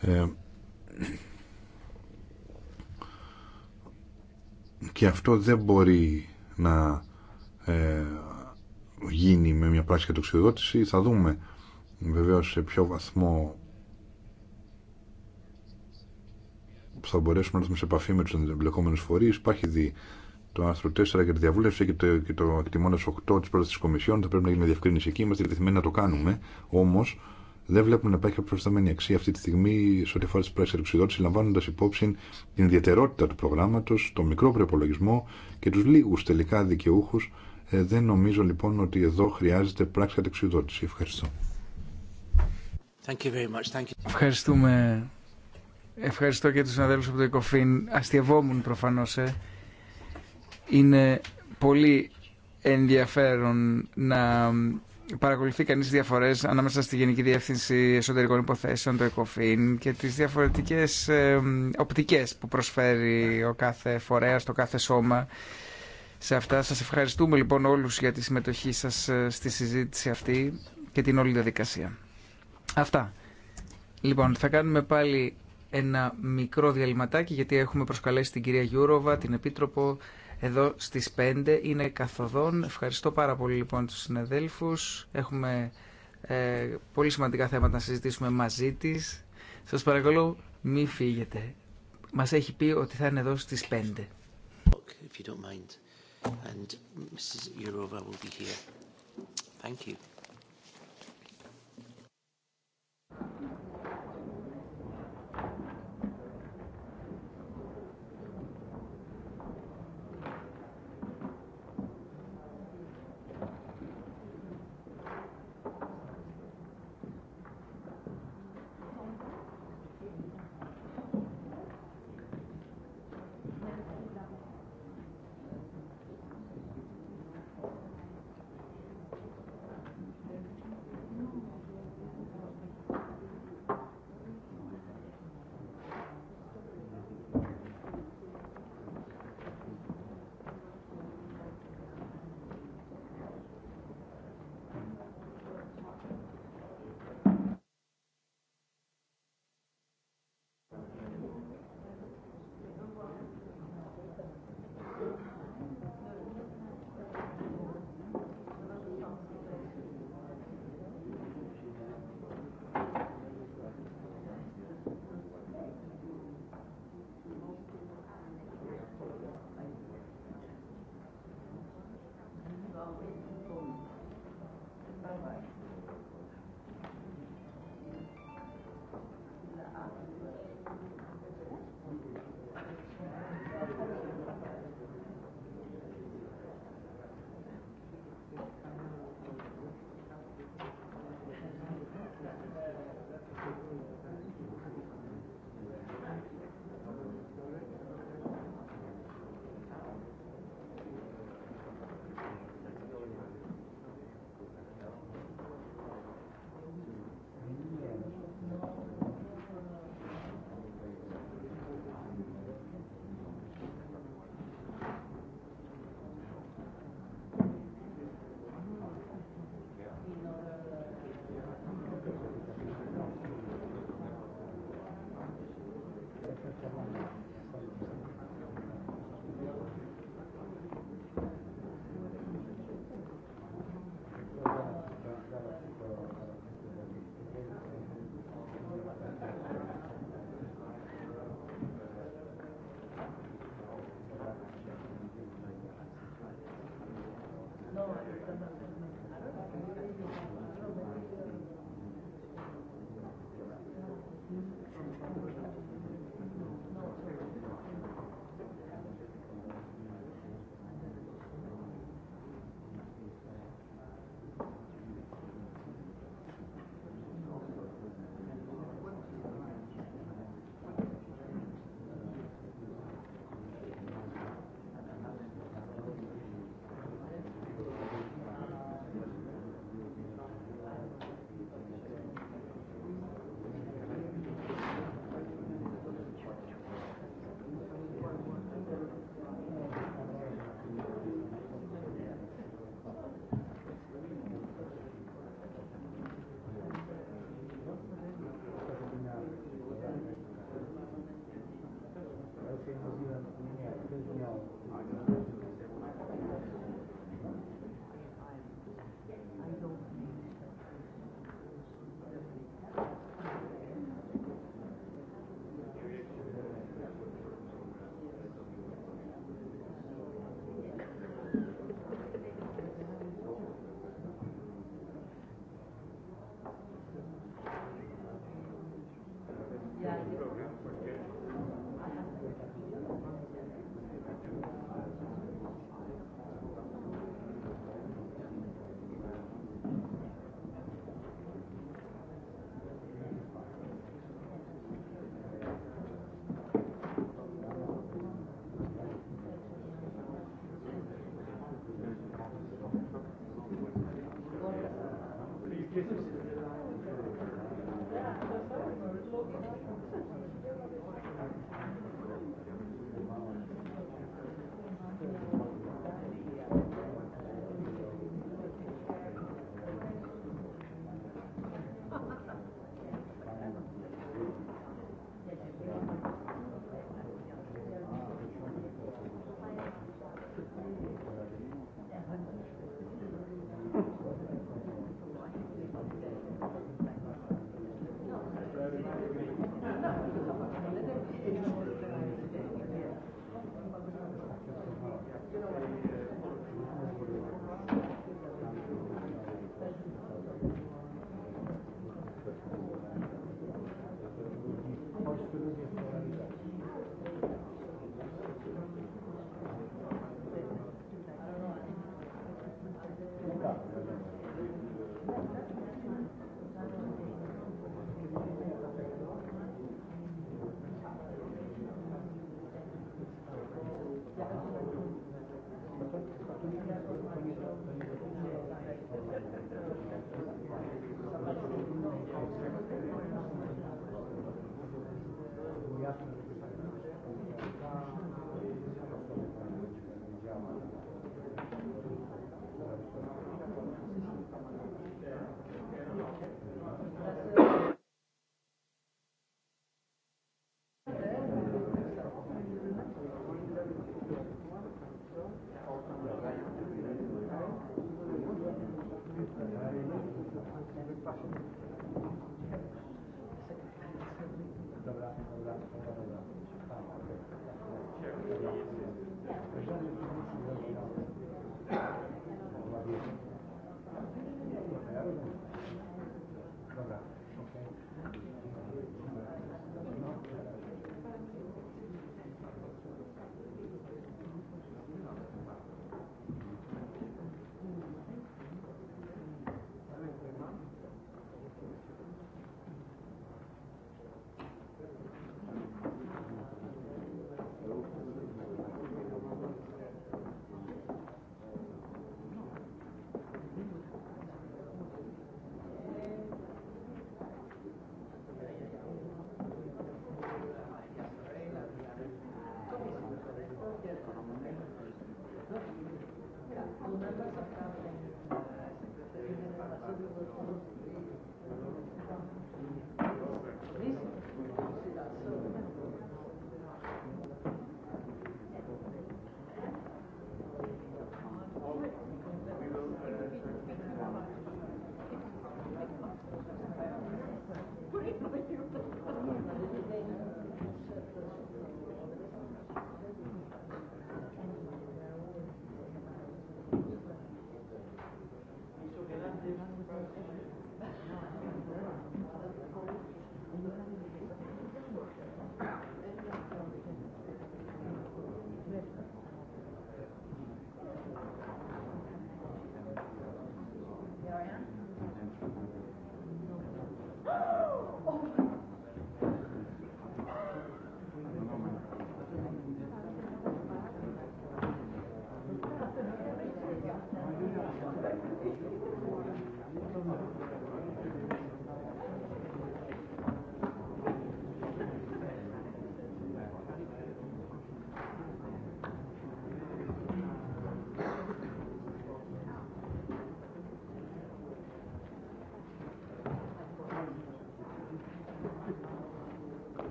ε, και αυτό δεν μπορεί να ε, γίνει με μια πράξη κατοξιδότηση. Θα δούμε βεβαίω σε ποιο βαθμό θα μπορέσουμε να έρθουμε σε επαφή με τους εμπλεκόμενους φορείς. Υπάρχει ήδη το άρθρο 4 για τη διαβούλευση και το, και 8 της πρόταση της Κομισιόν. Θα πρέπει να γίνει μια διευκρίνηση εκεί. Είμαστε διευθυμένοι να το κάνουμε. Όμως δεν βλέπουμε να υπάρχει προσταμένη αξία αυτή τη στιγμή σε ό,τι αφορά τι πράξει εξουδότηση, λαμβάνοντα υπόψη την ιδιαιτερότητα του προγράμματο, το μικρό προπολογισμό και του λίγου τελικά δικαιούχου. Ε, δεν νομίζω λοιπόν ότι εδώ χρειάζεται πράξη κατεξουδότηση. Ευχαριστώ. Thank you very much. Thank you. Ευχαριστούμε. Ευχαριστώ και τους συναδέλφους από το ΕΚΟΦΗΝ. Αστειευόμουν προφανώς. Ε. Είναι πολύ ενδιαφέρον να παρακολουθεί κανείς διαφορές ανάμεσα στη Γενική Διεύθυνση Εσωτερικών Υποθέσεων, το ΕΚΟΦΗΝ και τις διαφορετικές οπτικές που προσφέρει ο κάθε φορέας, το κάθε σώμα σε αυτά. Σας ευχαριστούμε λοιπόν όλους για τη συμμετοχή σας ε, στη συζήτηση αυτή και την όλη διαδικασία. Αυτά. Λοιπόν, θα κάνουμε πάλι ένα μικρό διαλυματάκι γιατί έχουμε προσκαλέσει την κυρία Γιούροβα, την Επίτροπο εδώ στις 5 είναι καθοδόν. Ευχαριστώ πάρα πολύ λοιπόν τους συναδέλφους. Έχουμε ε, πολύ σημαντικά θέματα να συζητήσουμε μαζί της. Σας παρακαλώ μη φύγετε. Μας έχει πει ότι θα είναι εδώ στις 5. If you Thank you.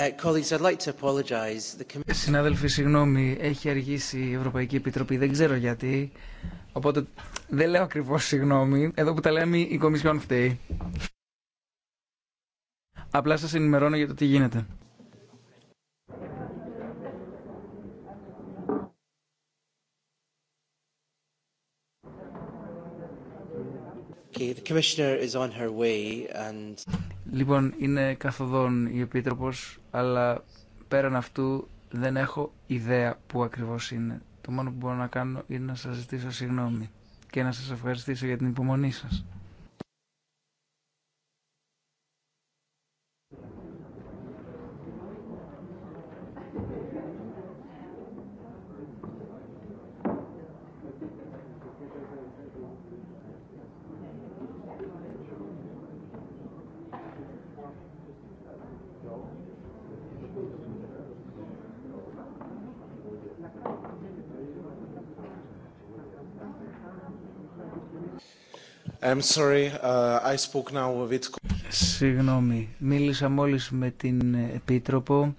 Uh, ε, συνάδελφοι, συγγνώμη, έχει αργήσει η Ευρωπαϊκή Επιτροπή, δεν ξέρω γιατί. Οπότε δεν λέω ακριβώ συγγνώμη. Εδώ που τα λέμε, η Κομισιόν φταίει. Απλά σα ενημερώνω για το τι γίνεται. Okay, the commissioner is on her way and... Λοιπόν, είναι καθοδόν η Επίτροπος, αλλά πέραν αυτού δεν έχω ιδέα που ακριβώς είναι. Το μόνο που μπορώ να κάνω είναι να σας ζητήσω συγγνώμη και να σας ευχαριστήσω για την υπομονή σας. Uh, Συγγνώμη, μίλησα μόλις με την Επίτροπο.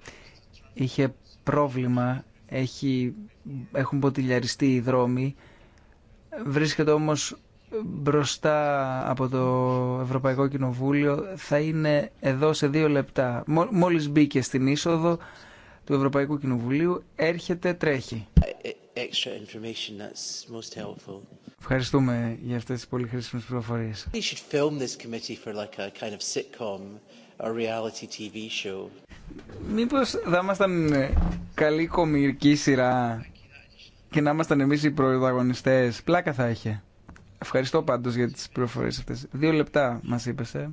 Είχε πρόβλημα, έχει, έχουν ποτηλιαριστεί οι δρόμοι. Βρίσκεται όμως μπροστά από το Ευρωπαϊκό Κοινοβούλιο. Θα είναι εδώ σε δύο λεπτά. Μόλις μπήκε στην είσοδο του Ευρωπαϊκού Κοινοβουλίου, έρχεται, τρέχει extra information. That's most helpful. Ευχαριστούμε για αυτές τις πολύ χρήσιμες πληροφορίες. We should film this committee for like a kind of sitcom or reality TV show. Μήπως θα ήμασταν ε, καλή κομμυρική σειρά και να ήμασταν εμείς οι πρωταγωνιστές. Πλάκα θα είχε. Ευχαριστώ πάντως για τις πληροφορίες αυτές. Δύο λεπτά μας είπες, ε.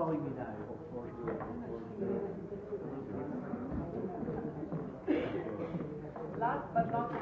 calling me last but not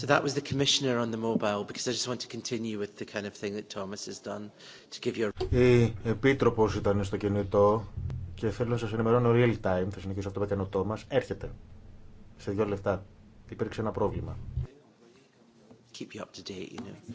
So that was the commissioner on the mobile, because I just want to continue with the kind of thing that Thomas has done to give your... Η Επίτροπος ήταν στο κινητό και θέλω να σας ενημερώνω real time, θα συνεχίσω αυτό που έκανε ο Thomas, Έρχεται. Σε δύο λεπτά. Υπήρξε ένα πρόβλημα. Keep you up to date, you know.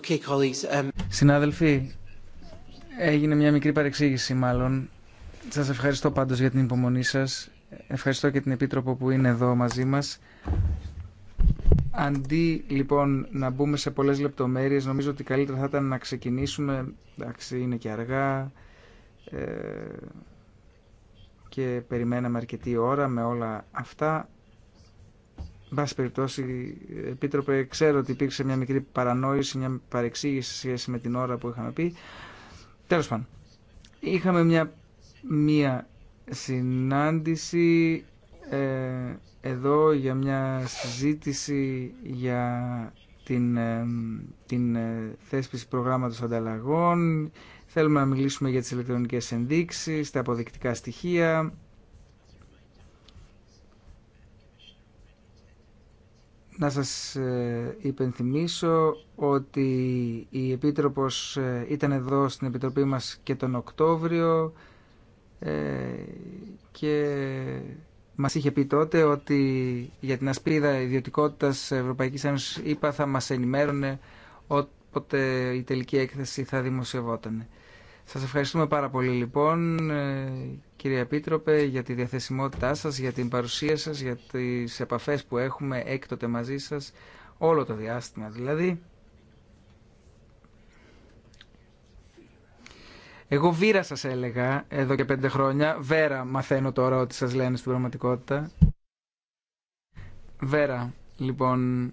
Um, Συνάδελφοι, έγινε μια μικρή παρεξήγηση μάλλον. Σας ευχαριστώ πάντως για την υπομονή σας. Ευχαριστώ και την Επίτροπο που είναι εδώ μαζί μας. Αντί λοιπόν να μπούμε σε πολλές λεπτομέρειες, νομίζω ότι καλύτερα θα ήταν να ξεκινήσουμε. Εντάξει, είναι και αργά ε, και περιμέναμε αρκετή ώρα με όλα αυτά πάση περιπτώσει, Επίτροπε, ξέρω ότι υπήρξε μια μικρή παρανόηση, μια παρεξήγηση σε σχέση με την ώρα που είχαμε πει. Τέλο πάντων, είχαμε μια, μια συνάντηση ε, εδώ για μια συζήτηση για την, ε, την ε, θέσπιση προγράμματος ανταλλαγών. Θέλουμε να μιλήσουμε για τις ηλεκτρονικές ενδείξεις, τα αποδεικτικά στοιχεία, να σας ε, υπενθυμίσω ότι η Επίτροπος ε, ήταν εδώ στην Επιτροπή μας και τον Οκτώβριο ε, και μας είχε πει τότε ότι για την ασπίδα ιδιωτικότητας Ευρωπαϊκής Ένωσης είπα θα μας ενημέρωνε όποτε η τελική έκθεση θα δημοσιευόταν. Σας ευχαριστούμε πάρα πολύ λοιπόν ε, κύριε Επίτροπε για τη διαθεσιμότητά σας, για την παρουσία σας, για τις επαφές που έχουμε έκτοτε μαζί σας όλο το διάστημα δηλαδή. Εγώ βήρα σας έλεγα εδώ και πέντε χρόνια. Βέρα μαθαίνω τώρα ότι σας λένε στην πραγματικότητα. Βέρα, λοιπόν,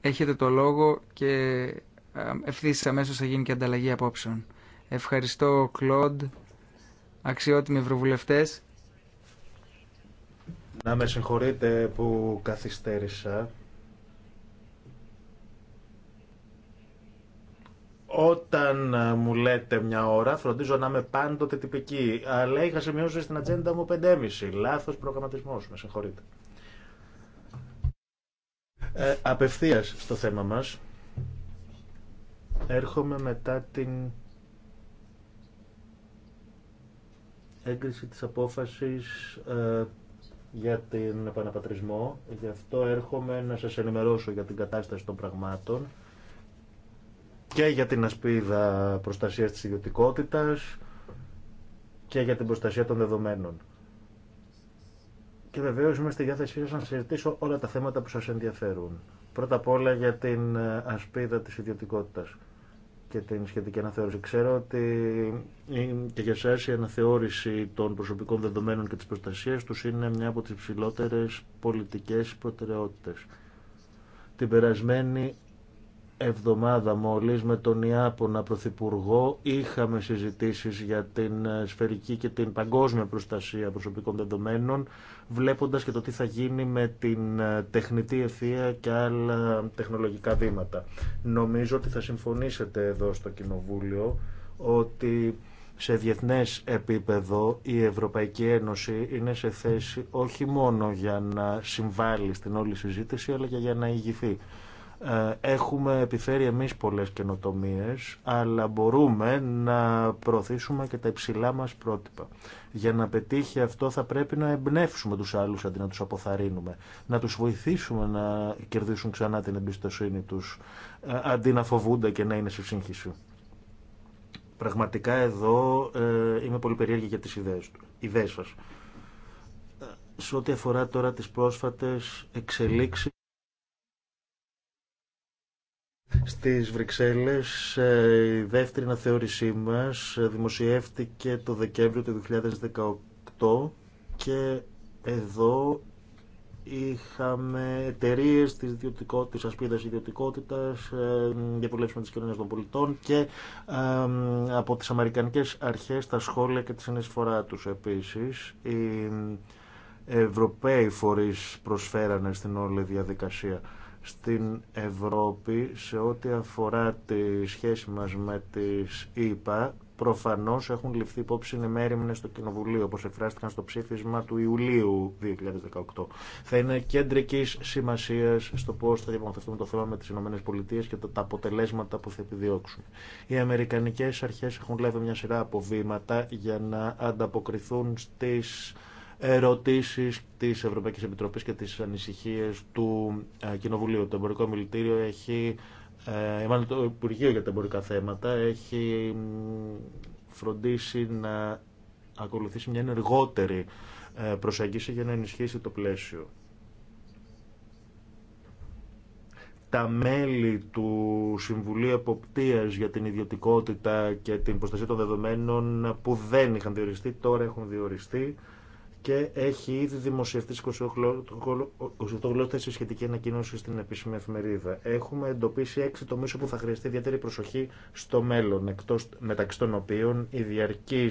έχετε το λόγο και ε, ευθύ αμέσω θα γίνει και ανταλλαγή απόψεων. Ευχαριστώ Κλοντ, αξιότιμοι ευρωβουλευτέ. Να με συγχωρείτε που καθυστέρησα. Όταν ε, μου λέτε μια ώρα, φροντίζω να είμαι πάντοτε τυπική. Αλλά είχα σημειώσει στην ατζέντα μου 5,5. Λάθος προγραμματισμός. Με συγχωρείτε. Ε, απευθείας στο θέμα μας. Έρχομαι μετά την έγκριση της απόφασης ε, για την επαναπατρισμό. Γι' αυτό έρχομαι να σας ενημερώσω για την κατάσταση των πραγμάτων και για την ασπίδα προστασίας της ιδιωτικότητας και για την προστασία των δεδομένων. Και βεβαίως είμαι στη διάθεσή σας να συζητήσω όλα τα θέματα που σας ενδιαφέρουν. Πρώτα απ' όλα για την ε, ασπίδα της ιδιωτικότητας και την σχετική αναθεώρηση. Ξέρω ότι και για εσά η αναθεώρηση των προσωπικών δεδομένων και τη προστασία του είναι μια από τι ψηλότερε πολιτικέ προτεραιότητε. Την περασμένη εβδομάδα μόλις με τον Ιάπωνα Πρωθυπουργό είχαμε συζητήσεις για την ε, σφαιρική και την παγκόσμια προστασία προσωπικών δεδομένων βλέποντας και το τι θα γίνει με την ε, τεχνητή ευθεία και άλλα τεχνολογικά βήματα. Νομίζω ότι θα συμφωνήσετε εδώ στο Κοινοβούλιο ότι σε διεθνές επίπεδο η Ευρωπαϊκή Ένωση είναι σε θέση όχι μόνο για να συμβάλλει στην όλη συζήτηση αλλά και για να ηγηθεί. Ε, έχουμε επιφέρει εμείς πολλές καινοτομίες, αλλά μπορούμε να προωθήσουμε και τα υψηλά μας πρότυπα. Για να πετύχει αυτό θα πρέπει να εμπνεύσουμε τους άλλους αντί να τους αποθαρρύνουμε, να τους βοηθήσουμε να κερδίσουν ξανά την εμπιστοσύνη τους, ε, αντί να φοβούνται και να είναι σε σύγχυση. Πραγματικά εδώ ε, είμαι πολύ περίεργη για τις ιδέες, του, Σε ό,τι αφορά τώρα τις πρόσφατες εξελίξεις, στις Βρυξέλλες ε, η δεύτερη αναθεώρησή μας δημοσιεύτηκε το Δεκέμβριο του 2018 και εδώ είχαμε εταιρείε τη ιδιωτικότητα, ασπίδα ε, ιδιωτικότητα, διαβουλεύσει με τι κοινωνίε των πολιτών και από τι Αμερικανικέ αρχές τα σχόλια και τη συνεισφορά του. Επίση, οι Ευρωπαίοι φορεί προσφέρανε στην όλη διαδικασία στην Ευρώπη σε ό,τι αφορά τη σχέση μας με τις ΗΠΑ προφανώς έχουν ληφθεί υπόψη οι στο Κοινοβουλίο όπως εκφράστηκαν στο ψήφισμα του Ιουλίου 2018. Θα είναι κεντρική σημασία στο πώς θα διαπραγματευτούμε το θέμα με τις ΗΠΑ και τα αποτελέσματα που θα επιδιώξουν. Οι Αμερικανικές αρχές έχουν λάβει μια σειρά από βήματα για να ανταποκριθούν στις ερωτήσεις τη Ευρωπαϊκή Επιτροπή και τι ανησυχίε του ε, Κοινοβουλίου. Το Εμπορικό Μιλητήριο έχει, ε, μάλλον το Υπουργείο για τα εμπορικά θέματα, έχει φροντίσει να ακολουθήσει μια ενεργότερη ε, προσέγγιση για να ενισχύσει το πλαίσιο. τα μέλη του Συμβουλίου Εποπτείας για την ιδιωτικότητα και την προστασία των δεδομένων που δεν είχαν διοριστεί, τώρα έχουν διοριστεί και έχει ήδη δημοσιευτεί στις 28 γλώσσες σε σχετική ανακοίνωση στην επίσημη εφημερίδα. Έχουμε εντοπίσει έξι τομείς όπου θα χρειαστεί ιδιαίτερη προσοχή στο μέλλον, εκτός, μεταξύ των οποίων οι διαρκεί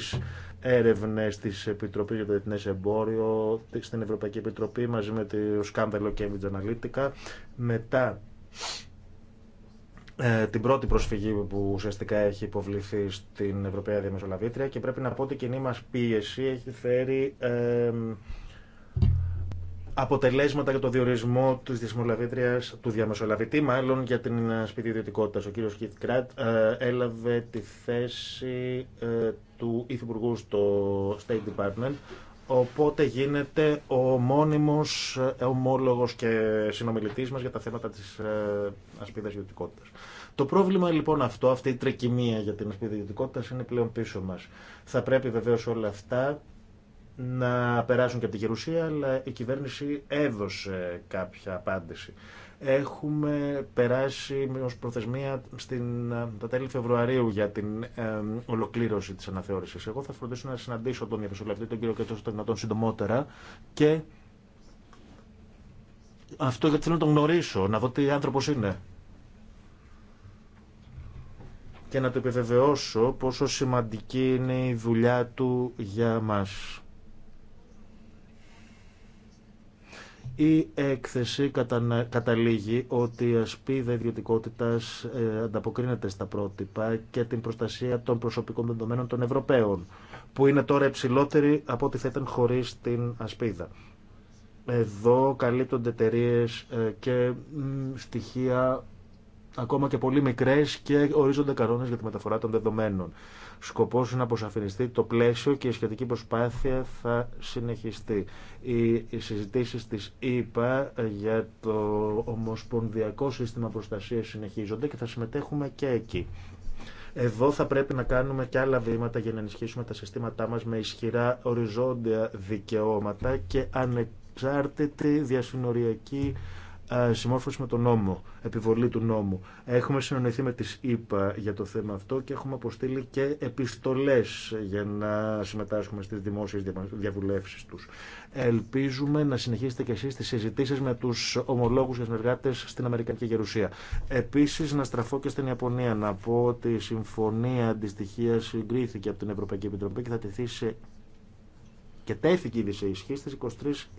έρευνε τη Επιτροπή για το Διεθνές Εμπόριο, στην Ευρωπαϊκή Επιτροπή μαζί με το σκάνδαλο Cambridge Analytica, μετά ε, την πρώτη προσφυγή που ουσιαστικά έχει υποβληθεί στην Ευρωπαία Διαμεσολαβήτρια και πρέπει να πω ότι η κοινή μας πίεση έχει φέρει αποτελέσματα για το διορισμό της διαμεσολαβήτριας, του διαμεσολαβητή μάλλον για την ε, σπίτι ιδιωτικότητας. Ο κύριος Κιθ Κράτ ε, έλαβε τη θέση του Υφυπουργού στο State Department Οπότε γίνεται ο μόνιμος ομόλογος και συνομιλητής μας για τα θέματα της ε, ασπίδας ιδιωτικότητας. Το πρόβλημα λοιπόν αυτό, αυτή η τρεκυμία για την ασπίδα ιδιωτικότητας είναι πλέον πίσω μας. Θα πρέπει βεβαίως όλα αυτά να περάσουν και από τη Γερουσία, αλλά η κυβέρνηση έδωσε κάποια απάντηση. Έχουμε περάσει ως προθεσμία στην, τα τέλη Φεβρουαρίου για την ολοκλήρωση της αναθεώρησης. Εγώ θα φροντίσω να συναντήσω τον διαμεσολαβητή, τον κύριο Κετσό, το δυνατόν συντομότερα και αυτό γιατί θέλω να τον γνωρίσω, να δω τι άνθρωπος είναι και να το επιβεβαιώσω πόσο σημαντική είναι η δουλειά του για μας. Η έκθεση καταλήγει ότι η ασπίδα ιδιωτικότητα ε, ανταποκρίνεται στα πρότυπα και την προστασία των προσωπικών δεδομένων των Ευρωπαίων, που είναι τώρα υψηλότερη από ό,τι θα ήταν χωρί την ασπίδα. Εδώ καλύπτονται εταιρείε ε, και στοιχεία ακόμα και πολύ μικρές και ορίζονται κανόνες για τη μεταφορά των δεδομένων. Σκοπός είναι να αποσαφινιστεί το πλαίσιο και η σχετική προσπάθεια θα συνεχιστεί. Οι συζητήσεις της ΕΙΠΑ για το Ομοσπονδιακό Σύστημα Προστασίας συνεχίζονται και θα συμμετέχουμε και εκεί. Εδώ θα πρέπει να κάνουμε και άλλα βήματα για να ενισχύσουμε τα συστήματά μας με ισχυρά οριζόντια δικαιώματα και ανεξάρτητη διασυνοριακή ε, συμμόρφωση με τον νόμο, επιβολή του νόμου. Έχουμε συνονιθεί με τις ΙΠΑ για το θέμα αυτό και έχουμε αποστείλει και επιστολές για να συμμετάσχουμε στις δημόσιες διαβουλεύσεις τους. Ελπίζουμε να συνεχίσετε και εσείς τις συζητήσεις με τους ομολόγους και συνεργάτες στην Αμερικανική Γερουσία. Επίσης να στραφώ και στην Ιαπωνία να πω ότι η συμφωνία αντιστοιχία συγκρίθηκε από την Ευρωπαϊκή Επιτροπή και θα τεθεί σε... και τέθηκε ήδη σε ισχύ στις 23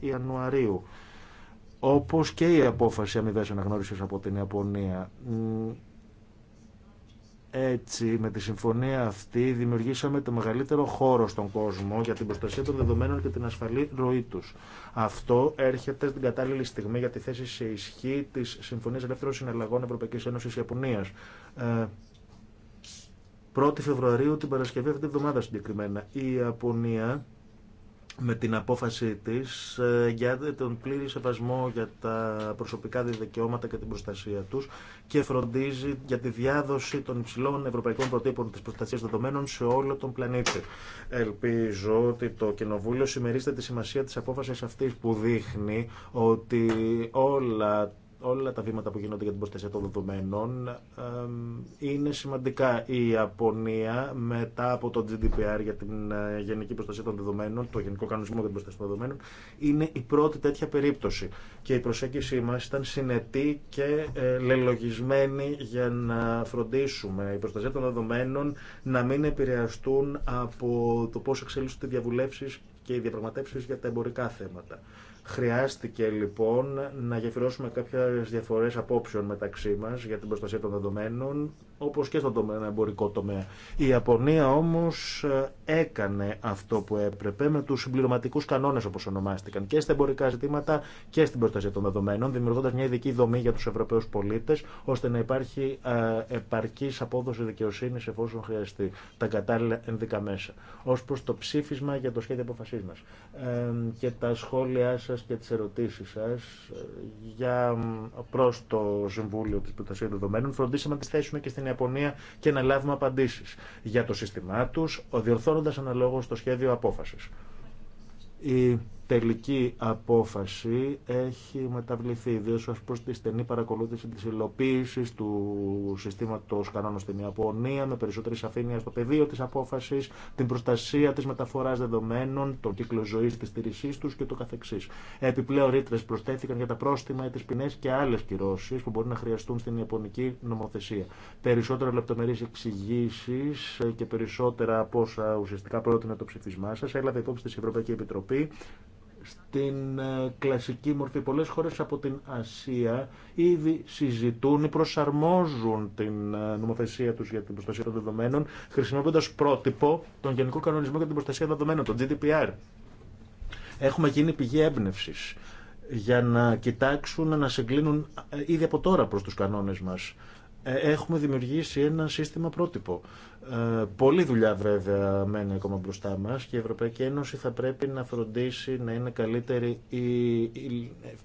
Ιανουαρίου όπως και η απόφαση αμοιβές αναγνώρισης από την Ιαπωνία. Έτσι, με τη συμφωνία αυτή δημιουργήσαμε το μεγαλύτερο χώρο στον κόσμο για την προστασία των δεδομένων και την ασφαλή ροή τους. Αυτό έρχεται στην κατάλληλη στιγμή για τη θέση σε ισχύ της Συμφωνίας Ελεύθερων Συναλλαγών Ευρωπαϊκής Ένωσης Ιαπωνίας. 1η ε, Φεβρουαρίου την Παρασκευή αυτή τη εβδομάδα συγκεκριμένα. Η φεβρουαριου την παρασκευη αυτη τη βδομάδα συγκεκριμενα η ιαπωνια με την απόφαση της ε, για τον πλήρη σεβασμό για τα προσωπικά δικαιώματα και την προστασία τους και φροντίζει για τη διάδοση των υψηλών ευρωπαϊκών προτύπων της προστασίας δεδομένων σε όλο τον πλανήτη. Ελπίζω ότι το Κοινοβούλιο συμμερίζεται τη σημασία της απόφασης αυτής που δείχνει ότι όλα όλα τα βήματα που γίνονται για την προστασία των δεδομένων είναι σημαντικά. Η Ιαπωνία μετά από το GDPR για την ε, γενική προστασία των δεδομένων, το Γενικό Κανονισμό για την Προστασία των Δεδομένων, είναι η πρώτη τέτοια περίπτωση. Και η προσέγγιση μα ήταν συνετή και ε, λελογισμένη για να φροντίσουμε η προστασία των δεδομένων να μην επηρεαστούν από το πώ εξελίσσονται οι διαβουλεύσει και οι διαπραγματεύσει για τα εμπορικά θέματα. Χρειάστηκε λοιπόν να γεφυρώσουμε κάποιες διαφορές απόψεων μεταξύ μας για την προστασία των δεδομένων όπως και στον τομέα, εμπορικό τομέα. Η Ιαπωνία όμως ε, έκανε αυτό που έπρεπε με τους συμπληρωματικού κανόνες όπως ονομάστηκαν και στα εμπορικά ζητήματα και στην προστασία των δεδομένων, δημιουργώντας μια ειδική δομή για τους Ευρωπαίους πολίτες ώστε να υπάρχει ε, επαρκής απόδοση δικαιοσύνης εφόσον χρειαστεί τα κατάλληλα ενδικά μέσα. Ως προς το ψήφισμα για το σχέδιο αποφασής μας και τα σχόλιά σας και τις ερωτήσεις σας ε, για προς το Συμβούλιο της Προστασίας Δεδομένων φροντίσαμε να τις θέσουμε και στην Ιαπωνία και να λάβουμε απαντήσει για το σύστημά του, διορθώνοντα αναλόγω το σχέδιο απόφαση. Η τελική απόφαση έχει μεταβληθεί, ιδίω ω προ τη στενή παρακολούθηση τη υλοποίηση του συστήματο κανόνων στην Ιαπωνία, με περισσότερη σαφήνεια στο πεδίο τη απόφαση, την προστασία τη μεταφορά δεδομένων, τον κύκλο ζωή τη και το καθεξής. Επιπλέον ρήτρε προσθέθηκαν για τα πρόστιμα, τι ποινέ και άλλε κυρώσει που μπορεί να χρειαστούν στην Ιαπωνική νομοθεσία. Περισσότερο λεπτομερεί εξηγήσει και περισσότερα από όσα ουσιαστικά πρότεινε το ψηφισμά σα έλαβε υπόψη τη Ευρωπαϊκή Επιτροπή στην ε, κλασική μορφή. Πολλές χώρες από την Ασία ήδη συζητούν ή προσαρμόζουν την ε, νομοθεσία τους για την προστασία των δεδομένων χρησιμοποιώντας πρότυπο τον Γενικό Κανονισμό για την Προστασία των Δεδομένων, τον GDPR. Έχουμε γίνει πηγή έμπνευση για να κοιτάξουν να συγκλίνουν ε, ήδη από τώρα προς τους κανόνες μας. Έχουμε δημιουργήσει ένα σύστημα πρότυπο ε, πολλή δουλειά βέβαια μένει ακόμα μπροστά μας και η Ευρωπαϊκή Ένωση θα πρέπει να φροντίσει να είναι καλύτερη η,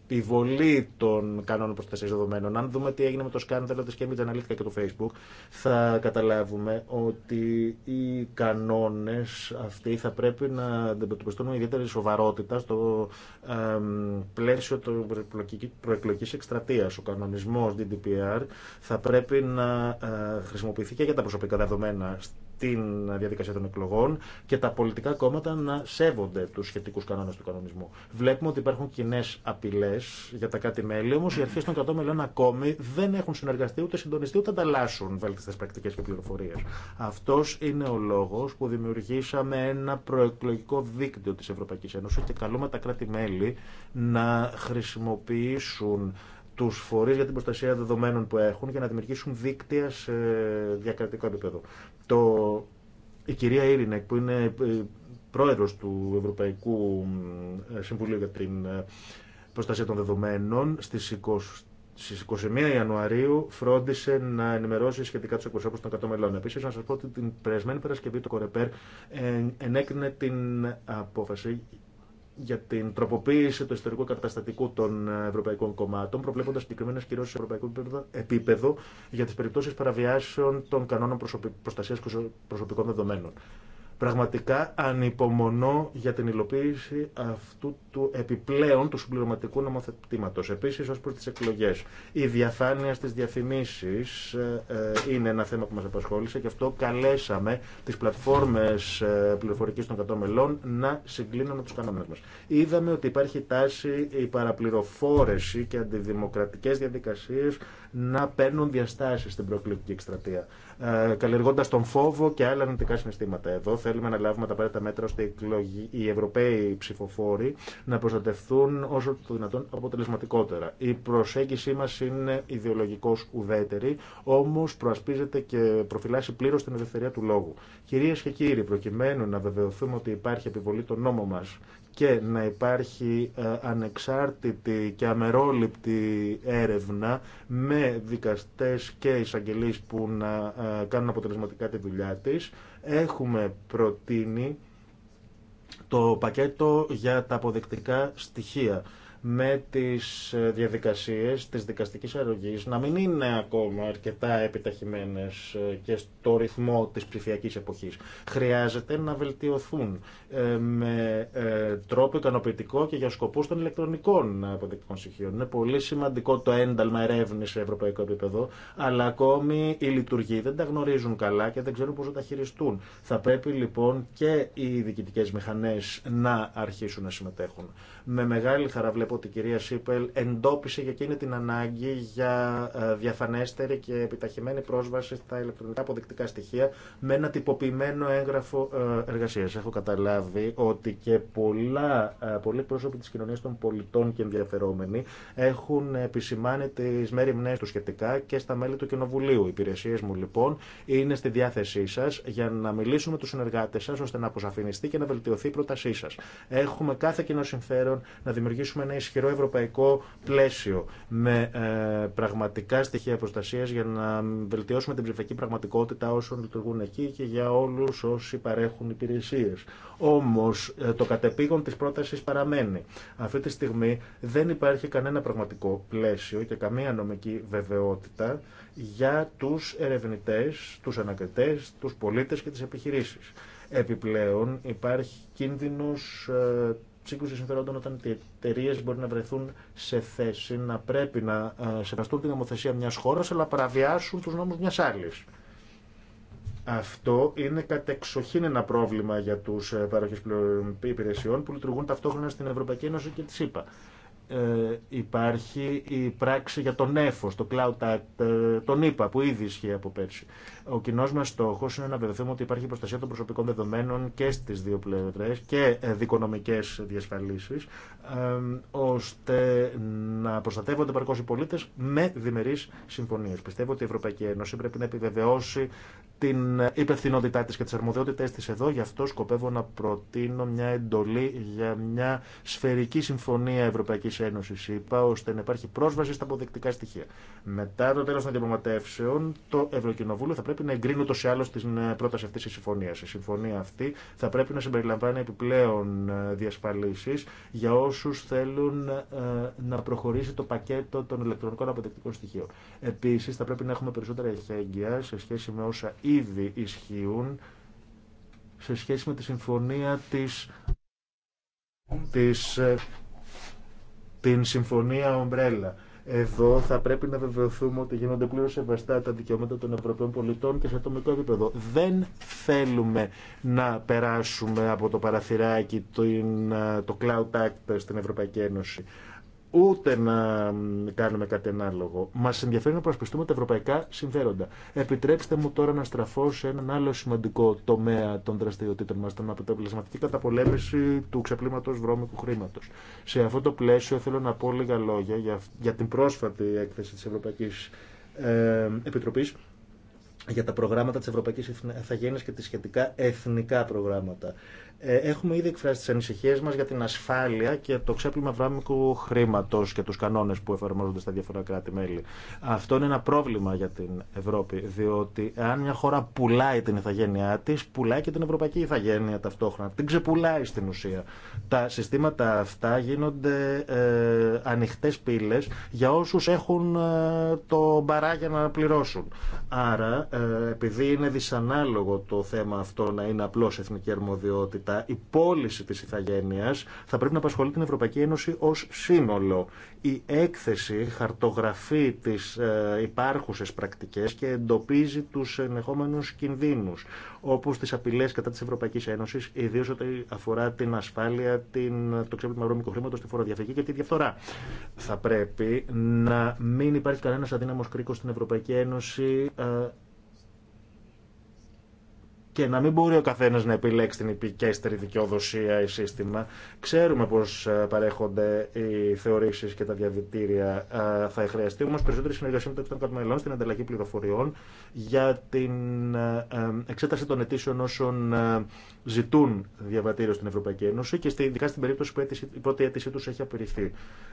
επιβολή των κανόνων προστασία δεδομένων. Αν δούμε τι έγινε με το σκάνδαλο της Cambridge Analytica και το Facebook, θα καταλάβουμε ότι οι κανόνες αυτοί θα πρέπει να αντιμετωπιστούν με ιδιαίτερη σοβαρότητα στο ε, πλαίσιο του προεκλογικής εκστρατείας. Ο κανονισμός GDPR θα πρέπει να ε, χρησιμοποιηθεί και για τα προσωπικά δεδομένα στην διαδικασία των εκλογών και τα πολιτικά κόμματα να σέβονται του σχετικού κανόνε του κανονισμού. Βλέπουμε ότι υπάρχουν κοινέ απειλέ για τα κάτι μέλη, όμω οι αρχέ των κρατών μελών ακόμη δεν έχουν συνεργαστεί ούτε συντονιστεί ούτε ανταλλάσσουν βέλτιστε πρακτικέ και πληροφορίε. Αυτό είναι ο λόγο που δημιουργήσαμε ένα προεκλογικό δίκτυο τη Ευρωπαϊκή Ένωση και καλούμε τα κράτη-μέλη να χρησιμοποιήσουν του φορεί για την προστασία δεδομένων που έχουν για να δημιουργήσουν δίκτυα σε διακρατικό επίπεδο. Το... Η κυρία Ήρινεκ, που είναι ε, πρόεδρο του Ευρωπαϊκού ε, Συμβουλίου για την ε, Προστασία των Δεδομένων, στι 20 στι 21 Ιανουαρίου φρόντισε να ενημερώσει σχετικά του εκπροσώπου των 100 μελών. Επίση, να σα πω ότι την περασμένη Παρασκευή το Κορεπέρ ενέκρινε την απόφαση για την τροποποίηση του ιστορικού καταστατικού των ευρωπαϊκών κομμάτων, προβλέποντα συγκεκριμένε κυρώσει σε ευρωπαϊκό επίπεδο για τι περιπτώσει παραβιάσεων των κανόνων προστασία προσωπικών δεδομένων. Πραγματικά ανυπομονώ για την υλοποίηση αυτού του επιπλέον του συμπληρωματικού νομοθετήματο. Επίση, ω προ τι εκλογέ. Η διαφάνεια στι διαφημίσει ε, ε, είναι ένα θέμα που μα απασχόλησε και αυτό καλέσαμε τι πλατφόρμε πληροφορική των 100 μελών να συγκλίνουν με του κανόνε μα. Είδαμε ότι υπάρχει τάση η παραπληροφόρεση και αντιδημοκρατικέ διαδικασίε να παίρνουν διαστάσει στην προεκλογική εκστρατεία, ε, καλλιεργώντα τον φόβο και άλλα αρνητικά συναισθήματα θέλουμε να λάβουμε τα απαραίτητα μέτρα ώστε οι Ευρωπαίοι ψηφοφόροι να προστατευτούν όσο το δυνατόν αποτελεσματικότερα. Η προσέγγιση μα είναι ιδεολογικώ ουδέτερη, όμω προασπίζεται και προφυλάσσει πλήρω την ελευθερία του λόγου. Κυρίε και κύριοι, προκειμένου να βεβαιωθούμε ότι υπάρχει επιβολή των νόμων μα και να υπάρχει ε, ανεξάρτητη και αμερόληπτη έρευνα με δικαστές και εισαγγελείς που να ε, κάνουν αποτελεσματικά τη δουλειά της έχουμε προτείνει το πακέτο για τα αποδεκτικά στοιχεία με τις ε, διαδικασίες της δικαστικής αρρωγή να μην είναι ακόμα αρκετά επιταχυμένες ε, και στο ρυθμό της ψηφιακής εποχής. Χρειάζεται να βελτιωθούν ε, με τρόπο ικανοποιητικό και για σκοπούς των ηλεκτρονικών αποδεικτικών στοιχείων. Είναι πολύ σημαντικό το ένταλμα ερεύνη σε ευρωπαϊκό επίπεδο, αλλά ακόμη οι λειτουργοί δεν τα γνωρίζουν καλά και δεν ξέρουν πώς να τα χειριστούν. Θα πρέπει λοιπόν και οι διοικητικές μηχανές να αρχίσουν να συμμετέχουν. Με μεγάλη χαρά βλέπω ότι η κυρία Σίπελ εντόπισε για εκείνη την ανάγκη για ε, διαφανέστερη και επιταχυμένη πρόσβαση στα ηλεκτρονικά αποδεικτικά στοιχεία με ένα τυποποιημένο έγγραφο ε, εργασίας. Έχω καταλάβει ότι και πολλά, ε, πολλοί πρόσωποι της κοινωνίας των πολιτών και ενδιαφερόμενοι έχουν επισημάνει τις μέρημνές του σχετικά και στα μέλη του Κοινοβουλίου. Οι υπηρεσίες μου λοιπόν είναι στη διάθεσή σας για να μιλήσουμε τους συνεργάτες σας ώστε να αποσαφινιστεί και να βελτιωθεί η πρότασή σας. Έχουμε κάθε κοινό συμφέρον να δημιουργήσουμε ένα ισχυρό ευρωπαϊκό πλαίσιο με ε, πραγματικά στοιχεία προστασία για να βελτιώσουμε την ψηφιακή πραγματικότητα όσων λειτουργούν εκεί και για όλου όσοι παρέχουν υπηρεσίε. Όμω ε, το κατεπήγον τη πρόταση παραμένει. Αυτή τη στιγμή δεν υπάρχει κανένα πραγματικό πλαίσιο και καμία νομική βεβαιότητα για τους ερευνητέ, του ανακριτέ, του πολίτε και τι επιχειρήσει. Επιπλέον υπάρχει κίνδυνος ε, σύγκρουση συμφερόντων όταν οι εταιρείε μπορεί να βρεθούν σε θέση να πρέπει να ε, σεβαστούν την νομοθεσία μια χώρα αλλά παραβιάσουν του νόμου μια άλλη. Αυτό είναι κατεξοχήν ένα πρόβλημα για του ε, παροχέ υπηρεσιών που λειτουργούν ταυτόχρονα στην Ευρωπαϊκή Ένωση και τη ΣΥΠΑ. Ε, υπάρχει η πράξη για τον ΕΦΟΣ, το Cloud Act, ε, τον ΕΠΑ, που ήδη ισχύει από πέρσι. Ο κοινό μα στόχο είναι να βεβαιωθούμε ότι υπάρχει προστασία των προσωπικών δεδομένων και στι δύο πλευρέ και δικονομικέ διασφαλίσει, ώστε να προστατεύονται παρκώ οι πολίτε με διμερεί συμφωνίε. Πιστεύω ότι η Ευρωπαϊκή Ένωση πρέπει να επιβεβαιώσει την υπευθυνότητά τη και τι αρμοδιότητέ τη εδώ. Γι' αυτό σκοπεύω να προτείνω μια εντολή για μια σφαιρική συμφωνία Ευρωπαϊκή Ένωση, είπα, ώστε να υπάρχει πρόσβαση στα αποδεικτικά στοιχεία. Μετά το τέλο των διαπραγματεύσεων, το Ευρωκοινοβούλιο θα πρέπει πρέπει να εγκρίνει ούτω ή άλλω την ε, πρόταση αυτή τη συμφωνία. Η συμφωνία αυτή θα πρέπει να συμπεριλαμβάνει επιπλέον ε, διασφαλίσει για όσου θέλουν ε, να προχωρήσει το πακέτο των ηλεκτρονικών αποδεκτικών στοιχείων. Επίση, θα πρέπει να έχουμε περισσότερα εχέγγυα σε σχέση με όσα ήδη ισχύουν σε σχέση με τη συμφωνία της, της την συμφωνία ομπρέλα εδώ θα πρέπει να βεβαιωθούμε ότι γίνονται πλήρω σεβαστά τα δικαιώματα των Ευρωπαίων πολιτών και σε ατομικό επίπεδο. Δεν θέλουμε να περάσουμε από το παραθυράκι το cloud act στην Ευρωπαϊκή Ένωση ούτε να κάνουμε κάτι ανάλογο. Μα ενδιαφέρει να προασπιστούμε τα ευρωπαϊκά συμφέροντα. Επιτρέψτε μου τώρα να στραφώ σε έναν άλλο σημαντικό τομέα των δραστηριοτήτων μα, την αποτελεσματική καταπολέμηση του ξεπλήματο βρώμικου χρήματο. Σε αυτό το πλαίσιο θέλω να πω λίγα λόγια για, για την πρόσφατη έκθεση τη Ευρωπαϊκή ε, Επιτροπή για τα προγράμματα της Ευρωπαϊκής Εθαγένειας και τις σχετικά εθνικά προγράμματα. Ε, έχουμε ήδη εκφράσει τι ανησυχίε μα για την ασφάλεια και το ξέπλυμα βράμικου χρήματο και του κανόνε που εφαρμόζονται στα διάφορα κράτη-μέλη. Αυτό είναι ένα πρόβλημα για την Ευρώπη, διότι αν μια χώρα πουλάει την ηθαγένειά τη, πουλάει και την ευρωπαϊκή ηθαγένεια ταυτόχρονα. Την ξεπουλάει στην ουσία. Τα συστήματα αυτά γίνονται ε, ανοιχτέ πύλε για όσου έχουν ε, το μπαράγια να πληρώσουν. Άρα, ε, επειδή είναι δυσανάλογο το θέμα αυτό να είναι απλώ εθνική αρμοδιότητα, η πώληση της ηθαγένειας θα πρέπει να απασχολεί την Ευρωπαϊκή Ένωση ως σύνολο. Η έκθεση χαρτογραφεί τις ε, υπάρχουσες πρακτικές και εντοπίζει τους ενεχόμενους κινδύνους, όπως τις απειλές κατά της Ευρωπαϊκής Ένωσης, ιδίως ό,τι αφορά την ασφάλεια, την, το ξέπλυμα βρώμικου χρήματος, τη φοροδιαφυγή και τη διαφθορά. Θα πρέπει να μην υπάρχει κανένας αδύναμος κρίκος στην Ευρωπαϊκή Ένωση ε, και να μην μπορεί ο καθένα να επιλέξει την υπηκέστερη δικαιοδοσία ή σύστημα. Ξέρουμε πώ ε, παρέχονται οι θεωρήσει και τα διαβητήρια. Ε, θα χρειαστεί όμω περισσότερη συνεργασία μεταξύ των μελών στην ανταλλαγή πληροφοριών για την ε, εξέταση των αιτήσεων όσων ζητούν διαβατήριο στην Ευρωπαϊκή Ένωση και ειδικά στην περίπτωση που η πρώτη αίτησή του έχει απειριθεί.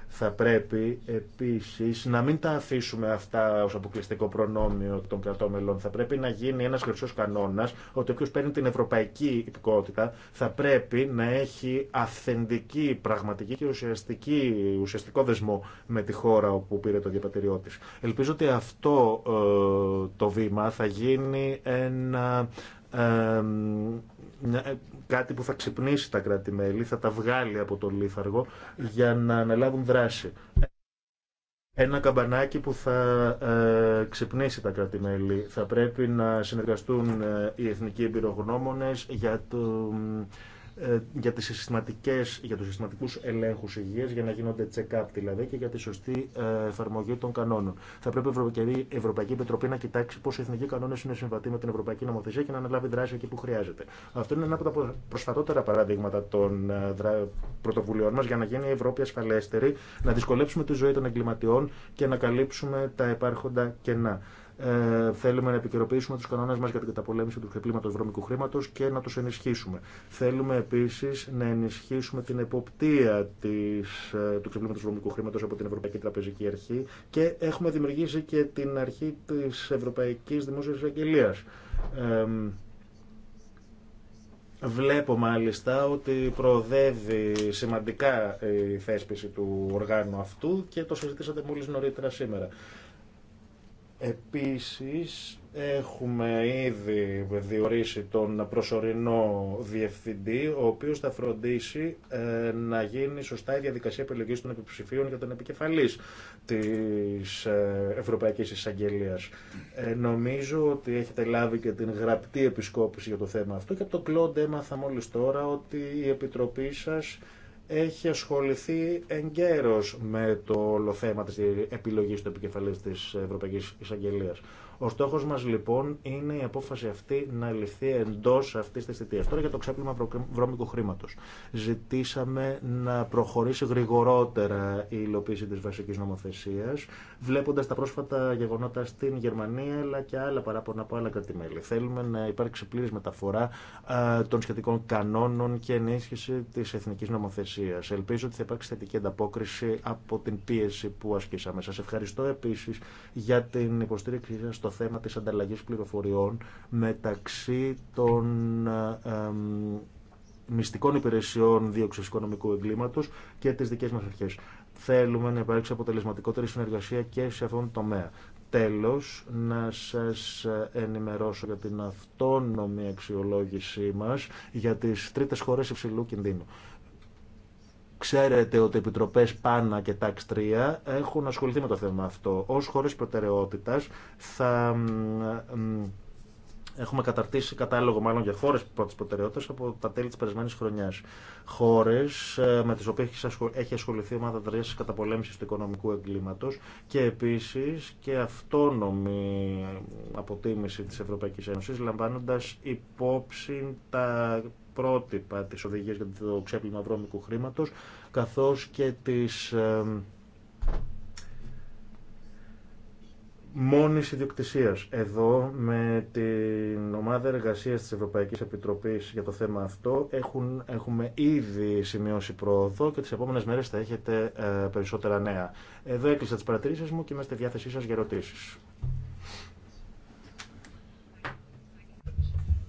Θα πρέπει επίση να μην τα αφήσουμε αυτά ω αποκλειστικό προνόμιο των κρατών μελών. Θα πρέπει να γίνει ένα χρυσό κανόνα όποιο παίρνει την ευρωπαϊκή υπηκότητα θα πρέπει να έχει αυθεντική, πραγματική και ουσιαστική, ουσιαστικό δεσμό με τη χώρα όπου πήρε το διαπατηριό τη. Ελπίζω ότι αυτό ε, το βήμα θα γίνει ένα ε, κάτι που θα ξυπνήσει τα κράτη-μέλη, θα τα βγάλει από το λίθαργο για να αναλάβουν δράση ένα καμπανάκι που θα ε, ξυπνήσει τα κρατη Θα πρέπει να συνεργαστούν ε, οι εθνικοί εμπειρογνώμονες για το ε, για, τις συστηματικές, για τους συστηματικούς ελέγχους υγείας, για να γίνονται check-up δηλαδή και για τη σωστή ε, εφαρμογή των κανόνων. Θα πρέπει η Ευρωπαϊκή Επιτροπή να κοιτάξει πώς οι εθνικοί κανόνες είναι συμβατοί με την Ευρωπαϊκή Νομοθεσία και να αναλάβει δράση εκεί που χρειάζεται. Αυτό είναι ένα από τα προσφατότερα παραδείγματα των ε, πρωτοβουλειών μας για να γίνει η Ευρώπη ασφαλέστερη, να δυσκολέψουμε τη ζωή των εγκληματιών και να καλύψουμε τα υπάρχοντα κενά. Ε, θέλουμε να επικαιροποιήσουμε του κανόνε μα για την καταπολέμηση του ξεπλήματο βρώμικου χρήματο και να του ενισχύσουμε. Θέλουμε επίση να ενισχύσουμε την εποπτεία της, ε, του ξεπλήματο βρώμικου χρήματο από την Ευρωπαϊκή Τραπεζική Αρχή και έχουμε δημιουργήσει και την αρχή τη Ευρωπαϊκή Δημόσια Εισαγγελία. Ε, Βλέπω μάλιστα ότι προοδεύει σημαντικά η θέσπιση του οργάνου αυτού και το συζητήσατε μόλις νωρίτερα σήμερα. Επίσης, έχουμε ήδη διορίσει τον προσωρινό διευθυντή, ο οποίος θα φροντίσει ε, να γίνει σωστά η διαδικασία επιλογής των επιψηφίων για τον επικεφαλής της ε, Ευρωπαϊκής Εισαγγελίας. Ε, νομίζω ότι έχετε λάβει και την γραπτή επισκόπηση για το θέμα αυτό και από τον Κλοντ έμαθα μόλις τώρα ότι η Επιτροπή σας έχει ασχοληθεί εγκαίρως με το όλο θέμα της επιλογής του επικεφαλής της Ευρωπαϊκής Εισαγγελίας. Ο στόχο μα λοιπόν είναι η απόφαση αυτή να ληφθεί εντό αυτή τη θητεία. Τώρα για το ξέπλυμα βρώμικου χρήματο. Ζητήσαμε να προχωρήσει γρηγορότερα η υλοποίηση τη βασική νομοθεσία, βλέποντα τα πρόσφατα γεγονότα στην Γερμανία αλλά και άλλα παράπονα από άλλα κρατημέλη. Θέλουμε να υπάρξει πλήρη μεταφορά των σχετικών κανόνων και ενίσχυση τη εθνική νομοθεσία. Ελπίζω ότι θα υπάρξει θετική ανταπόκριση από την πίεση που ασκήσαμε. Σα ευχαριστώ επίση για την υποστήριξή σα το θέμα της ανταλλαγής πληροφοριών μεταξύ των ε, μυστικών υπηρεσιών δίωξης οικονομικού εγκλήματος και τις δικές μας αρχές. Θέλουμε να υπάρξει αποτελεσματικότερη συνεργασία και σε αυτόν τον τομέα. Τέλος, να σας ενημερώσω για την αυτόνομη αξιολόγησή μας για τις τρίτες χώρες υψηλού κινδύνου. Ξέρετε ότι οι επιτροπέ Πάνα και Τάξ 3 έχουν ασχοληθεί με το θέμα αυτό. Ω χώρε προτεραιότητα θα έχουμε καταρτήσει κατάλογο μάλλον για χώρε πρώτη προτεραιότητα από τα τέλη τη περασμένη χρονιά. Χώρε ε, με τι οποίε έχει ασχοληθεί η ομάδα κατά τη του οικονομικού εγκλήματο και επίση και αυτόνομη αποτίμηση τη Ευρωπαϊκή Ένωση, λαμβάνοντα υπόψη τα πρότυπα της οδηγίας για το ξέπλυμα βρώμικου χρήματος, καθώς και της μόνης ιδιοκτησίας. Εδώ με την ομάδα εργασίας της Ευρωπαϊκής Επιτροπής για το θέμα αυτό έχουν, έχουμε ήδη σημειώσει πρόοδο και τις επόμενες μέρες θα έχετε ε, περισσότερα νέα. Εδώ έκλεισα τις παρατηρήσεις μου και είμαστε διάθεσή σας για ερωτήσεις.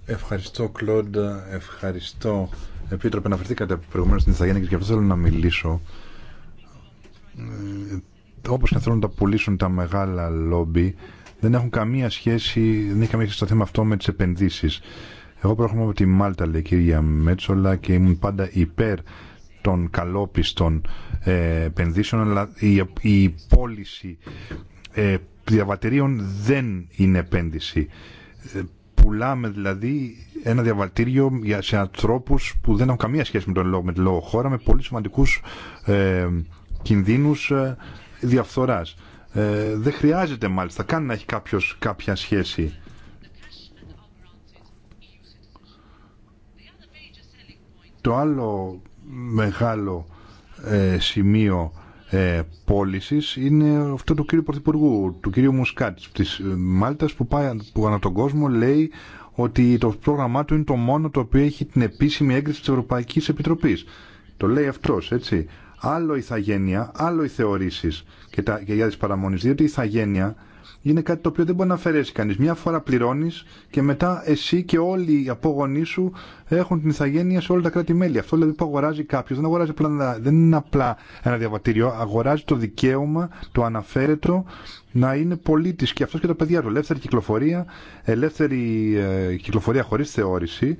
Ευχαριστώ, Κλοντ. Ευχαριστώ. Επίτροπε, αναφερθήκατε προηγουμένω στην Ιθαγένεια και γι' αυτό θέλω να μιλήσω. Ε, Όπω και θέλουν να τα πουλήσουν τα μεγάλα λόμπι, δεν έχουν καμία σχέση, δεν έχει καμία σχέση το θέμα αυτό με τι επενδύσει. Εγώ προέρχομαι από τη Μάλτα, λέει η κυρία Μέτσολα, και ήμουν πάντα υπέρ των καλόπιστων ε, επενδύσεων, αλλά η, η πώληση ε, διαβατηρίων δεν είναι επένδυση. Ε, πουλάμε δηλαδή ένα διαβατήριο για, σε ανθρώπου που δεν έχουν καμία σχέση με τον λόγο, με λόγο χώρα, με πολύ σημαντικού ε, κινδύνους ε, διαφθοράς. Ε, δεν χρειάζεται μάλιστα καν να έχει κάποιος κάποια σχέση. Το άλλο μεγάλο ε, σημείο ε, πώληση είναι αυτό του κύριου Πρωθυπουργού, του κύριου Μουσκάτη. τη ε, Μάλτα, που πάει που ανά τον κόσμο λέει ότι το πρόγραμμά του είναι το μόνο το οποίο έχει την επίσημη έγκριση τη Ευρωπαϊκή Επιτροπή. Το λέει αυτό, έτσι. Άλλο η θαγένεια, άλλο οι θεωρήσει και, και για τι παραμονέ. Διότι η θαγένεια είναι κάτι το οποίο δεν μπορεί να αφαιρέσει κανείς. Μια φορά πληρώνεις και μετά εσύ και όλοι οι απόγονοί σου έχουν την ηθαγένεια σε όλα τα κράτη-μέλη. Αυτό δηλαδή που αγοράζει κάποιος δεν, αγοράζει απλά, δεν είναι απλά ένα διαβατήριο, αγοράζει το δικαίωμα, το αναφέρετο να είναι πολίτης και αυτός και τα παιδιά του. Ελεύθερη κυκλοφορία, ελεύθερη ε, κυκλοφορία χωρίς θεώρηση,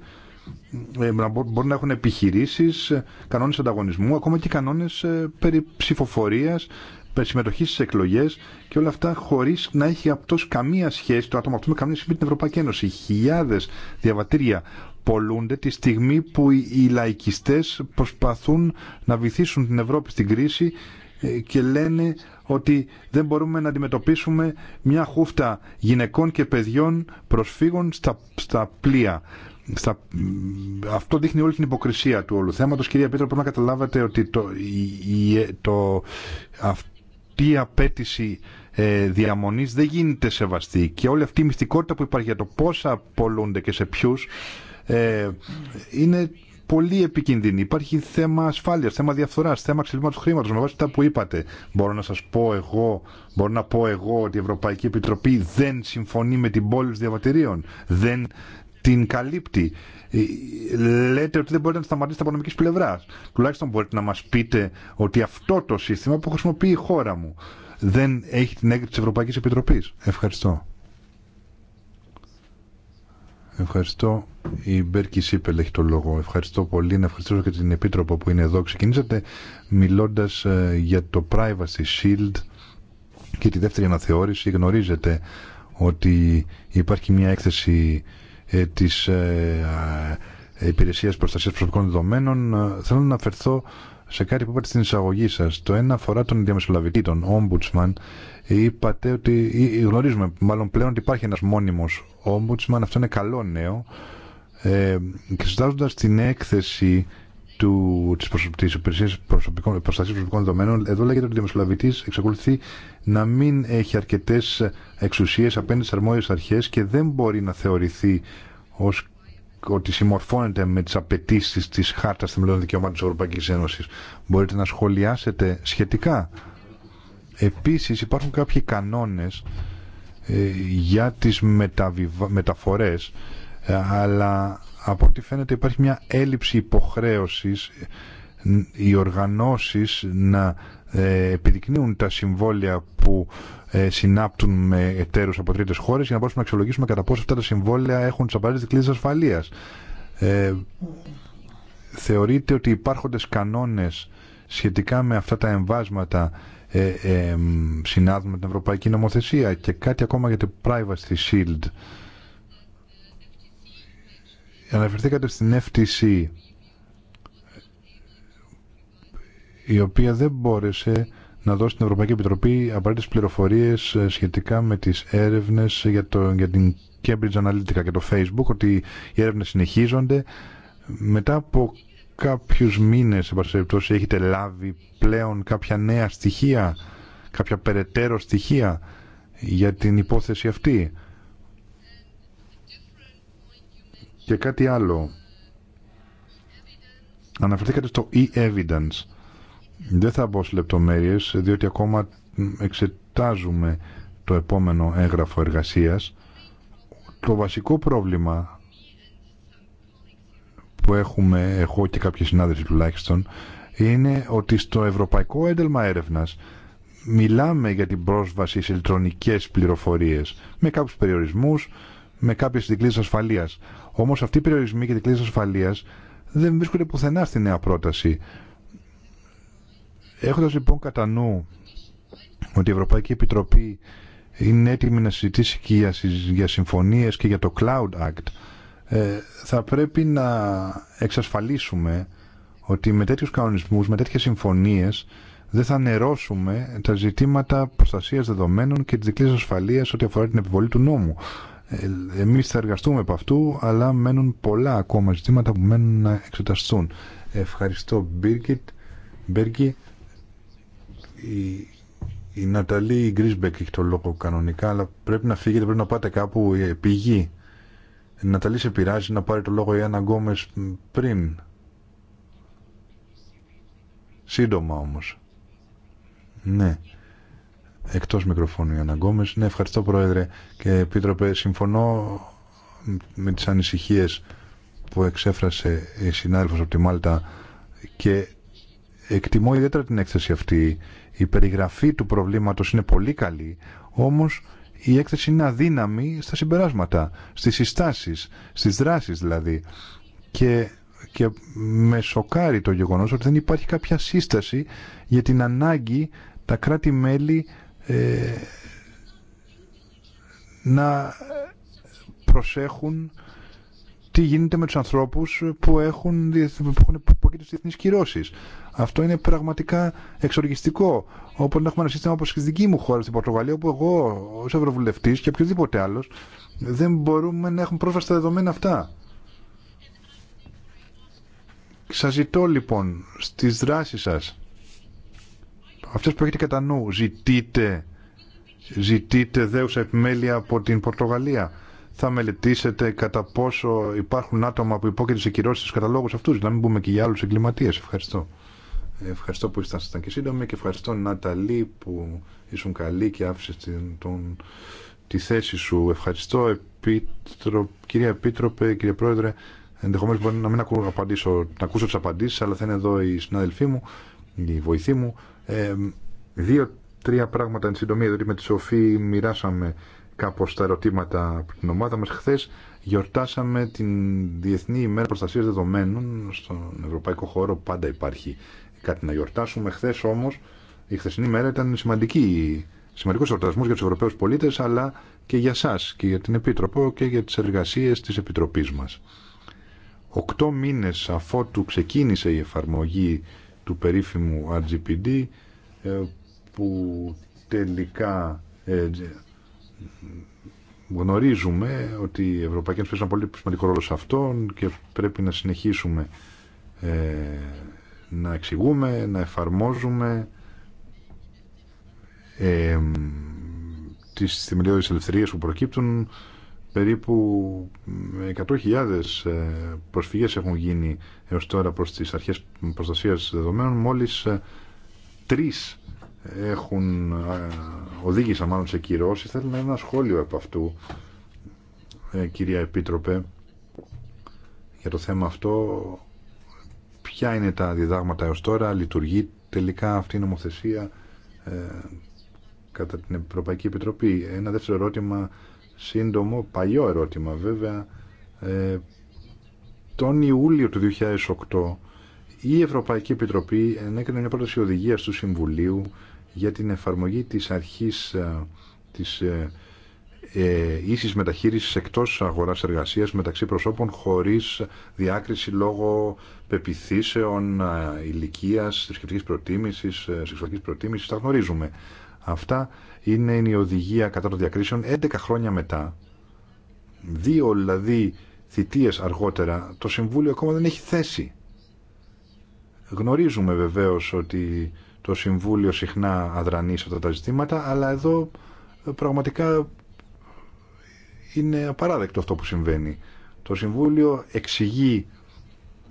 ε, μπορούν να έχουν επιχειρήσεις, κανόνες ανταγωνισμού, ακόμα και κανόνες ε, περί ψηφοφορίας, συμμετοχή στι εκλογέ και όλα αυτά χωρί να έχει απτό καμία σχέση το άτομο αυτό με καμία σχέση με την Ευρωπαϊκή Ένωση. Χιλιάδε διαβατήρια πολλούνται τη στιγμή που οι λαϊκιστές προσπαθούν να βυθίσουν την Ευρώπη στην κρίση ε, και λένε ότι δεν μπορούμε να αντιμετωπίσουμε μια χούφτα γυναικών και παιδιών προσφύγων στα, πλοία. Στα... Αυτό δείχνει όλη την υποκρισία του όλου θέματος. Κυρία Πίτρο, πρέπει να καταλάβατε ότι το, το, Τί η απέτηση ε, διαμονής δεν γίνεται σεβαστή και όλη αυτή η μυστικότητα που υπάρχει για το πόσα απολούνται και σε ποιους ε, είναι πολύ επικίνδυνη. Υπάρχει θέμα ασφάλειας, θέμα διαφθοράς, θέμα ξυλίματο χρήματος με βάση τα που είπατε. Μπορώ να σας πω εγώ, μπορώ να πω εγώ ότι η Ευρωπαϊκή Επιτροπή δεν συμφωνεί με την πόλη διαβατηρίων. Δεν την καλύπτει. Ε, λέτε ότι δεν μπορείτε να σταματήσετε από νομική πλευρά. Τουλάχιστον μπορείτε να μα πείτε ότι αυτό το σύστημα που χρησιμοποιεί η χώρα μου δεν έχει την έγκριση τη Ευρωπαϊκή Επιτροπή. Ευχαριστώ. Ευχαριστώ. Η Μπέρκη Σίπελ έχει το λόγο. Ευχαριστώ πολύ. Να ευχαριστήσω και την Επίτροπο που είναι εδώ. Ξεκινήσατε μιλώντα ε, για το Privacy Shield και τη δεύτερη αναθεώρηση. Γνωρίζετε ότι υπάρχει μια έκθεση ε, της ε, ε, Υπηρεσίας Προστασίας Προσωπικών Δεδομένων ε, θέλω να αναφερθώ σε κάτι που είπατε στην εισαγωγή σας. Το ένα αφορά τον διαμεσολαβητή, τον Ombudsman. Είπατε ότι γνωρίζουμε μάλλον πλέον ότι υπάρχει ένας μόνιμος Ombudsman. Αυτό είναι καλό νέο. Ε, την έκθεση του, της, προσωπικών, δεδομένων εδώ λέγεται ότι ο δημοσιολαβητής εξακολουθεί να μην έχει αρκετές εξουσίες απέναντι στις αρμόδιες αρχές και δεν μπορεί να θεωρηθεί ως ότι συμμορφώνεται με τις απαιτήσει της Χάρτας Θεμελιών Δικαιωμάτων της Ευρωπαϊκής Ένωσης. Μπορείτε να σχολιάσετε σχετικά. Επίσης υπάρχουν κάποιοι κανόνες ε, για τις μεταφορέ, μεταφορές ε, αλλά από ό,τι φαίνεται υπάρχει μια έλλειψη υποχρέωσης οι οργανώσεις να ε, επιδεικνύουν τα συμβόλαια που ε, συνάπτουν με εταίρους από τρίτες χώρες για να μπορούμε να αξιολογήσουμε κατά πόσο αυτά τα συμβόλαια έχουν τις απαραίτητες κλίσεις ασφαλείας. Ε, θεωρείτε ότι υπάρχοντες κανόνες σχετικά με αυτά τα εμβάσματα ε, ε συνάδουν με την Ευρωπαϊκή Νομοθεσία και κάτι ακόμα για το Privacy Shield Αναφερθήκατε στην FTC, η οποία δεν μπόρεσε να δώσει στην Ευρωπαϊκή Επιτροπή απαραίτητες πληροφορίες ε, σχετικά με τις έρευνες για, το, για την Cambridge Analytica και το Facebook, ότι οι έρευνες συνεχίζονται. Μετά από κάποιους μήνες, σε έχετε λάβει πλέον κάποια νέα στοιχεία, κάποια περαιτέρω στοιχεία για την υπόθεση αυτή. Και κάτι άλλο. Αναφερθήκατε στο e-evidence. Δεν θα μπω σε λεπτομέρειες, διότι ακόμα εξετάζουμε το επόμενο έγγραφο εργασίας. Το βασικό πρόβλημα που έχουμε, εγώ και κάποιοι συνάδελφοι τουλάχιστον, είναι ότι στο Ευρωπαϊκό Έντελμα Έρευνας μιλάμε για την πρόσβαση σε ηλεκτρονικές πληροφορίες με κάποιους περιορισμούς, με κάποιε δικλείδε ασφαλεία. Όμω αυτοί οι περιορισμοί και δικλείδε ασφαλεία δεν βρίσκονται πουθενά στη νέα πρόταση. Έχοντα λοιπόν κατά νου ότι η Ευρωπαϊκή Επιτροπή είναι έτοιμη να συζητήσει και για συμφωνίες και για το Cloud Act, ε, θα πρέπει να εξασφαλίσουμε ότι με τέτοιου κανονισμούς, με τέτοιε συμφωνίε δεν θα νερώσουμε τα ζητήματα προστασία δεδομένων και τη δικλής ασφαλείας ό,τι αφορά την επιβολή του νόμου. Ε, εμείς θα εργαστούμε από αυτού, αλλά μένουν πολλά ακόμα ζητήματα που μένουν να εξεταστούν. Ευχαριστώ Μπίρκιτ. Μπίρκι, η, η Ναταλή Γκρίσμπεκ έχει το λόγο κανονικά, αλλά πρέπει να φύγετε, πρέπει να πάτε κάπου ε, πηγή. Η Ναταλή σε πειράζει να πάρει το λόγο η Άννα Γκόμες πριν. Σύντομα όμως. Ναι. Εκτός μικροφώνου η Γκόμες. Ναι, ευχαριστώ Πρόεδρε και Επίτροπε. Συμφωνώ με τις ανησυχίες που εξέφρασε η συνάδελφος από τη Μάλτα και εκτιμώ ιδιαίτερα την έκθεση αυτή. Η περιγραφή του προβλήματος είναι πολύ καλή, όμως η έκθεση είναι αδύναμη στα συμπεράσματα, στις συστάσεις, στις δράσεις δηλαδή. Και, και με σοκάρει το γεγονός ότι δεν υπάρχει κάποια σύσταση για την ανάγκη τα κράτη-μέλη ε, να προσέχουν τι γίνεται με τους ανθρώπους που έχουν, που έχουν διεθνείς κυρώσεις. Αυτό είναι πραγματικά εξοργιστικό. Όπως έχουμε ένα σύστημα όπως στη δική μου χώρα, στην Πορτογαλία, όπου εγώ ως Ευρωβουλευτής και οποιοδήποτε άλλος δεν μπορούμε να έχουμε πρόσβαση στα δεδομένα αυτά. Σας ζητώ λοιπόν στις δράσεις σας αυτό που έχετε κατά νου, ζητείτε, ζητείτε δέουσα επιμέλεια από την Πορτογαλία. Θα μελετήσετε κατά πόσο υπάρχουν άτομα που υπόκειται σε κυρώσει στου καταλόγου αυτού, να μην πούμε και για άλλου εγκληματίε. Ευχαριστώ. Ευχαριστώ που ήσασταν και σύντομοι και ευχαριστώ Ναταλή που ήσουν καλή και άφησε την, τον, τη θέση σου. Ευχαριστώ Επίτρο, κυρία Επίτροπε, κύριε Πρόεδρε. Ενδεχομένω μπορεί να μην ακούω, απαντήσω, να ακούσω τι απαντήσει, αλλά θα είναι εδώ η συνάδελφή μου, η βοηθή μου. Δύο-τρία πράγματα εν συντομία, διότι με τη Σοφή μοιράσαμε κάπως τα ερωτήματα από την ομάδα μας. Χθες γιορτάσαμε την Διεθνή ημέρα προστασίας δεδομένων στον Ευρωπαϊκό χώρο. Πάντα υπάρχει κάτι να γιορτάσουμε. Χθες όμως η χθεσινή ημέρα ήταν σημαντική σημαντικός εορτασμός για τους Ευρωπαίους πολίτες αλλά και για σας και για την Επίτροπο και για τις εργασίες της Επιτροπής μας. Οκτώ μήνες αφότου ξεκίνησε η εφαρμογή του περίφημου RGPD ε, που τελικά ε, γνωρίζουμε ότι η Ευρωπαϊκή Ένωση παίζουν πολύ σημαντικό ρόλο σε αυτόν και πρέπει να συνεχίσουμε ε, να εξηγούμε, να εφαρμόζουμε ε, τις θεμελιώδεις ελευθερίες που προκύπτουν Περίπου 100.000 ε, προσφυγές έχουν γίνει έως τώρα προς τις αρχές προστασίας δεδομένων. Μόλις ε, τρεις έχουν, ε, οδήγησαν μάλλον σε κυρώσεις. Θέλω να ένα σχόλιο από αυτού, κυρία Επίτροπε, για το θέμα αυτό. Ποια είναι τα διδάγματα έως τώρα, λειτουργεί τελικά αυτή η νομοθεσία κατά την Ευρωπαϊκή Επιτροπή. Ένα δεύτερο ερώτημα σύντομο, παλιό ερώτημα βέβαια. Ε, τον Ιούλιο του 2008 η Ευρωπαϊκή Επιτροπή έκανε μια πρόταση οδηγίας του Συμβουλίου για την εφαρμογή της αρχής ε, της ε, ε, ίσης μεταχείρισης εκτός αγοράς εργασίας μεταξύ προσώπων χωρίς διάκριση λόγω πεπιθήσεων, ε, ηλικίας, θρησκευτικής προτίμησης, ε, σεξουαλικής προτίμησης, τα γνωρίζουμε. Αυτά είναι, η οδηγία κατά των διακρίσεων 11 χρόνια μετά. Δύο δηλαδή θητείες αργότερα το Συμβούλιο ακόμα δεν έχει θέση. Γνωρίζουμε βεβαίως ότι το Συμβούλιο συχνά αδρανεί σε αυτά τα ζητήματα, αλλά εδώ ε, πραγματικά είναι απαράδεκτο αυτό που συμβαίνει. Το Συμβούλιο εξηγεί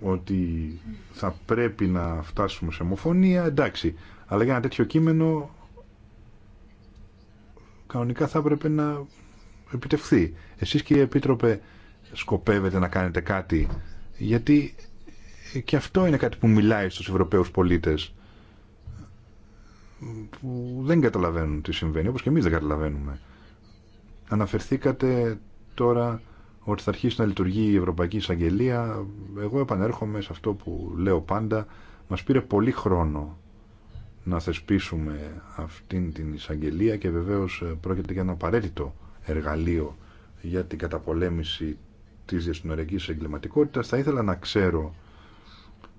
ότι θα πρέπει να φτάσουμε σε ομοφωνία, εντάξει, αλλά για ένα τέτοιο κείμενο κανονικά θα έπρεπε να επιτευχθεί. Εσείς και η Επίτροπε σκοπεύετε να κάνετε κάτι, γιατί και αυτό είναι κάτι που μιλάει στους Ευρωπαίους πολίτες, που δεν καταλαβαίνουν τι συμβαίνει, όπως και εμείς δεν καταλαβαίνουμε. Αναφερθήκατε τώρα ότι θα αρχίσει να λειτουργεί η Ευρωπαϊκή Εισαγγελία. Εγώ επανέρχομαι σε αυτό που λέω πάντα. Μας πήρε πολύ χρόνο να θεσπίσουμε αυτήν την εισαγγελία και βεβαίως ε, πρόκειται για ένα απαραίτητο εργαλείο για την καταπολέμηση της διασυνοριακής εγκληματικότητας. Θα ήθελα να ξέρω,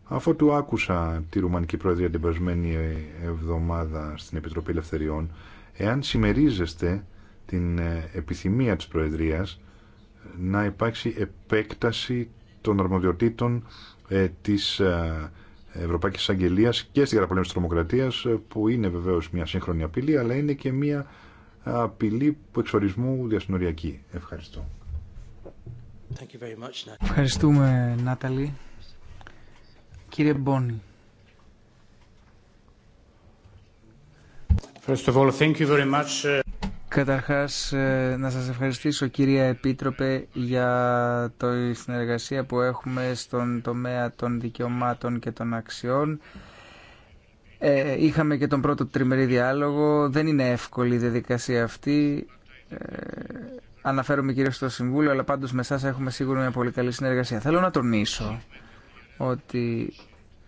αφού του άκουσα τη Ρουμανική Προεδρία την περασμένη ε, εβδομάδα στην Επιτροπή Ελευθεριών, εάν συμμερίζεστε την ε, επιθυμία της Προεδρίας να υπάρξει επέκταση των αρμοδιοτήτων της Ευρωπαϊκή Αγγελία και στην καταπολέμηση της τρομοκρατίας που είναι βεβαίω μια σύγχρονη απειλή αλλά είναι και μια απειλή που εξορισμού διασυνοριακή. Ευχαριστώ. Ευχαριστούμε Νάταλη. Κύριε Μπόνι. First of all, thank you very much. Uh, Καταρχάς ε, να σας ευχαριστήσω κυρία Επίτροπε για το συνεργασία που έχουμε στον τομέα των δικαιωμάτων και των αξιών. Ε, είχαμε και τον πρώτο τριμερή διάλογο. Δεν είναι εύκολη η διαδικασία αυτή. Ε, αναφέρομαι κυρίως στο Συμβούλιο, αλλά πάντως με εσάς έχουμε σίγουρα μια πολύ καλή συνεργασία. Θέλω να τονίσω ότι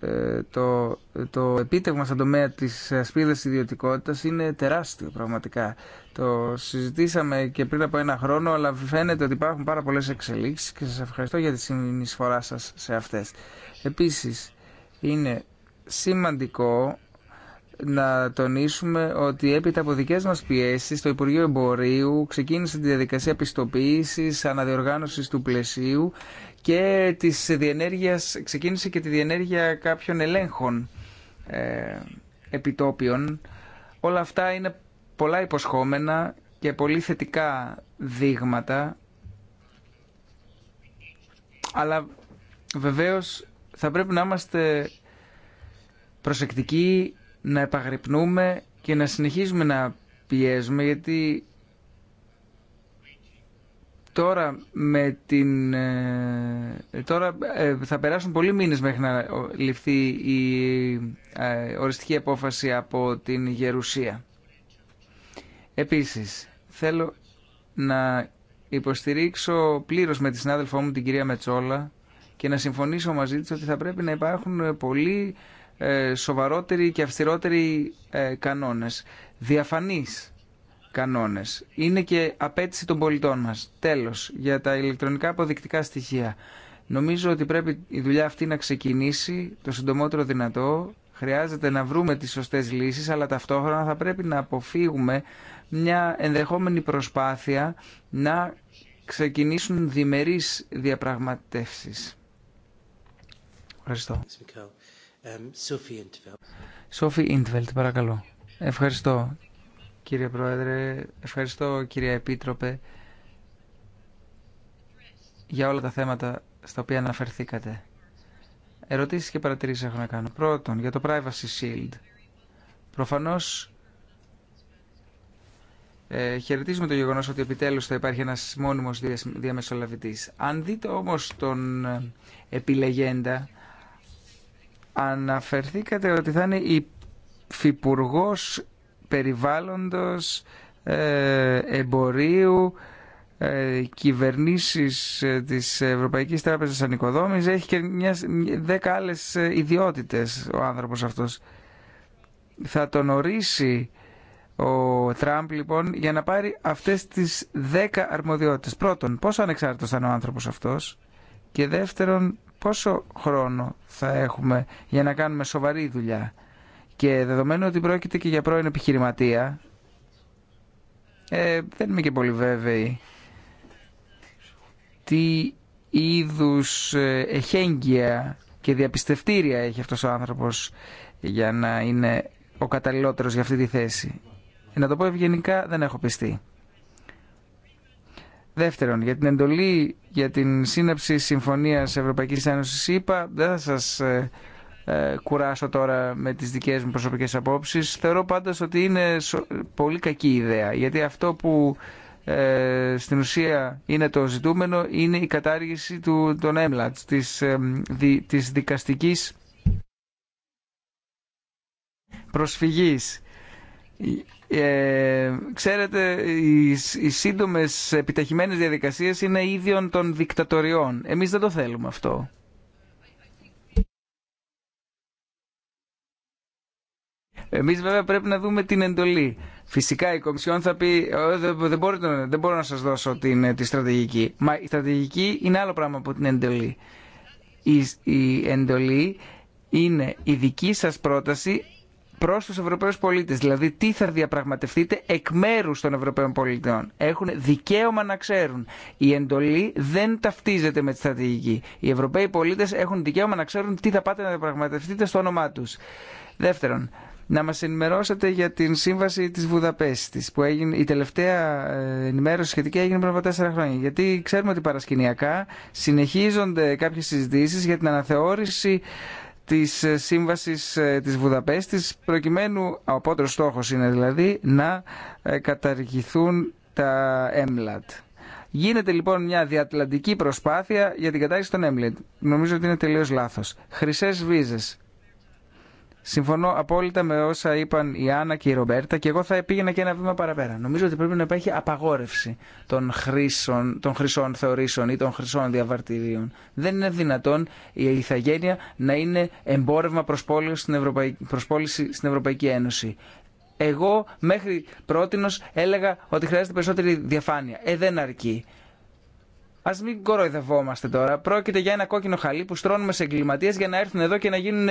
ε, το, το επίτευγμα στον τομέα της ασπίδας ιδιωτικότητας είναι τεράστιο πραγματικά. Το συζητήσαμε και πριν από ένα χρόνο, αλλά φαίνεται ότι υπάρχουν πάρα πολλές εξελίξεις και σας ευχαριστώ για τη συνεισφορά σας σε αυτές. Επίσης, είναι σημαντικό να τονίσουμε ότι έπειτα από δικές μας πιέσεις το Υπουργείο Εμπορίου ξεκίνησε τη διαδικασία πιστοποίησης, αναδιοργάνωσης του πλαισίου και της διενέργειας, ξεκίνησε και τη διενέργεια κάποιων ελέγχων ε, επιτόπιων. Όλα αυτά είναι πολλά υποσχόμενα και πολύ θετικά δείγματα, αλλά βεβαίως θα πρέπει να είμαστε προσεκτικοί, να επαγρυπνούμε και να συνεχίζουμε να πιέζουμε γιατί Τώρα, με την, ε, τώρα ε, θα περάσουν πολλοί μήνες μέχρι να ληφθεί η ε, οριστική απόφαση από την Γερουσία. Επίσης, θέλω να υποστηρίξω πλήρως με τη συνάδελφό μου την κυρία Μετσόλα και να συμφωνήσω μαζί της ότι θα πρέπει να υπάρχουν πολύ σοβαρότεροι και αυστηρότεροι κανόνες. Διαφανείς κανόνες. Είναι και απέτηση των πολιτών μας. Τέλος, για τα ηλεκτρονικά αποδεικτικά στοιχεία. Νομίζω ότι πρέπει η δουλειά αυτή να ξεκινήσει το συντομότερο δυνατό. Χρειάζεται να βρούμε τις σωστές λύσεις, αλλά ταυτόχρονα θα πρέπει να αποφύγουμε μια ενδεχόμενη προσπάθεια να ξεκινήσουν διμερεί διαπραγματεύσει. Ευχαριστώ. Σόφι Ιντβελτ, um, παρακαλώ. Ευχαριστώ κύριε Πρόεδρε, ευχαριστώ κύριε Επίτροπε για όλα τα θέματα στα οποία αναφερθήκατε. Ερωτήσεις και παρατηρήσεις έχω να κάνω. Πρώτον, για το Privacy Shield. Προφανώς ε, χαιρετίζουμε το γεγονός ότι επιτέλους θα υπάρχει ένας μόνιμος διαμεσολαβητής. Αν δείτε όμως τον ε, επιλεγέντα, αναφερθήκατε ότι θα είναι Φυπουργός περιβάλλοντος, ε, εμπορίου, ε, κυβερνήσεις ε, της Ευρωπαϊκής Τράπεζας Ανοικοδόμης έχει και μια, δέκα άλλες ιδιότητες ο άνθρωπος αυτός θα τον ορίσει ο Τραμπ λοιπόν για να πάρει αυτές τις δέκα αρμοδιότητες πρώτον πόσο ανεξάρτητος θα είναι ο άνθρωπος αυτός και δεύτερον πόσο χρόνο θα έχουμε για να κάνουμε σοβαρή δουλειά και δεδομένου ότι πρόκειται και για πρώην επιχειρηματία, ε, δεν είμαι και πολύ βέβαιη τι είδους ε, εχέγγυα και διαπιστευτήρια έχει αυτός ο άνθρωπος για να είναι ο καταλληλότερος για αυτή τη θέση. Ε, να το πω ευγενικά, δεν έχω πιστεί. Δεύτερον, για την εντολή για την σύναψη συμφωνίας Ευρωπαϊκής Ένωσης είπα, δεν θα σας ε, ε, κουράσω τώρα με τις δικές μου προσωπικές απόψεις. Θεωρώ πάντως ότι είναι πολύ κακή ιδέα, γιατί αυτό που ε, στην ουσία είναι το ζητούμενο είναι η κατάργηση του, των έμλατς, της, ε, της δικαστικής προσφυγής. Ε, ξέρετε, οι, οι σύντομες επιταχυμένες διαδικασίες είναι ίδιον των δικτατοριών. Εμείς δεν το θέλουμε αυτό. Εμεί βέβαια πρέπει να δούμε την εντολή. Φυσικά η Κομισιόν θα πει «Ε, δεν, δεν μπορώ να σα δώσω την, τη στρατηγική. Μα η στρατηγική είναι άλλο πράγμα από την εντολή. Η, η εντολή είναι η δική σα πρόταση προ του Ευρωπαίου πολίτε. Δηλαδή τι θα διαπραγματευτείτε εκ μέρου των Ευρωπαίων πολιτών. Έχουν δικαίωμα να ξέρουν. Η εντολή δεν ταυτίζεται με τη στρατηγική. Οι Ευρωπαίοι πολίτε έχουν δικαίωμα να ξέρουν τι θα πάτε να διαπραγματευτείτε στο όνομά του. Δεύτερον, να μας ενημερώσετε για την σύμβαση της Βουδαπέστης που έγινε, η τελευταία ε, ενημέρωση σχετική έγινε πριν από τέσσερα χρόνια γιατί ξέρουμε ότι παρασκηνιακά συνεχίζονται κάποιες συζητήσεις για την αναθεώρηση της ε, σύμβασης ε, της Βουδαπέστης προκειμένου, ο απότερος στόχος είναι δηλαδή, να καταργηθούν τα έμλατ. Γίνεται λοιπόν μια διατλαντική προσπάθεια για την κατάργηση των ΕΜΛΑΤ. Νομίζω ότι είναι τελείω λάθο. Χρυσέ βίζε. Συμφωνώ απόλυτα με όσα είπαν η Άννα και η Ρομπέρτα και εγώ θα πήγαινα και ένα βήμα παραπέρα. Νομίζω ότι πρέπει να υπάρχει απαγόρευση των, χρήσεων, των χρυσών θεωρήσεων ή των χρυσών διαβαρτηρίων. Δεν είναι δυνατόν η ηθαγένεια να είναι εμπόρευμα προσπόληση στην Ευρωπαϊκή Ένωση. Εγώ μέχρι πρότινος έλεγα ότι χρειάζεται περισσότερη διαφάνεια. Ε, δεν αρκεί. Α μην κοροϊδευόμαστε τώρα. Πρόκειται για ένα κόκκινο χαλί που στρώνουμε σε εγκληματίε για να έρθουν εδώ και να γίνουν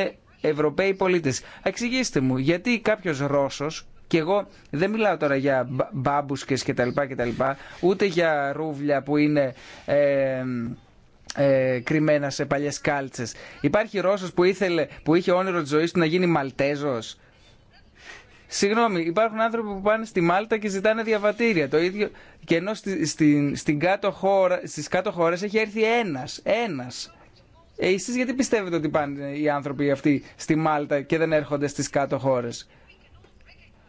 Ευρωπαίοι πολίτε. Εξηγήστε μου, γιατί κάποιο Ρώσος, και εγώ δεν μιλάω τώρα για μπάμπουσκες και τα λοιπά και τα ούτε για ρούβλια που είναι... Ε, ε, κρυμμένα σε παλιέ κάλτσες. Υπάρχει Ρώσος που, ήθελε, που είχε όνειρο τη ζωής του να γίνει μαλτέζο. Συγγνώμη, υπάρχουν άνθρωποι που πάνε στη Μάλτα και ζητάνε διαβατήρια. Το ίδιο και ενώ στι κάτω χώρε στις έχει έρθει ένας, ένας ε, εσείς γιατί πιστεύετε ότι πάνε οι άνθρωποι αυτοί στη Μάλτα και δεν έρχονται στις κάτω χώρες.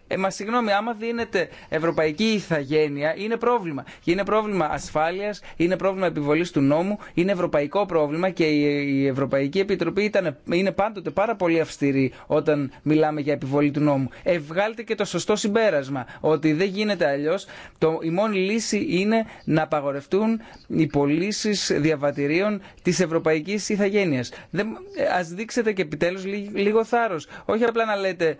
Ε, μα συγγνώμη, άμα δίνεται ευρωπαϊκή ηθαγένεια, είναι πρόβλημα. Και είναι πρόβλημα ασφάλεια, είναι πρόβλημα επιβολή του νόμου, είναι ευρωπαϊκό πρόβλημα και η Ευρωπαϊκή Επιτροπή ήταν, είναι πάντοτε πάρα πολύ αυστηρή όταν μιλάμε για επιβολή του νόμου. Ε, βγάλτε και το σωστό συμπέρασμα ότι δεν γίνεται αλλιώ. Η μόνη λύση είναι να απαγορευτούν οι πωλήσει διαβατηρίων τη ευρωπαϊκή ηθαγένεια. Ε, Α δείξετε και επιτέλου λίγο θάρρο. Όχι απλά να λέτε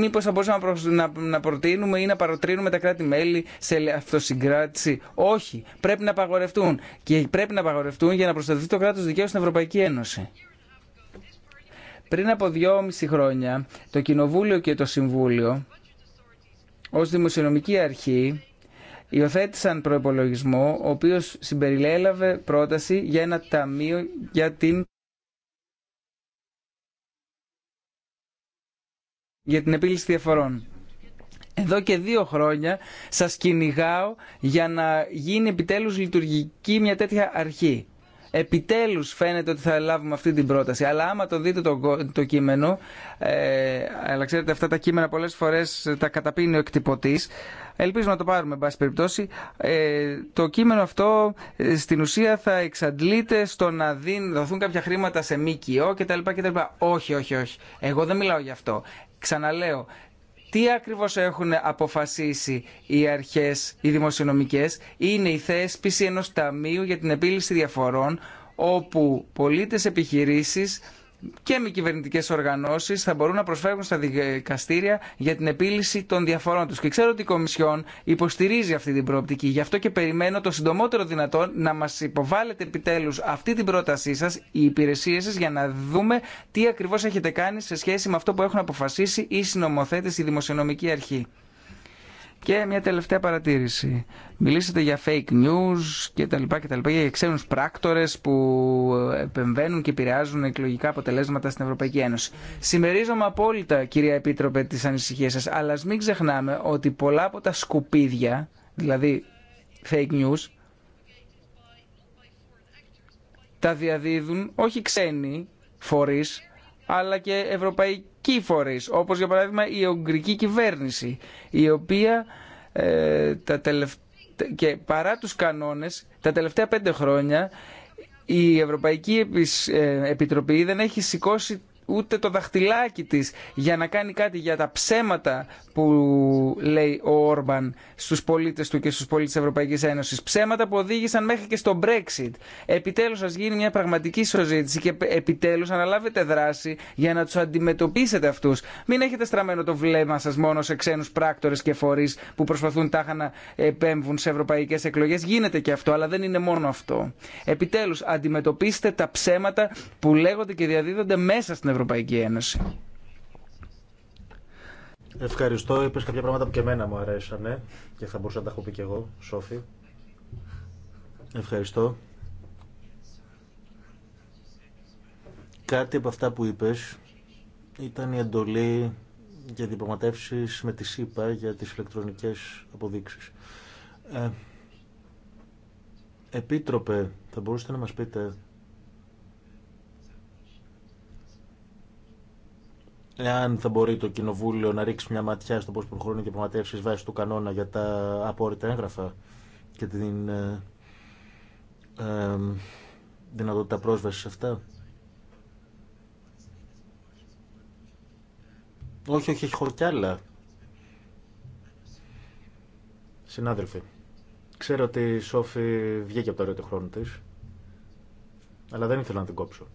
μήπω θα μπορούσαμε να να, να προτείνουμε ή να παροτρύνουμε τα κράτη-μέλη σε αυτοσυγκράτηση. Όχι. Πρέπει να απαγορευτούν. Και πρέπει να απαγορευτούν για να προστατευτεί το κράτο δικαίου στην Ευρωπαϊκή Ένωση. Πριν από δυόμιση χρόνια, το Κοινοβούλιο και το Συμβούλιο, ως δημοσιονομική αρχή, υιοθέτησαν προπολογισμό, ο οποίος συμπεριλέλαβε πρόταση για ένα ταμείο για την για την επίλυση διαφορών. Εδώ και δύο χρόνια σας κυνηγάω για να γίνει επιτέλους λειτουργική μια τέτοια αρχή. Επιτέλους φαίνεται ότι θα λάβουμε αυτή την πρόταση. Αλλά άμα το δείτε το, το κείμενο, ε, αλλά ξέρετε αυτά τα κείμενα πολλές φορές τα καταπίνει ο εκτυπωτής, ελπίζω να το πάρουμε εν πάση περιπτώσει, ε, το κείμενο αυτό ε, στην ουσία θα εξαντλείται στο να δοθούν κάποια χρήματα σε ΜΚΟ κοιό κτλ. Όχι, όχι, όχι. Εγώ δεν μιλάω γι' αυτό. Ξαναλέω, τι ακριβώς έχουν αποφασίσει οι αρχές, οι δημοσιονομικές, είναι η θέσπιση ενός ταμείου για την επίλυση διαφορών, όπου πολίτες επιχειρήσεις και μη κυβερνητικέ οργανώσει θα μπορούν να προσφέρουν στα δικαστήρια για την επίλυση των διαφορών του. Και ξέρω ότι η Κομισιόν υποστηρίζει αυτή την προοπτική. Γι' αυτό και περιμένω το συντομότερο δυνατόν να μα υποβάλλετε επιτέλου αυτή την πρότασή σα, οι υπηρεσίε σα, για να δούμε τι ακριβώ έχετε κάνει σε σχέση με αυτό που έχουν αποφασίσει οι συνομοθέτε, η Δημοσιονομική Αρχή. Και μια τελευταία παρατήρηση. Μιλήσατε για fake news και τα λοιπά και τα λοιπά, για ξένους πράκτορες που επεμβαίνουν και επηρεάζουν εκλογικά αποτελέσματα στην Ευρωπαϊκή Ένωση. Συμμερίζομαι απόλυτα, κυρία Επίτροπε, τις ανησυχίες σας, αλλά ας μην ξεχνάμε ότι πολλά από τα σκουπίδια, δηλαδή fake news, τα διαδίδουν όχι ξένοι φορείς, αλλά και ευρωπαϊκοί φορείς, όπως για παράδειγμα η Ουγγρική κυβέρνηση, η οποία ε, τα τελευταία και παρά τους κανόνες, τα τελευταία πέντε χρόνια η Ευρωπαϊκή ε, Επιτροπή δεν έχει σηκώσει ούτε το δαχτυλάκι της για να κάνει κάτι για τα ψέματα που λέει ο Όρμπαν στους πολίτες του και στους πολίτες της Ευρωπαϊκής Ένωσης. Ψέματα που οδήγησαν μέχρι και στο Brexit. Επιτέλους σας γίνει μια πραγματική συζήτηση και επιτέλους αναλάβετε δράση για να τους αντιμετωπίσετε αυτούς. Μην έχετε στραμμένο το βλέμμα σας μόνο σε ξένους πράκτορες και φορείς που προσπαθούν τάχα να επέμβουν σε ευρωπαϊκές εκλογές. Γίνεται και αυτό, αλλά δεν είναι μόνο αυτό. Επιτέλους, αντιμετωπίστε τα ψέματα που λέγονται και διαδίδονται μέσα στην Ευρωπαϊκή Ένωση. Ευχαριστώ. Είπε κάποια πράγματα που και εμένα μου αρέσανε και θα μπορούσα να τα έχω πει και εγώ, Σόφη. Ευχαριστώ. Κάτι από αυτά που είπες ήταν η εντολή για διαπραγματεύσει με τη ΣΥΠΑ για τις ηλεκτρονικές αποδείξεις. Ε, επίτροπε, θα μπορούσατε να μας πείτε εάν θα μπορεί το Κοινοβούλιο να ρίξει μια ματιά στο πώς προχωρούν οι διαπραγματεύσεις βάσει του κανόνα για τα απόρριτα έγγραφα και την ε, ε, δυνατότητα πρόσβασης σε αυτά. Όχι, όχι, έχω κι άλλα. Συνάδελφοι, ξέρω ότι η Σόφη βγήκε από το ρεύμα του χρόνου της, αλλά δεν ήθελα να την κόψω.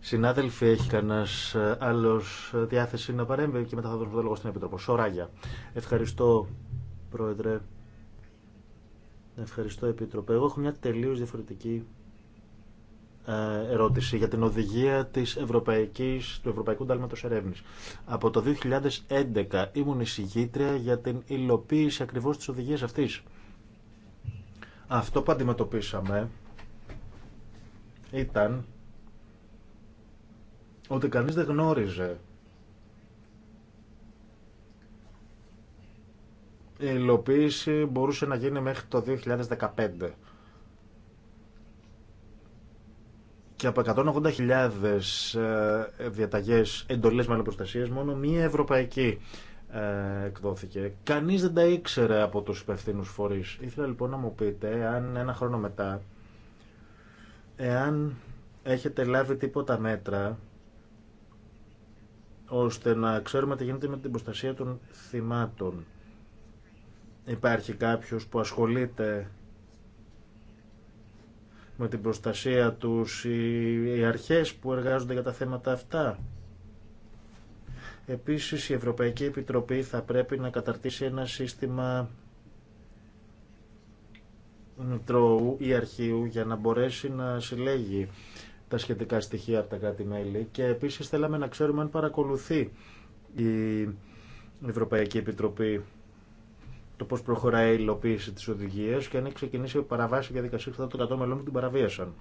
Συνάδελφοι, έχει κανένα ε, άλλο ε, διάθεση να παρέμβει και μετά θα δώσω το λόγο στην Επίτροπο. Σοράγια. Ευχαριστώ, Πρόεδρε. Ευχαριστώ, Επίτροπε. Εγώ έχω μια τελείω διαφορετική ε, ερώτηση για την οδηγία της Ευρωπαϊκής, του Ευρωπαϊκού Ντάλματος Ερεύνης. Από το 2011 ήμουν εισηγήτρια για την υλοποίηση ακριβώς της οδηγίας αυτής. Αυτό που αντιμετωπίσαμε ήταν ότι κανείς δεν γνώριζε η υλοποίηση μπορούσε να γίνει μέχρι το 2015. Και από 180.000 ε, διαταγές εντολές μάλλον μόνο μία ευρωπαϊκή ε, εκδόθηκε. Κανεί δεν τα ήξερε από τους υπευθύνου φορείς. Ήθελα λοιπόν να μου πείτε αν ένα χρόνο μετά, εάν έχετε λάβει τίποτα μέτρα ώστε να ξέρουμε τι γίνεται με την προστασία των θυμάτων. Υπάρχει κάποιος που ασχολείται με την προστασία τους, οι αρχές που εργάζονται για τα θέματα αυτά. Επίσης η Ευρωπαϊκή Επιτροπή θα πρέπει να καταρτήσει ένα σύστημα τρόου ή αρχείου για να μπορέσει να συλλέγει τα σχετικά στοιχεία από τα κράτη-μέλη και επίσης θέλαμε να ξέρουμε αν παρακολουθεί η Ευρωπαϊκή Επιτροπή το πώς προχωράει η υλοποίηση της οδηγίας και αν έχει ξεκινήσει παραβάση για δικασία των 100 μελών που την παραβίασαν.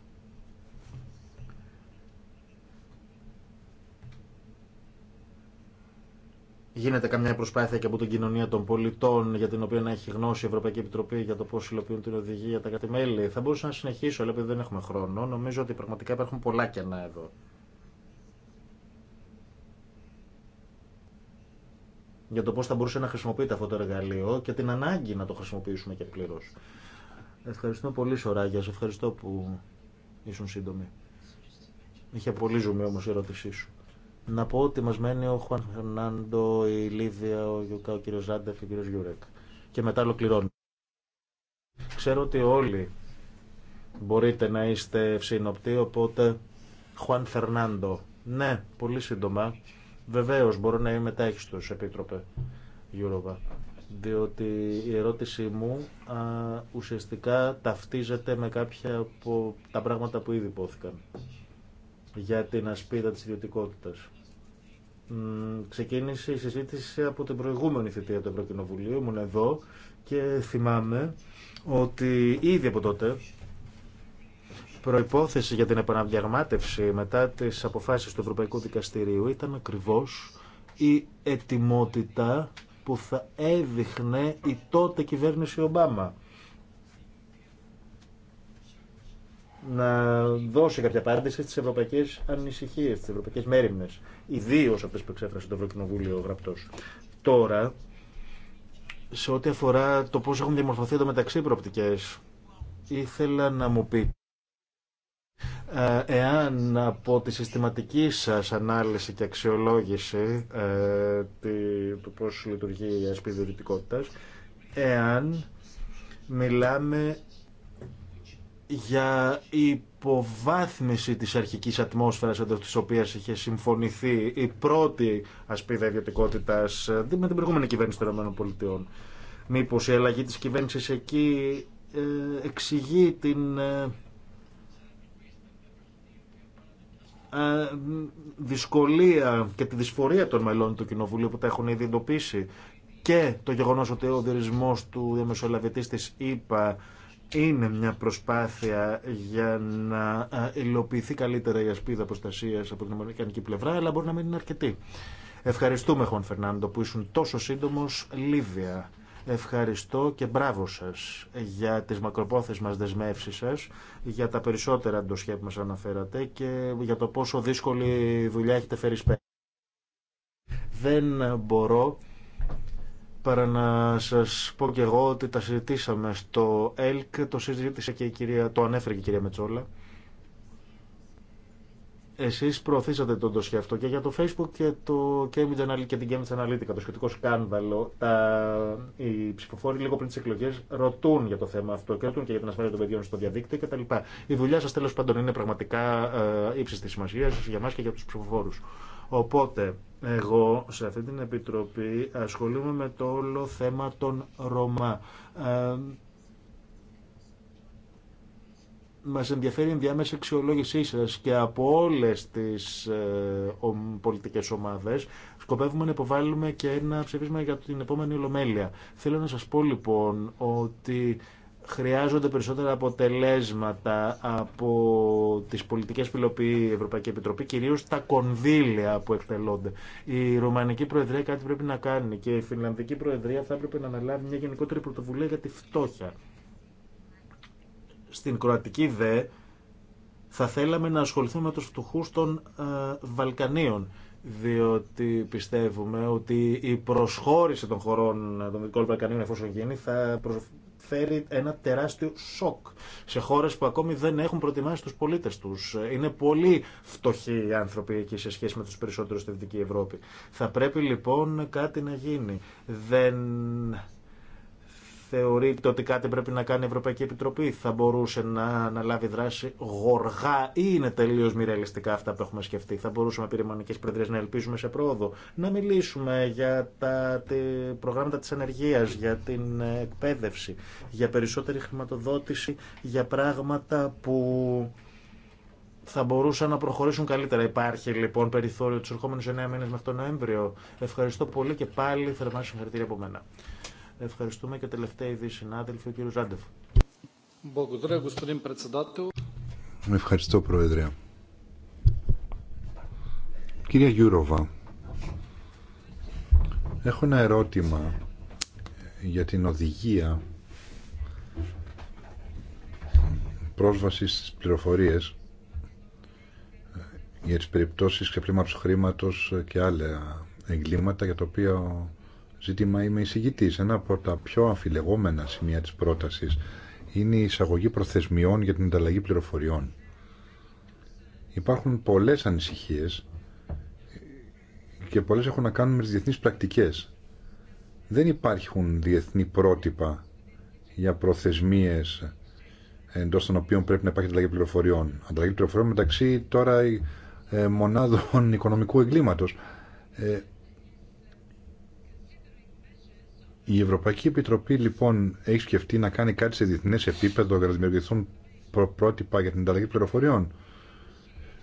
γίνεται καμιά προσπάθεια και από την κοινωνία των πολιτών για την οποία να έχει γνώση η Ευρωπαϊκή Επιτροπή για το πώ υλοποιούν την οδηγία τα κατημέλη. Θα μπορούσα να συνεχίσω, αλλά επειδή δεν έχουμε χρόνο, νομίζω ότι πραγματικά υπάρχουν πολλά κενά εδώ. Για το πώ θα μπορούσε να χρησιμοποιείται αυτό το εργαλείο και την ανάγκη να το χρησιμοποιήσουμε και πλήρω. Ευχαριστώ πολύ, Σωράγια. Σε ευχαριστώ που ήσουν σύντομη. Είχε πολύ ζουμί όμω η ερώτησή σου. Να πω ότι μας μένει ο Χουάν Φερνάντο, η Λίδια, ο Γιουκά, ο κύριος Ζάντεφ, ο κύριος Γιουρέκ. Και μετά ολοκληρώνω. Ξέρω ότι όλοι μπορείτε να είστε ευσύνοπτοι, οπότε Χουάν Φερνάντο. Ναι, πολύ σύντομα. Βεβαίω μπορώ να είμαι τάχιστο, Επίτροπε Γιούροβα. Διότι η ερώτησή μου ουσιαστικά ταυτίζεται με κάποια από τα πράγματα που ήδη υπόθηκαν για την ασπίδα της ιδιωτικότητας ξεκίνησε η συζήτηση από την προηγούμενη θητεία του Ευρωκοινοβουλίου, ήμουν εδώ και θυμάμαι ότι ήδη από τότε προϋπόθεση για την επαναδιαγμάτευση μετά τις αποφάσεις του Ευρωπαϊκού Δικαστηρίου ήταν ακριβώς η ετοιμότητα που θα έδειχνε η τότε κυβέρνηση Ομπάμα να δώσει κάποια απάντηση στι ευρωπαϊκέ ανησυχίε, στι ευρωπαϊκέ μέρημνε. Ιδίω αυτέ που εξέφρασε το Ευρωκοινοβούλιο γραπτό. Τώρα, σε ό,τι αφορά το πώ έχουν διαμορφωθεί εδώ μεταξύ προοπτικέ, ήθελα να μου πείτε ε, εάν από τη συστηματική σας ανάλυση και αξιολόγηση ε, του πώς λειτουργεί η ασπίδη εάν μιλάμε για υποβάθμιση της αρχικής ατμόσφαιρας εντός της οποίας είχε συμφωνηθεί η πρώτη ασπίδα ιδιωτικότητας ε, με την προηγούμενη κυβέρνηση των ΗΠΑ. Μήπως η αλλαγή της κυβέρνησης εκεί ε, εξηγεί την ε, δυσκολία και τη δυσφορία των μελών του Κοινοβουλίου που τα έχουν ήδη εντοπίσει και το γεγονός ότι ο διορισμός του διαμεσολαβητής της ΕΠΑ είναι μια προσπάθεια για να ε, υλοποιηθεί καλύτερα η ασπίδα προστασία από την Αμερικανική πλευρά, αλλά μπορεί να μην είναι αρκετή. Ευχαριστούμε, Χων Φερνάντο, που ήσουν τόσο σύντομο, Λίβια. Ευχαριστώ και μπράβο σας για τις μας δεσμεύσεις σα, για τα περισσότερα ντοσιέ που μα αναφέρατε και για το πόσο δύσκολη δουλειά έχετε φέρει σπέρα. Δεν μπορώ παρά να σας πω και εγώ ότι τα συζητήσαμε στο ΕΛΚ, το συζήτησε και η κυρία, το ανέφερε και η κυρία Μετσόλα. Εσείς προωθήσατε τον το αυτό και για το Facebook και, το Cambridge Analytica, και την Cambridge Analytica, το σχετικό σκάνδαλο. Τα, οι ψηφοφόροι λίγο πριν τις εκλογές ρωτούν για το θέμα αυτό και ρωτούν και για την ασφάλεια των παιδιών στο διαδίκτυο κτλ. Η δουλειά σας τέλος πάντων είναι πραγματικά ε, τη σημασία, για εμά και για τους ψηφοφόρου. Οπότε, εγώ σε αυτή την επιτροπή ασχολούμαι με το όλο θέμα των Ρωμά. Ε, μας ενδιαφέρει η ενδιάμεση αξιολόγησή σας και από όλες τις ε, πολιτικές ομάδες σκοπεύουμε να υποβάλουμε και ένα ψηφίσμα για την επόμενη Ολομέλεια. Θέλω να σας πω λοιπόν ότι χρειάζονται περισσότερα αποτελέσματα από τις πολιτικές που η Ευρωπαϊκή Επιτροπή, κυρίως τα κονδύλια που εκτελώνται. Η Ρουμανική Προεδρία κάτι πρέπει να κάνει και η Φινλανδική Προεδρία θα έπρεπε να αναλάβει μια γενικότερη πρωτοβουλία για τη φτώχεια. Στην Κροατική ΔΕ θα θέλαμε να ασχοληθούμε με τους φτωχούς των ε, Βαλκανίων διότι πιστεύουμε ότι η προσχώρηση των χωρών των Δυτικών Βαλκανίων εφόσον γίνει θα φέρει ένα τεράστιο σοκ σε χώρες που ακόμη δεν έχουν προτιμάσει τους πολίτες τους. Είναι πολύ φτωχοί οι άνθρωποι εκεί σε σχέση με τους περισσότερους στη Δυτική Ευρώπη. Θα πρέπει λοιπόν κάτι να γίνει. Δεν θεωρείτε ότι κάτι πρέπει να κάνει η Ευρωπαϊκή Επιτροπή, θα μπορούσε να, να λάβει δράση γοργά ή είναι τελείω μη ρεαλιστικά αυτά που έχουμε σκεφτεί. Θα μπορούσαμε πυρημανικέ πρεδρέ να ελπίζουμε σε πρόοδο. Να μιλήσουμε για τα προγράμματα τη ανεργία, για την εκπαίδευση, για περισσότερη χρηματοδότηση, για πράγματα που θα μπορούσαν να προχωρήσουν καλύτερα. Υπάρχει λοιπόν περιθώριο του ερχόμενου 9 μήνε μέχρι τον Νοέμβριο. Ευχαριστώ πολύ και πάλι θερμά συγχαρητήρια από μένα. Ευχαριστούμε και τελευταία είδη συνάδελφοι, ο κύριος Ζάντεφ. Ευχαριστώ, Πρόεδρε. Κυρία Γιούροβα, έχω ένα ερώτημα για την οδηγία πρόσβαση στις πληροφορίες για τις περιπτώσεις ξεπλήματος χρήματος και άλλα εγκλήματα για τα οποία ζήτημα είμαι εισηγητής. Ένα από τα πιο αφιλεγόμενα σημεία της πρότασης είναι η εισαγωγή προθεσμιών για την ανταλλαγή πληροφοριών. Υπάρχουν πολλές ανησυχίες και πολλές έχουν να κάνουν με τις διεθνείς πρακτικές. Δεν υπάρχουν διεθνή πρότυπα για προθεσμίες εντός των οποίων πρέπει να υπάρχει ανταλλαγή πληροφοριών. Ανταλλαγή πληροφοριών μεταξύ τώρα ε, μονάδων (laughs) οικονομικού εγκλήματος. Ε, Η Ευρωπαϊκή Επιτροπή λοιπόν έχει σκεφτεί να κάνει κάτι σε διεθνές επίπεδο για να δημιουργηθούν πρότυπα για την ανταλλαγή πληροφοριών.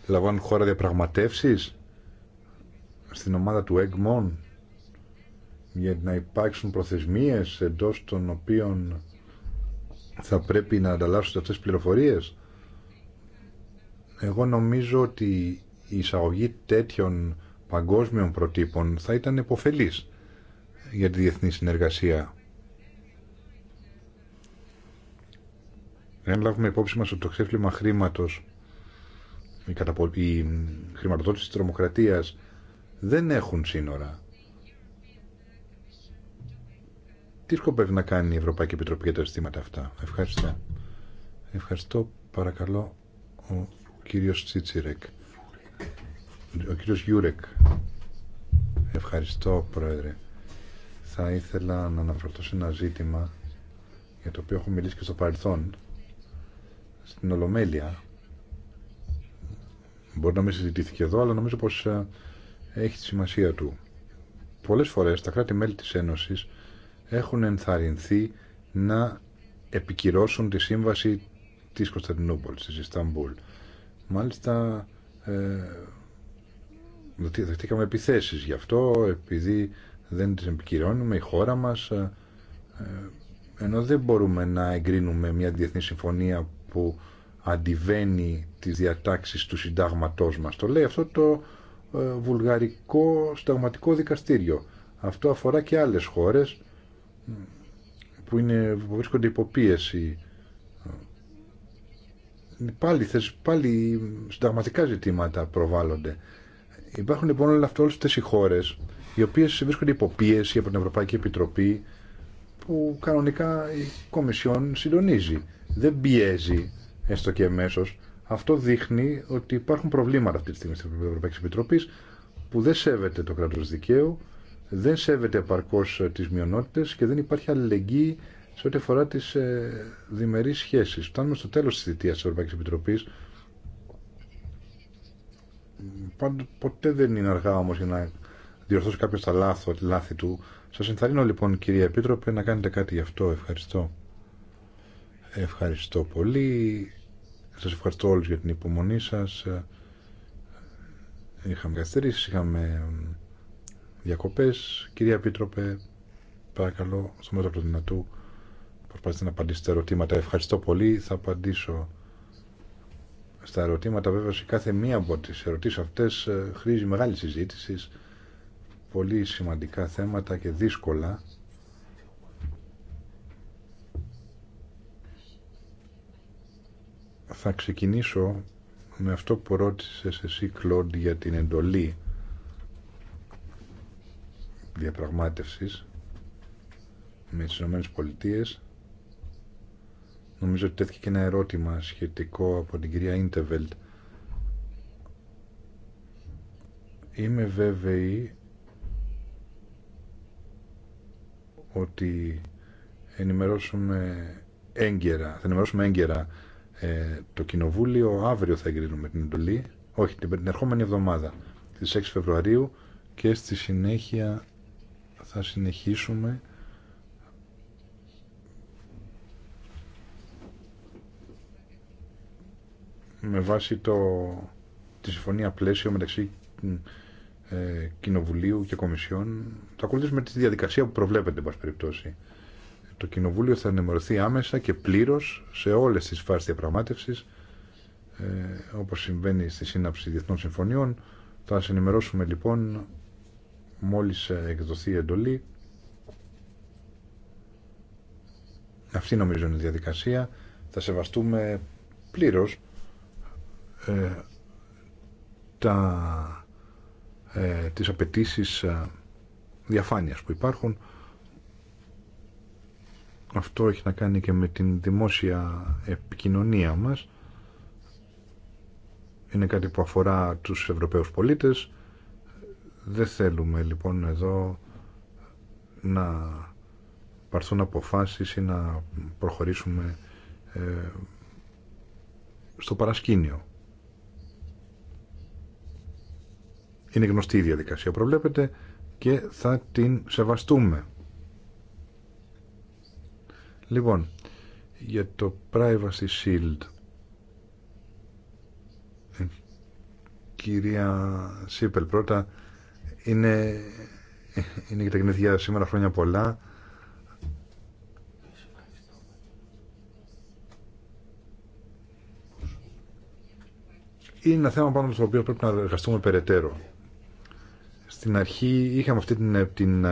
Λαμβάνουν χώρα διαπραγματεύσει στην ομάδα του ΕΓΜΟΝ για να υπάρξουν προθεσμίες εντός των οποίων θα πρέπει να ανταλλάσσονται αυτές τις πληροφορίες. Εγώ νομίζω ότι η εισαγωγή τέτοιων παγκόσμιων προτύπων θα ήταν επωφελής για τη διεθνή συνεργασία. Εάν λάβουμε υπόψη μας ότι το ξέφλυμα χρήματος, η, η χρηματοδότηση της τρομοκρατίας δεν έχουν σύνορα. Τι σκοπεύει να κάνει η Ευρωπαϊκή Επιτροπή για τα αισθήματα αυτά. Ευχαριστώ. Ευχαριστώ παρακαλώ ο κύριος Τσίτσιρεκ. Ο κύριος Γιούρεκ. Ευχαριστώ πρόεδρε θα ήθελα να αναφερθώ σε ένα ζήτημα για το οποίο έχω μιλήσει και στο παρελθόν στην Ολομέλεια μπορεί να μην συζητήθηκε εδώ αλλά νομίζω πως ε, έχει τη σημασία του πολλές φορές τα κράτη-μέλη της Ένωσης έχουν ενθαρρυνθεί να επικυρώσουν τη σύμβαση της Κωνσταντινούπολης, της Ισταμπούλ μάλιστα ε, δεχτήκαμε επιθέσεις γι' αυτό επειδή δεν τις επικυρώνουμε, η χώρα μας, ε, ε, ενώ δεν μπορούμε να εγκρίνουμε μια διεθνή συμφωνία που αντιβαίνει τις διατάξεις του συντάγματός μας. Το λέει αυτό το ε, βουλγαρικό συνταγματικό δικαστήριο. Αυτό αφορά και άλλες χώρες που, είναι, που βρίσκονται υποπίεση πάλι, θες, πάλι συνταγματικά ζητήματα προβάλλονται. Υπάρχουν λοιπόν όλες αυτές οι χώρες οι οποίε βρίσκονται υπό πίεση από την Ευρωπαϊκή Επιτροπή που κανονικά η Κομισιόν συντονίζει. Δεν πιέζει έστω και εμέσω. Αυτό δείχνει ότι υπάρχουν προβλήματα αυτή τη στιγμή στην Ευρωπαϊκή Επιτροπή που δεν σέβεται το κράτο δικαίου, δεν σέβεται επαρκώ τι μειονότητε και δεν υπάρχει αλληλεγγύη σε ό,τι αφορά τι ε, διμερεί σχέσει. Φτάνουμε στο τέλο τη θητεία τη Ευρωπαϊκή Επιτροπή. Ποτέ δεν είναι αργά όμω για να διορθώσει κάποιο τα λάθο, τη λάθη του. Σα ενθαρρύνω λοιπόν, κυρία Επίτροπε, να κάνετε κάτι γι' αυτό. Ευχαριστώ. Ευχαριστώ πολύ. Σα ευχαριστώ όλου για την υπομονή σα. Είχαμε καθυστερήσει, είχαμε διακοπέ. Κυρία Επίτροπε, παρακαλώ, στο μέτρο του δυνατού, προσπαθήστε να απαντήσετε ερωτήματα. Ευχαριστώ πολύ. Θα απαντήσω στα ερωτήματα. Βέβαια, σε κάθε μία από τι ερωτήσει αυτέ ε, χρήζει μεγάλη συζήτηση πολύ σημαντικά θέματα και δύσκολα θα ξεκινήσω με αυτό που ρώτησε εσύ Κλοντ για την εντολή διαπραγμάτευσης με τις Ηνωμένες Πολιτείες νομίζω ότι τέθηκε και ένα ερώτημα σχετικό από την κυρία Ιντεβελτ είμαι βέβαιη ότι ενημερώσουμε έγκαιρα, θα ενημερώσουμε έγκαιρα ε, το Κοινοβούλιο. Αύριο θα εγκρίνουμε την εντολή, όχι την, την ερχόμενη εβδομάδα, στις 6 Φεβρουαρίου και στη συνέχεια θα συνεχίσουμε με βάση το, τη συμφωνία πλαίσιο μεταξύ ε, Κοινοβουλίου και Κομισιόν. Θα ακολουθήσουμε τη διαδικασία που προβλέπεται, εν πάση περιπτώσει. Το Κοινοβούλιο θα ενημερωθεί άμεσα και πλήρω σε όλε τι φάσει διαπραγμάτευση, ε, όπω συμβαίνει στη σύναψη διεθνών συμφωνιών. Θα σα ενημερώσουμε λοιπόν μόλι ε, εκδοθεί η εντολή. Αυτή νομίζω είναι η διαδικασία. Θα σεβαστούμε πλήρω. ε, τα ε, τις απαιτήσει ε, διαφάνειας που υπάρχουν. Αυτό έχει να κάνει και με την δημόσια επικοινωνία μας. Είναι κάτι που αφορά τους Ευρωπαίους πολίτες. Δεν θέλουμε λοιπόν εδώ να παρθούν αποφάσεις ή να προχωρήσουμε ε, στο παρασκήνιο. Είναι γνωστή η διαδικασία που προβλέπετε και θα την σεβαστούμε. Λοιπόν, για το Privacy Shield ε, κυρία Σίπελ πρώτα είναι, είναι για τα γενέθλια σήμερα χρόνια πολλά είναι ένα θέμα πάνω στο οποίο πρέπει να εργαστούμε περαιτέρω στην αρχή είχαμε αυτή την, την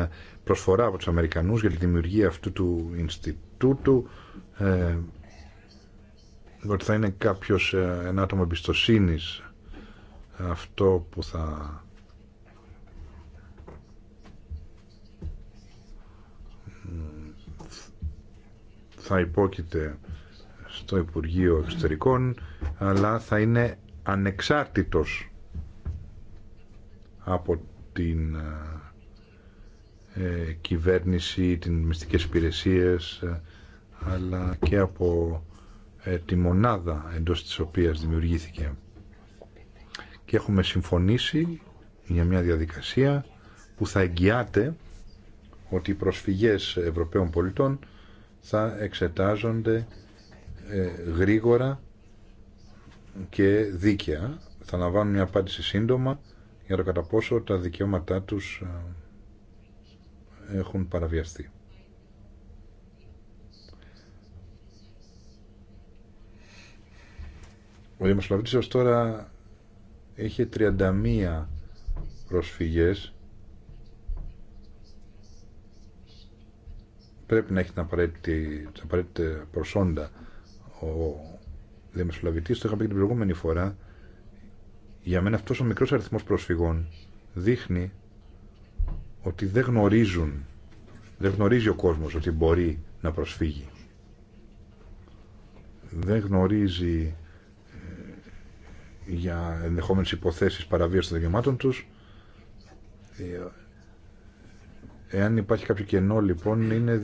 προσφορά από τους Αμερικανούς για τη δημιουργία αυτού του Ινστιτούτου ε, ότι θα είναι κάποιος ε, ένα άτομο εμπιστοσύνη αυτό που θα θα υπόκειται στο Υπουργείο Εξωτερικών αλλά θα είναι ανεξάρτητος από την ε, ε, κυβέρνηση, την μυστικές υπηρεσίες, ε, αλλά και από τη μονάδα εντός της οποίας δημιουργήθηκε. Και έχουμε συμφωνήσει για μια διαδικασία που θα εγγυάται ότι οι προσφυγές Ευρωπαίων πολιτών θα εξετάζονται γρήγορα και δίκαια. Θα λαμβάνουν μια απάντηση σύντομα για το κατά πόσο τα δικαιώματά τους ε, έχουν παραβιαστεί. Ο δημοσιογραφητής ως τώρα έχει 31 προσφυγές πρέπει να έχει την απαραίτητη, απαραίτητη προσόντα ο δημοσιολαβητής το είχα πει την προηγούμενη φορά για μένα αυτός ο μικρός αριθμός προσφυγών δείχνει ότι δεν γνωρίζουν, δεν γνωρίζει ο κόσμος ότι μπορεί να προσφύγει. Δεν γνωρίζει ε, για ενδεχόμενες υποθέσεις παραβίασης των δικαιωμάτων τους. Ε, εάν υπάρχει κάποιο κενό λοιπόν είναι,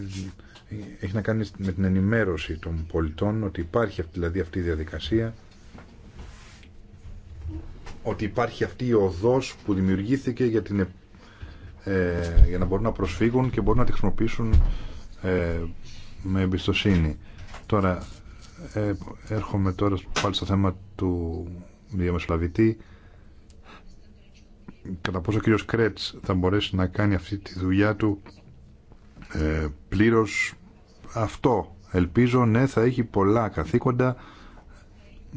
έχει να κάνει με την ενημέρωση των πολιτών ότι υπάρχει δηλαδή αυτή η διαδικασία ότι υπάρχει αυτή η οδός που δημιουργήθηκε για, την, ε, ε, για να μπορούν να προσφύγουν και μπορούν να τη χρησιμοποιήσουν ε, με εμπιστοσύνη. Τώρα, ε, έρχομαι τώρα πάλι στο θέμα του διαμεσολαβητή. Κατά πόσο ο κύριος Κρέτς θα μπορέσει να κάνει αυτή τη δουλειά του ε, πλήρως αυτό. Ελπίζω, ναι, θα έχει πολλά καθήκοντα.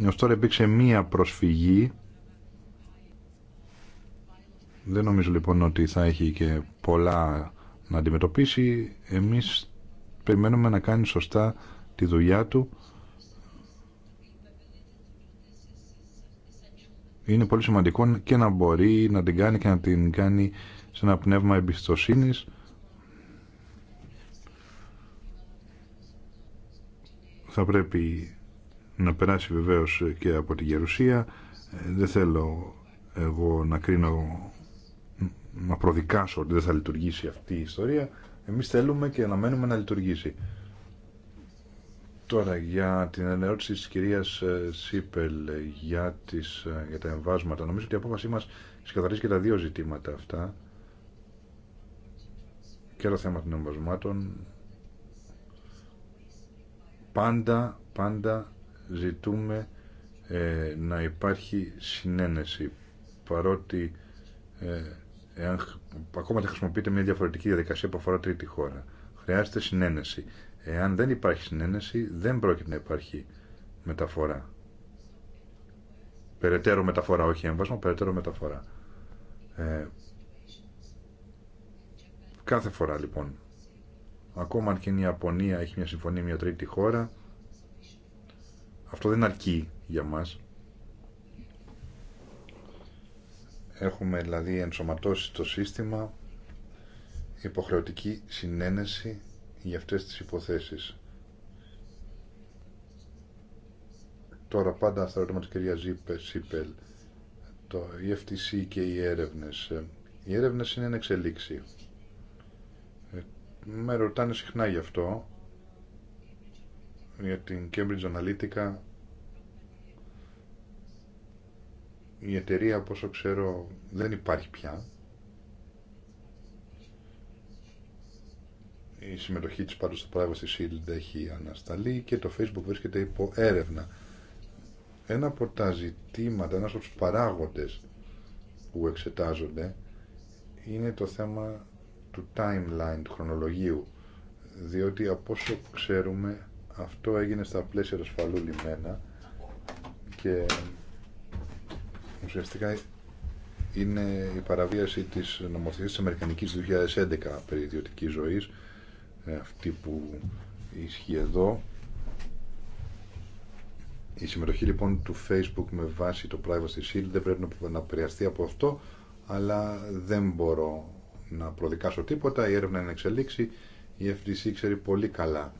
Ως τώρα υπήρξε μία προσφυγή δεν νομίζω λοιπόν ότι θα έχει και πολλά να αντιμετωπίσει. Εμείς περιμένουμε να κάνει σωστά τη δουλειά του. Είναι πολύ σημαντικό και να μπορεί να την κάνει και να την κάνει σε ένα πνεύμα εμπιστοσύνης. Θα πρέπει να περάσει βεβαίως και από τη Γερουσία. Ε, δεν θέλω εγώ να κρίνω να προδικάσω ότι δεν θα λειτουργήσει αυτή η ιστορία. Εμείς θέλουμε και αναμένουμε να λειτουργήσει. Τώρα για την ερώτηση της κυρίας ε, Σίπελ για, τις, ε, για τα εμβάσματα. Νομίζω ότι η απόφασή μας ξεκαθαρίζει και τα δύο ζητήματα αυτά. Και το θέμα των εμβασμάτων. Πάντα, πάντα ζητούμε ε, να υπάρχει συνένεση. Παρότι ε, Εάν ακόμα δεν χρησιμοποιείται μια διαφορετική διαδικασία που αφορά τρίτη χώρα. Χρειάζεται συνένεση. Εάν δεν υπάρχει συνένεση, δεν πρόκειται να υπάρχει μεταφορά. Περαιτέρω μεταφορά, όχι έμβασμα, περαιτέρω μεταφορά. Ε, κάθε φορά λοιπόν, ακόμα αν και η Ιαπωνία έχει μια συμφωνία με μια τρίτη χώρα, αυτό δεν αρκεί για μας. Έχουμε δηλαδή ενσωματώσει το σύστημα υποχρεωτική συνένεση για αυτές τις υποθέσεις. Τώρα πάντα θα ερώτημα της κυρία Σίπελ, το EFTC και οι έρευνες. Οι έρευνες είναι εν εξελίξη. Ε, με ρωτάνε συχνά γι' αυτό, για την Cambridge Analytica Η εταιρεία, από όσο ξέρω, δεν υπάρχει πια. Η συμμετοχή της πάντως στο Privacy Shield έχει ανασταλεί και το Facebook βρίσκεται υπό έρευνα. Ένα από τα ζητήματα, ένας από τους παράγοντες που εξετάζονται είναι το θέμα του timeline, του χρονολογίου. Διότι από όσο ξέρουμε αυτό έγινε στα πλαίσια του ασφαλού λιμένα και ουσιαστικά είναι η παραβίαση της νομοθεσίας της Αμερικανικής 2011 περί ιδιωτικής ζωής ε, αυτή που ισχύει εδώ η συμμετοχή λοιπόν του Facebook με βάση το Privacy Shield δεν πρέπει να επηρεαστεί από αυτό αλλά δεν μπορώ να προδικάσω τίποτα, η έρευνα είναι εξελίξη η FTC ξέρει πολύ καλά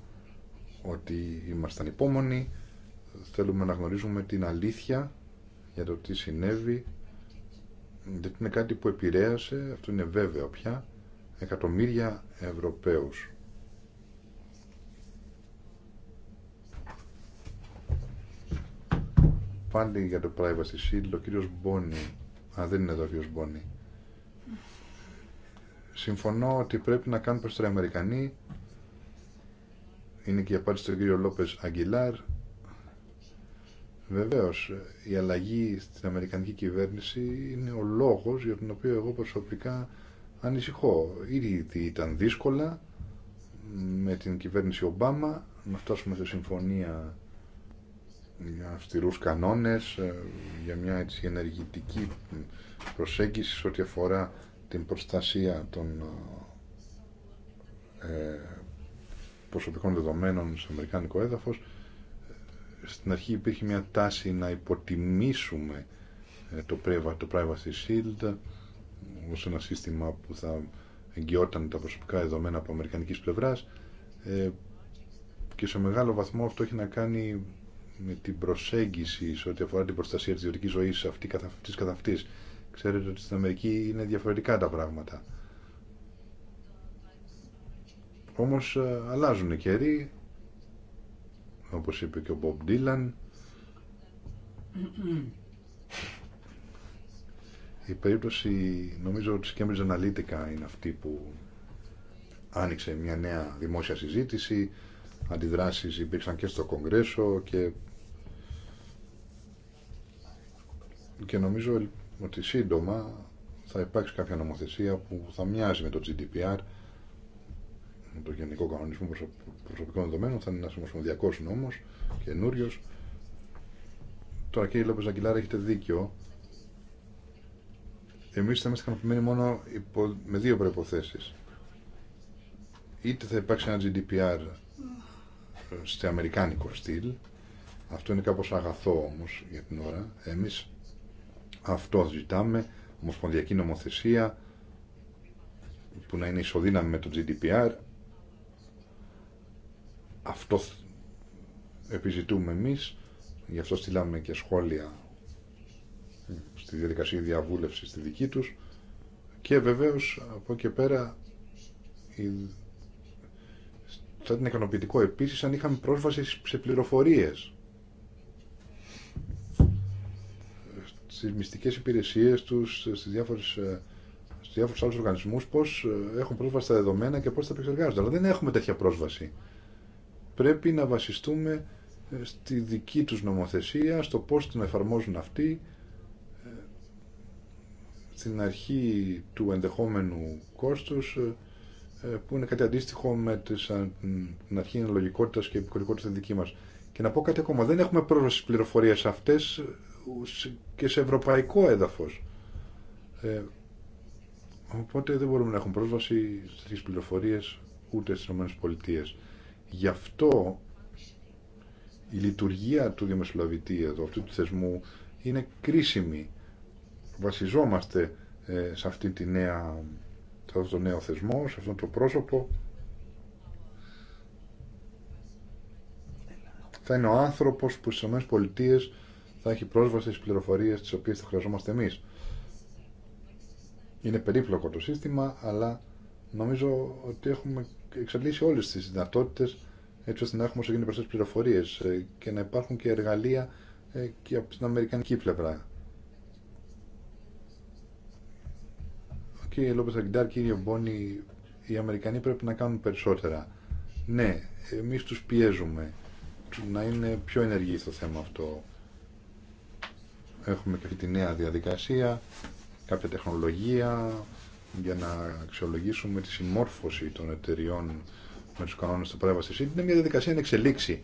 ότι ήμασταν υπόμονοι θέλουμε να γνωρίζουμε την αλήθεια για το τι συνέβη γιατί είναι κάτι που επηρέασε, αυτό είναι βέβαιο πια, εκατομμύρια Ευρωπαίους. Πάλι για το Privacy Shield, ο κύριος Μπόνι, α δεν είναι εδώ ο κύριος Μπόνι, συμφωνώ ότι πρέπει να κάνουν προς τα Αμερικανοί, είναι και η απάντηση του κύριο Λόπες Αγγιλάρ, Βεβαίως, η αλλαγή στην Αμερικανική κυβέρνηση είναι ο λόγος για τον οποίο εγώ προσωπικά ανησυχώ. Ήδη ήταν δύσκολα με την κυβέρνηση Ομπάμα να φτάσουμε σε συμφωνία για αυστηρούς κανόνες, ε, για μια έτσι ενεργητική προσέγγιση σε ό,τι αφορά την προστασία των ε, ε προσωπικών δεδομένων στο αμερικάνικο έδαφος στην αρχή υπήρχε μια τάση να υποτιμήσουμε ε, το Privacy Shield ως ένα σύστημα που θα εγγυόταν τα προσωπικά δεδομένα από αμερικανικής πλευράς ε, και σε μεγάλο βαθμό αυτό έχει να κάνει με την προσέγγιση σε ό,τι αφορά την προστασία της ιδιωτικής ζωής αυτή καθ' αυτής καθ' αυτής. Ξέρετε ότι στην Αμερική είναι διαφορετικά τα πράγματα. Όμως ε, αλλάζουν οι καιροί, όπως είπε και ο Μπομπ Ντίλαν η περίπτωση νομίζω της Cambridge Analytica είναι αυτή που άνοιξε μια νέα δημόσια συζήτηση αντιδράσεις υπήρξαν και στο Κογκρέσο και και νομίζω ότι σύντομα θα υπάρξει κάποια νομοθεσία που θα μοιάζει με το GDPR με το Γενικό Κανονισμό Προσωπικών Δεδομένων, θα είναι ένα ομοσπονδιακό νόμο καινούριο. Τώρα κύριε Λόπε Αγγιλάρα έχετε δίκιο. Εμεί θα είμαστε ικανοποιημένοι μόνο με δύο προποθέσει. Είτε θα υπάρξει ένα GDPR ε, σε αμερικάνικο στυλ, αυτό είναι κάπως αγαθό όμως για την ώρα. Εμείς αυτό ζητάμε, ομοσπονδιακή νομοθεσία που να είναι ισοδύναμη με το GDPR αυτό επιζητούμε εμείς, γι' αυτό στείλαμε και σχόλια ε, στη διαδικασία διαβούλευση στη δική τους και βεβαίως από εκεί πέρα θα ήταν ικανοποιητικό επίσης αν είχαμε πρόσβαση σε πληροφορίες στις μυστικές υπηρεσίες τους, στις διάφορες ε, στους διάφορους άλλους οργανισμού πώ ε, έχουν πρόσβαση στα δεδομένα και πώς τα επεξεργάζονται. Αλλά δεν έχουμε τέτοια πρόσβαση πρέπει να βασιστούμε ε, στη δική τους νομοθεσία, στο πώς την εφαρμόζουν αυτοί, ε, στην αρχή του ενδεχόμενου κόστους, ε, που είναι κάτι αντίστοιχο με την αρχή αναλογικότητας και επικορικότητας τη δική μας. Και να πω κάτι ακόμα, δεν έχουμε πρόσβαση στις πληροφορίες αυτές και σε ευρωπαϊκό έδαφος. οπότε δεν μπορούμε να έχουμε πρόσβαση στις πληροφορίες ούτε στις ΗΠΑ. Γι' αυτό η λειτουργία του δημοσιολαβητή εδώ, αυτού του θεσμού, είναι κρίσιμη. Βασιζόμαστε ε, σε αυτή τη νέα, σε αυτό το νέο θεσμό, σε αυτό το πρόσωπο. Θα είναι ο άνθρωπος που στις πολιτείες θα έχει πρόσβαση στις πληροφορίες τις οποίες θα χρειαζόμαστε εμείς. Είναι περίπλοκο το σύστημα, αλλά νομίζω ότι έχουμε εξαντλήσει όλε τι δυνατότητε έτσι ώστε να έχουμε όσο γίνεται περισσότερε πληροφορίε ε, και να υπάρχουν και εργαλεία ε, και από την Αμερικανική πλευρά. Ο κ. Λόπε Αγκιντάρ, κ. Μπόνι, οι Αμερικανοί πρέπει να κάνουν περισσότερα. Ναι, εμεί του πιέζουμε να είναι πιο ενεργοί στο θέμα αυτό. Έχουμε και αυτή τη νέα διαδικασία, κάποια τεχνολογία, για να αξιολογήσουμε τη συμμόρφωση των εταιριών με τους κανόνες του Privacy δεν είναι μια διαδικασία να εξελίξη.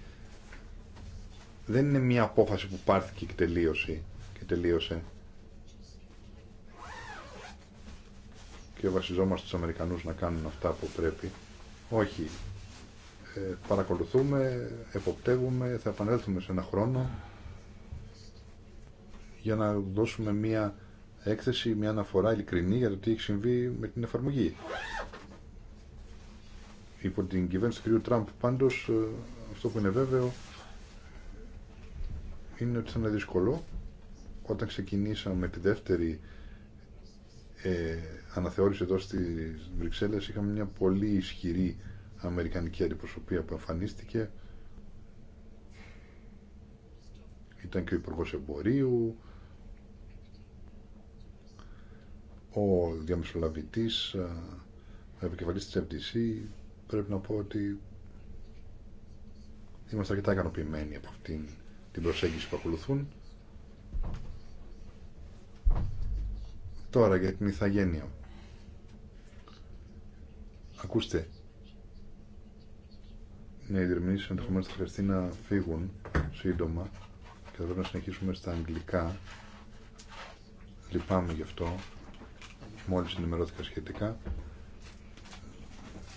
Δεν είναι μια απόφαση που πάρθηκε και τελείωσε. Και, τελείωσε. και βασιζόμαστε στους Αμερικανούς να κάνουν αυτά που πρέπει. Όχι. Ε, παρακολουθούμε, εποπτεύουμε, θα επανέλθουμε σε ένα χρόνο για να δώσουμε μια έκθεση, μια αναφορά ειλικρινή για το τι έχει συμβεί με την εφαρμογή. Υπό την κυβέρνηση του κ. Τραμπ πάντως ε, αυτό που είναι βέβαιο είναι ότι θα είναι δύσκολο. Όταν ξεκινήσαμε τη δεύτερη ε, αναθεώρηση εδώ στις Βρυξέλλες είχαμε μια πολύ ισχυρή αμερικανική αντιπροσωπεία που εμφανίστηκε. Ήταν και ο Υπουργό Εμπορίου, ο διαμεσολαβητής, ε, ο επικεφαλής της FDC, πρέπει να πω ότι είμαστε αρκετά ικανοποιημένοι από αυτήν την προσέγγιση που ακολουθούν. Τώρα για την ηθαγένεια. Ακούστε, ναι, οι διερμηνήσεις ενδεχομένω θα χρειαστεί να φύγουν σύντομα και θα πρέπει να συνεχίσουμε στα αγγλικά. Λυπάμαι γι' αυτό μόλις ενημερώθηκα σχετικά.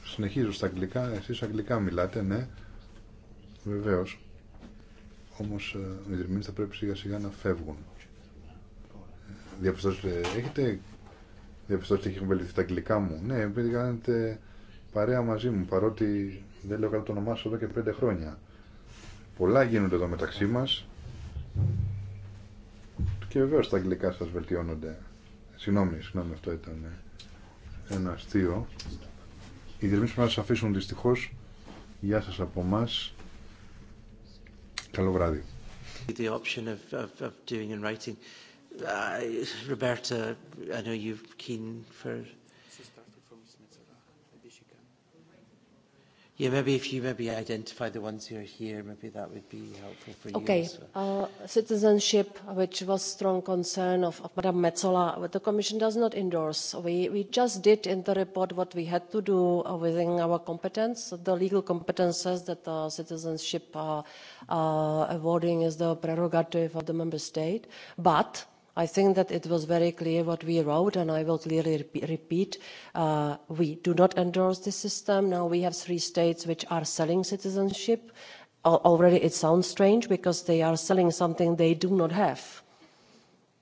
Συνεχίζω στα αγγλικά, εσείς αγγλικά μιλάτε, ναι, βεβαίως. Όμως ε, οι δημιουργοί θα πρέπει σιγά σιγά να φεύγουν. Διαπιστώσετε, έχετε διαπιστώσει ότι έχουν βελτιθεί τα αγγλικά μου. Ναι, επειδή κάνετε παρέα μαζί μου, παρότι δεν λέω καλά το όνομά σου εδώ και πέντε χρόνια. Πολλά γίνονται εδώ μεταξύ μας και βεβαίως τα αγγλικά σας βελτιώνονται. Συγγνώμη, συγγνώμη, αυτό ήταν ε, ένα αστείο. Οι διερμήσεις σας αφήσουν δυστυχώς. Γεια σας από εμάς. Καλό βράδυ. The option of, of, of doing and writing. Uh, Roberta, I know you're keen for Yeah, maybe if you maybe identify the ones who are here, maybe that would be helpful for you. Okay, uh, citizenship, which was strong concern of, of Madame Metzola, the Commission does not endorse. We, we just did in the report what we had to do within our competence. The legal competences that the citizenship uh, uh, awarding is the prerogative of the member state, but i think that it was very clear what we wrote and i will clearly repeat we do not endorse this system. now we have three states which are selling citizenship. already it sounds strange because they are selling something they do not have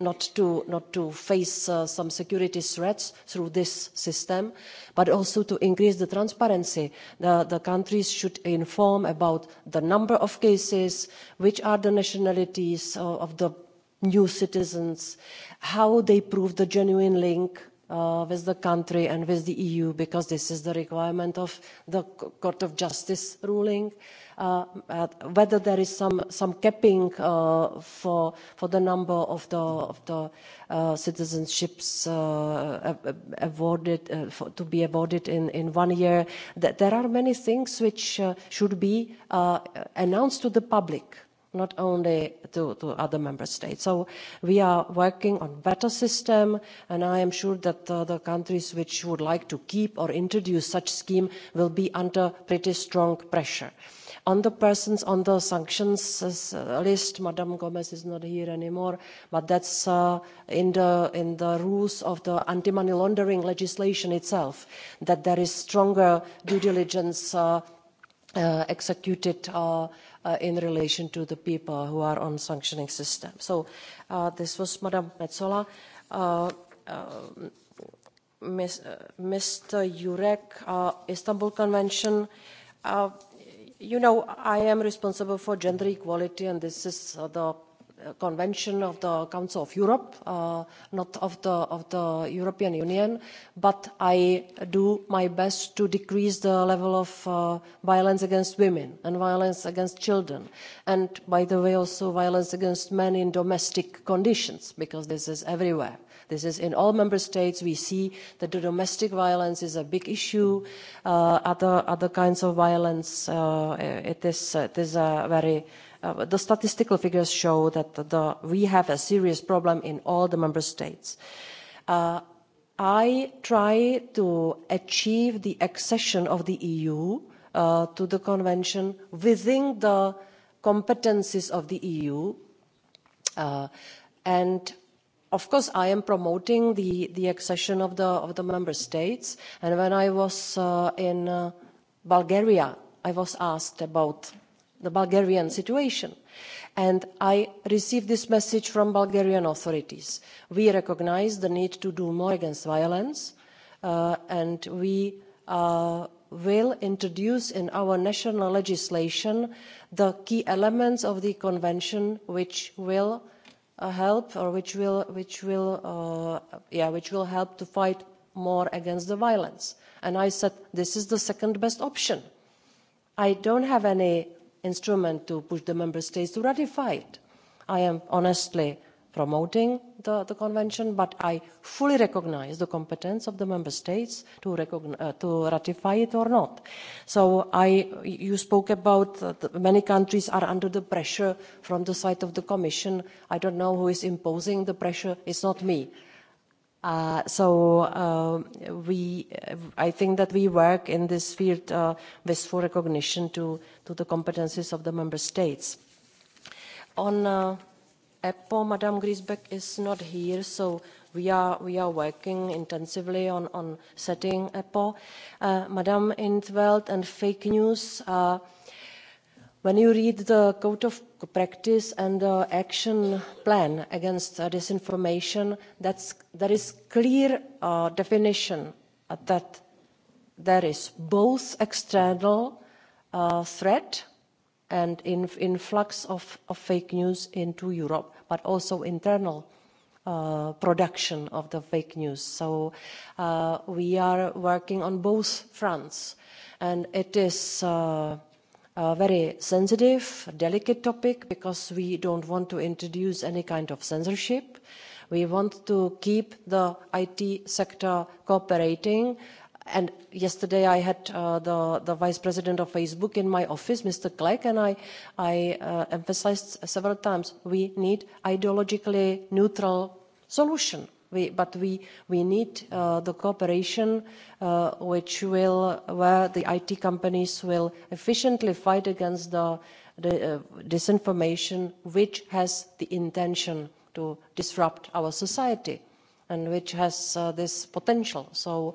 not to face some security threats through this system but also to increase the transparency. the countries should inform about the number of cases which are the nationalities of the new citizens how they prove the genuine link with the country and with the eu because this is the requirement of the court of justice ruling whether there is some capping for the number of the citizenships to be awarded in one year there are many things which should be announced to the public not only to other member states. so we are working on a better system and i am sure that the countries which would like to keep or introduce such a scheme will be under pretty strong pressure. on the persons on the sanctions list Madam Gomez is not here anymore but that's in the rules of the anti money laundering legislation itself that there is stronger due diligence executed in relation to the people who are on sanctioning system. so this was ms uh mr jurek istanbul convention you know i am responsible for gender equality and this is the convention of the council of europe not of the european union but i do my best to decrease the level of violence against women and violence against children and by the way also violence against men in domestic conditions because this is everywhere. this is in all member states we see that domestic violence is a big issue other kinds of violence it is a very the statistical figures show that we have a serious problem in all the member states. i try to achieve the accession of the eu to the convention within the competences of the eu and of course i am promoting the accession of the member states and when i was in bulgaria i was asked about the bulgarian situation and i received this message from bulgarian authorities we recognise the need to do more against violence and we will introduce in our national legislation the key elements of the convention which will help to fight more against the violence and i said this is the second best option. i don't have any instrument to push the member states to ratify it. i am honestly promoting the convention but i fully recognise the competence of the member states to ratify it or not. you spoke about many countries are under the pressure from the side of the commission. i don't know who is imposing the pressure it's not me. So we I think that we work in this field with full recognition to the competences of the Member States. On EPPO, Madam Griesbeck is not here, so we are working intensively on setting EPPO. Madam Intveld and fake news when you read the Code of practice and the action plan against disinformation there is clear definition that there is both external threat and influx of fake news into europe but also internal production of the fake news. so we are working on both fronts and it is a very sensitive delicate topic because we don't want to introduce any kind of censorship. we want to keep the it sector cooperating and yesterday i had the vice president of facebook in my office mr clegg and i emphasised several times we need an ideologically neutral solution but we need the cooperation which will where the it companies will efficiently fight against the disinformation which has the intention to disrupt our society and which has this potential. so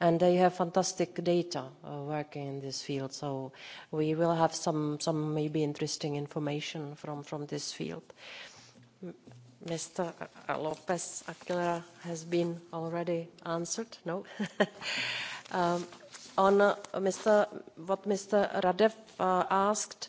and they have fantastic data working in this field so we will have some some maybe interesting information from from this field mr lopez aguilar has been already answered no on mr what mr radev asked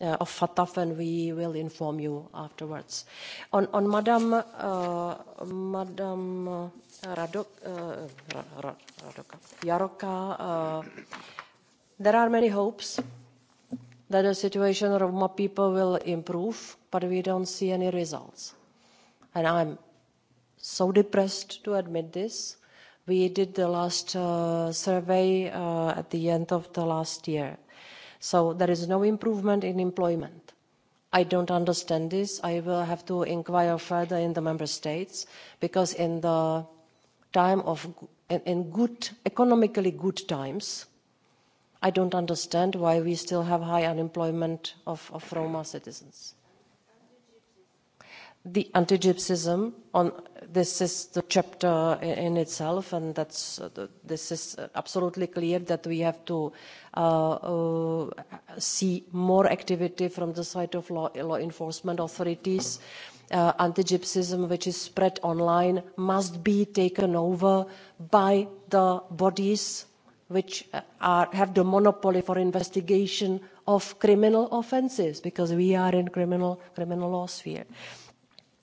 of fatf and we will inform you afterwards. on madam jrka there are many hopes that the situation of roma people will improve but we don't see any results and i'm so depressed to admit this. we did the last survey at the end of the last year so there is no improvement in employment. i don't understand this. i will have to inquire further in the member states because in the time of in good economically good times i don't understand why we still have high unemployment of roma citizens the anti gypsyism on this is the chapter in itself and that's this is absolutely clear that we have to see more activity from the side of law enforcement authorities. anti gypsyism which is spread online must be taken over by the bodies which have the monopoly for investigation of criminal offences because we are in criminal criminal law sphere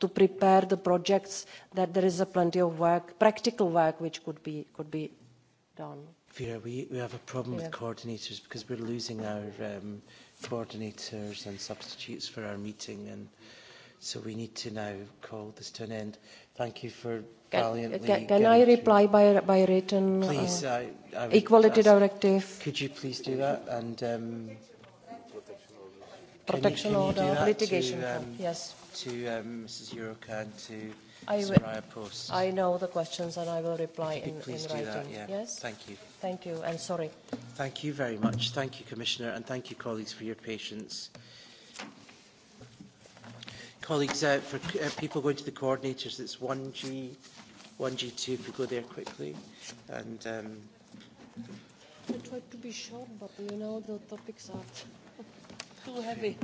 to prepare the projects that there is plenty of work practical work which could be could be done. Vera, we, we have a problem with coordinators because we're losing our um, coordinators and substitutes for our meeting and so we need to now call this to an end. Thank you for valiantly Can, I reply by, by written? Please. I, Equality Directive. Could you please do that? And um, Protection Order. Protection Order. Litigation. yes to um, Mrs. Yuruka to I Post. I know the questions and I will reply in, in writing. That, Yes? Thank you. Thank you and sorry. Thank you very much. Thank you, Commissioner, and thank you, colleagues, for your patience. Colleagues, uh, for people going to the coordinators, it's 1G, 1G2, if we go there quickly. And... Um, I tried to be short, but you know the topics are too heavy.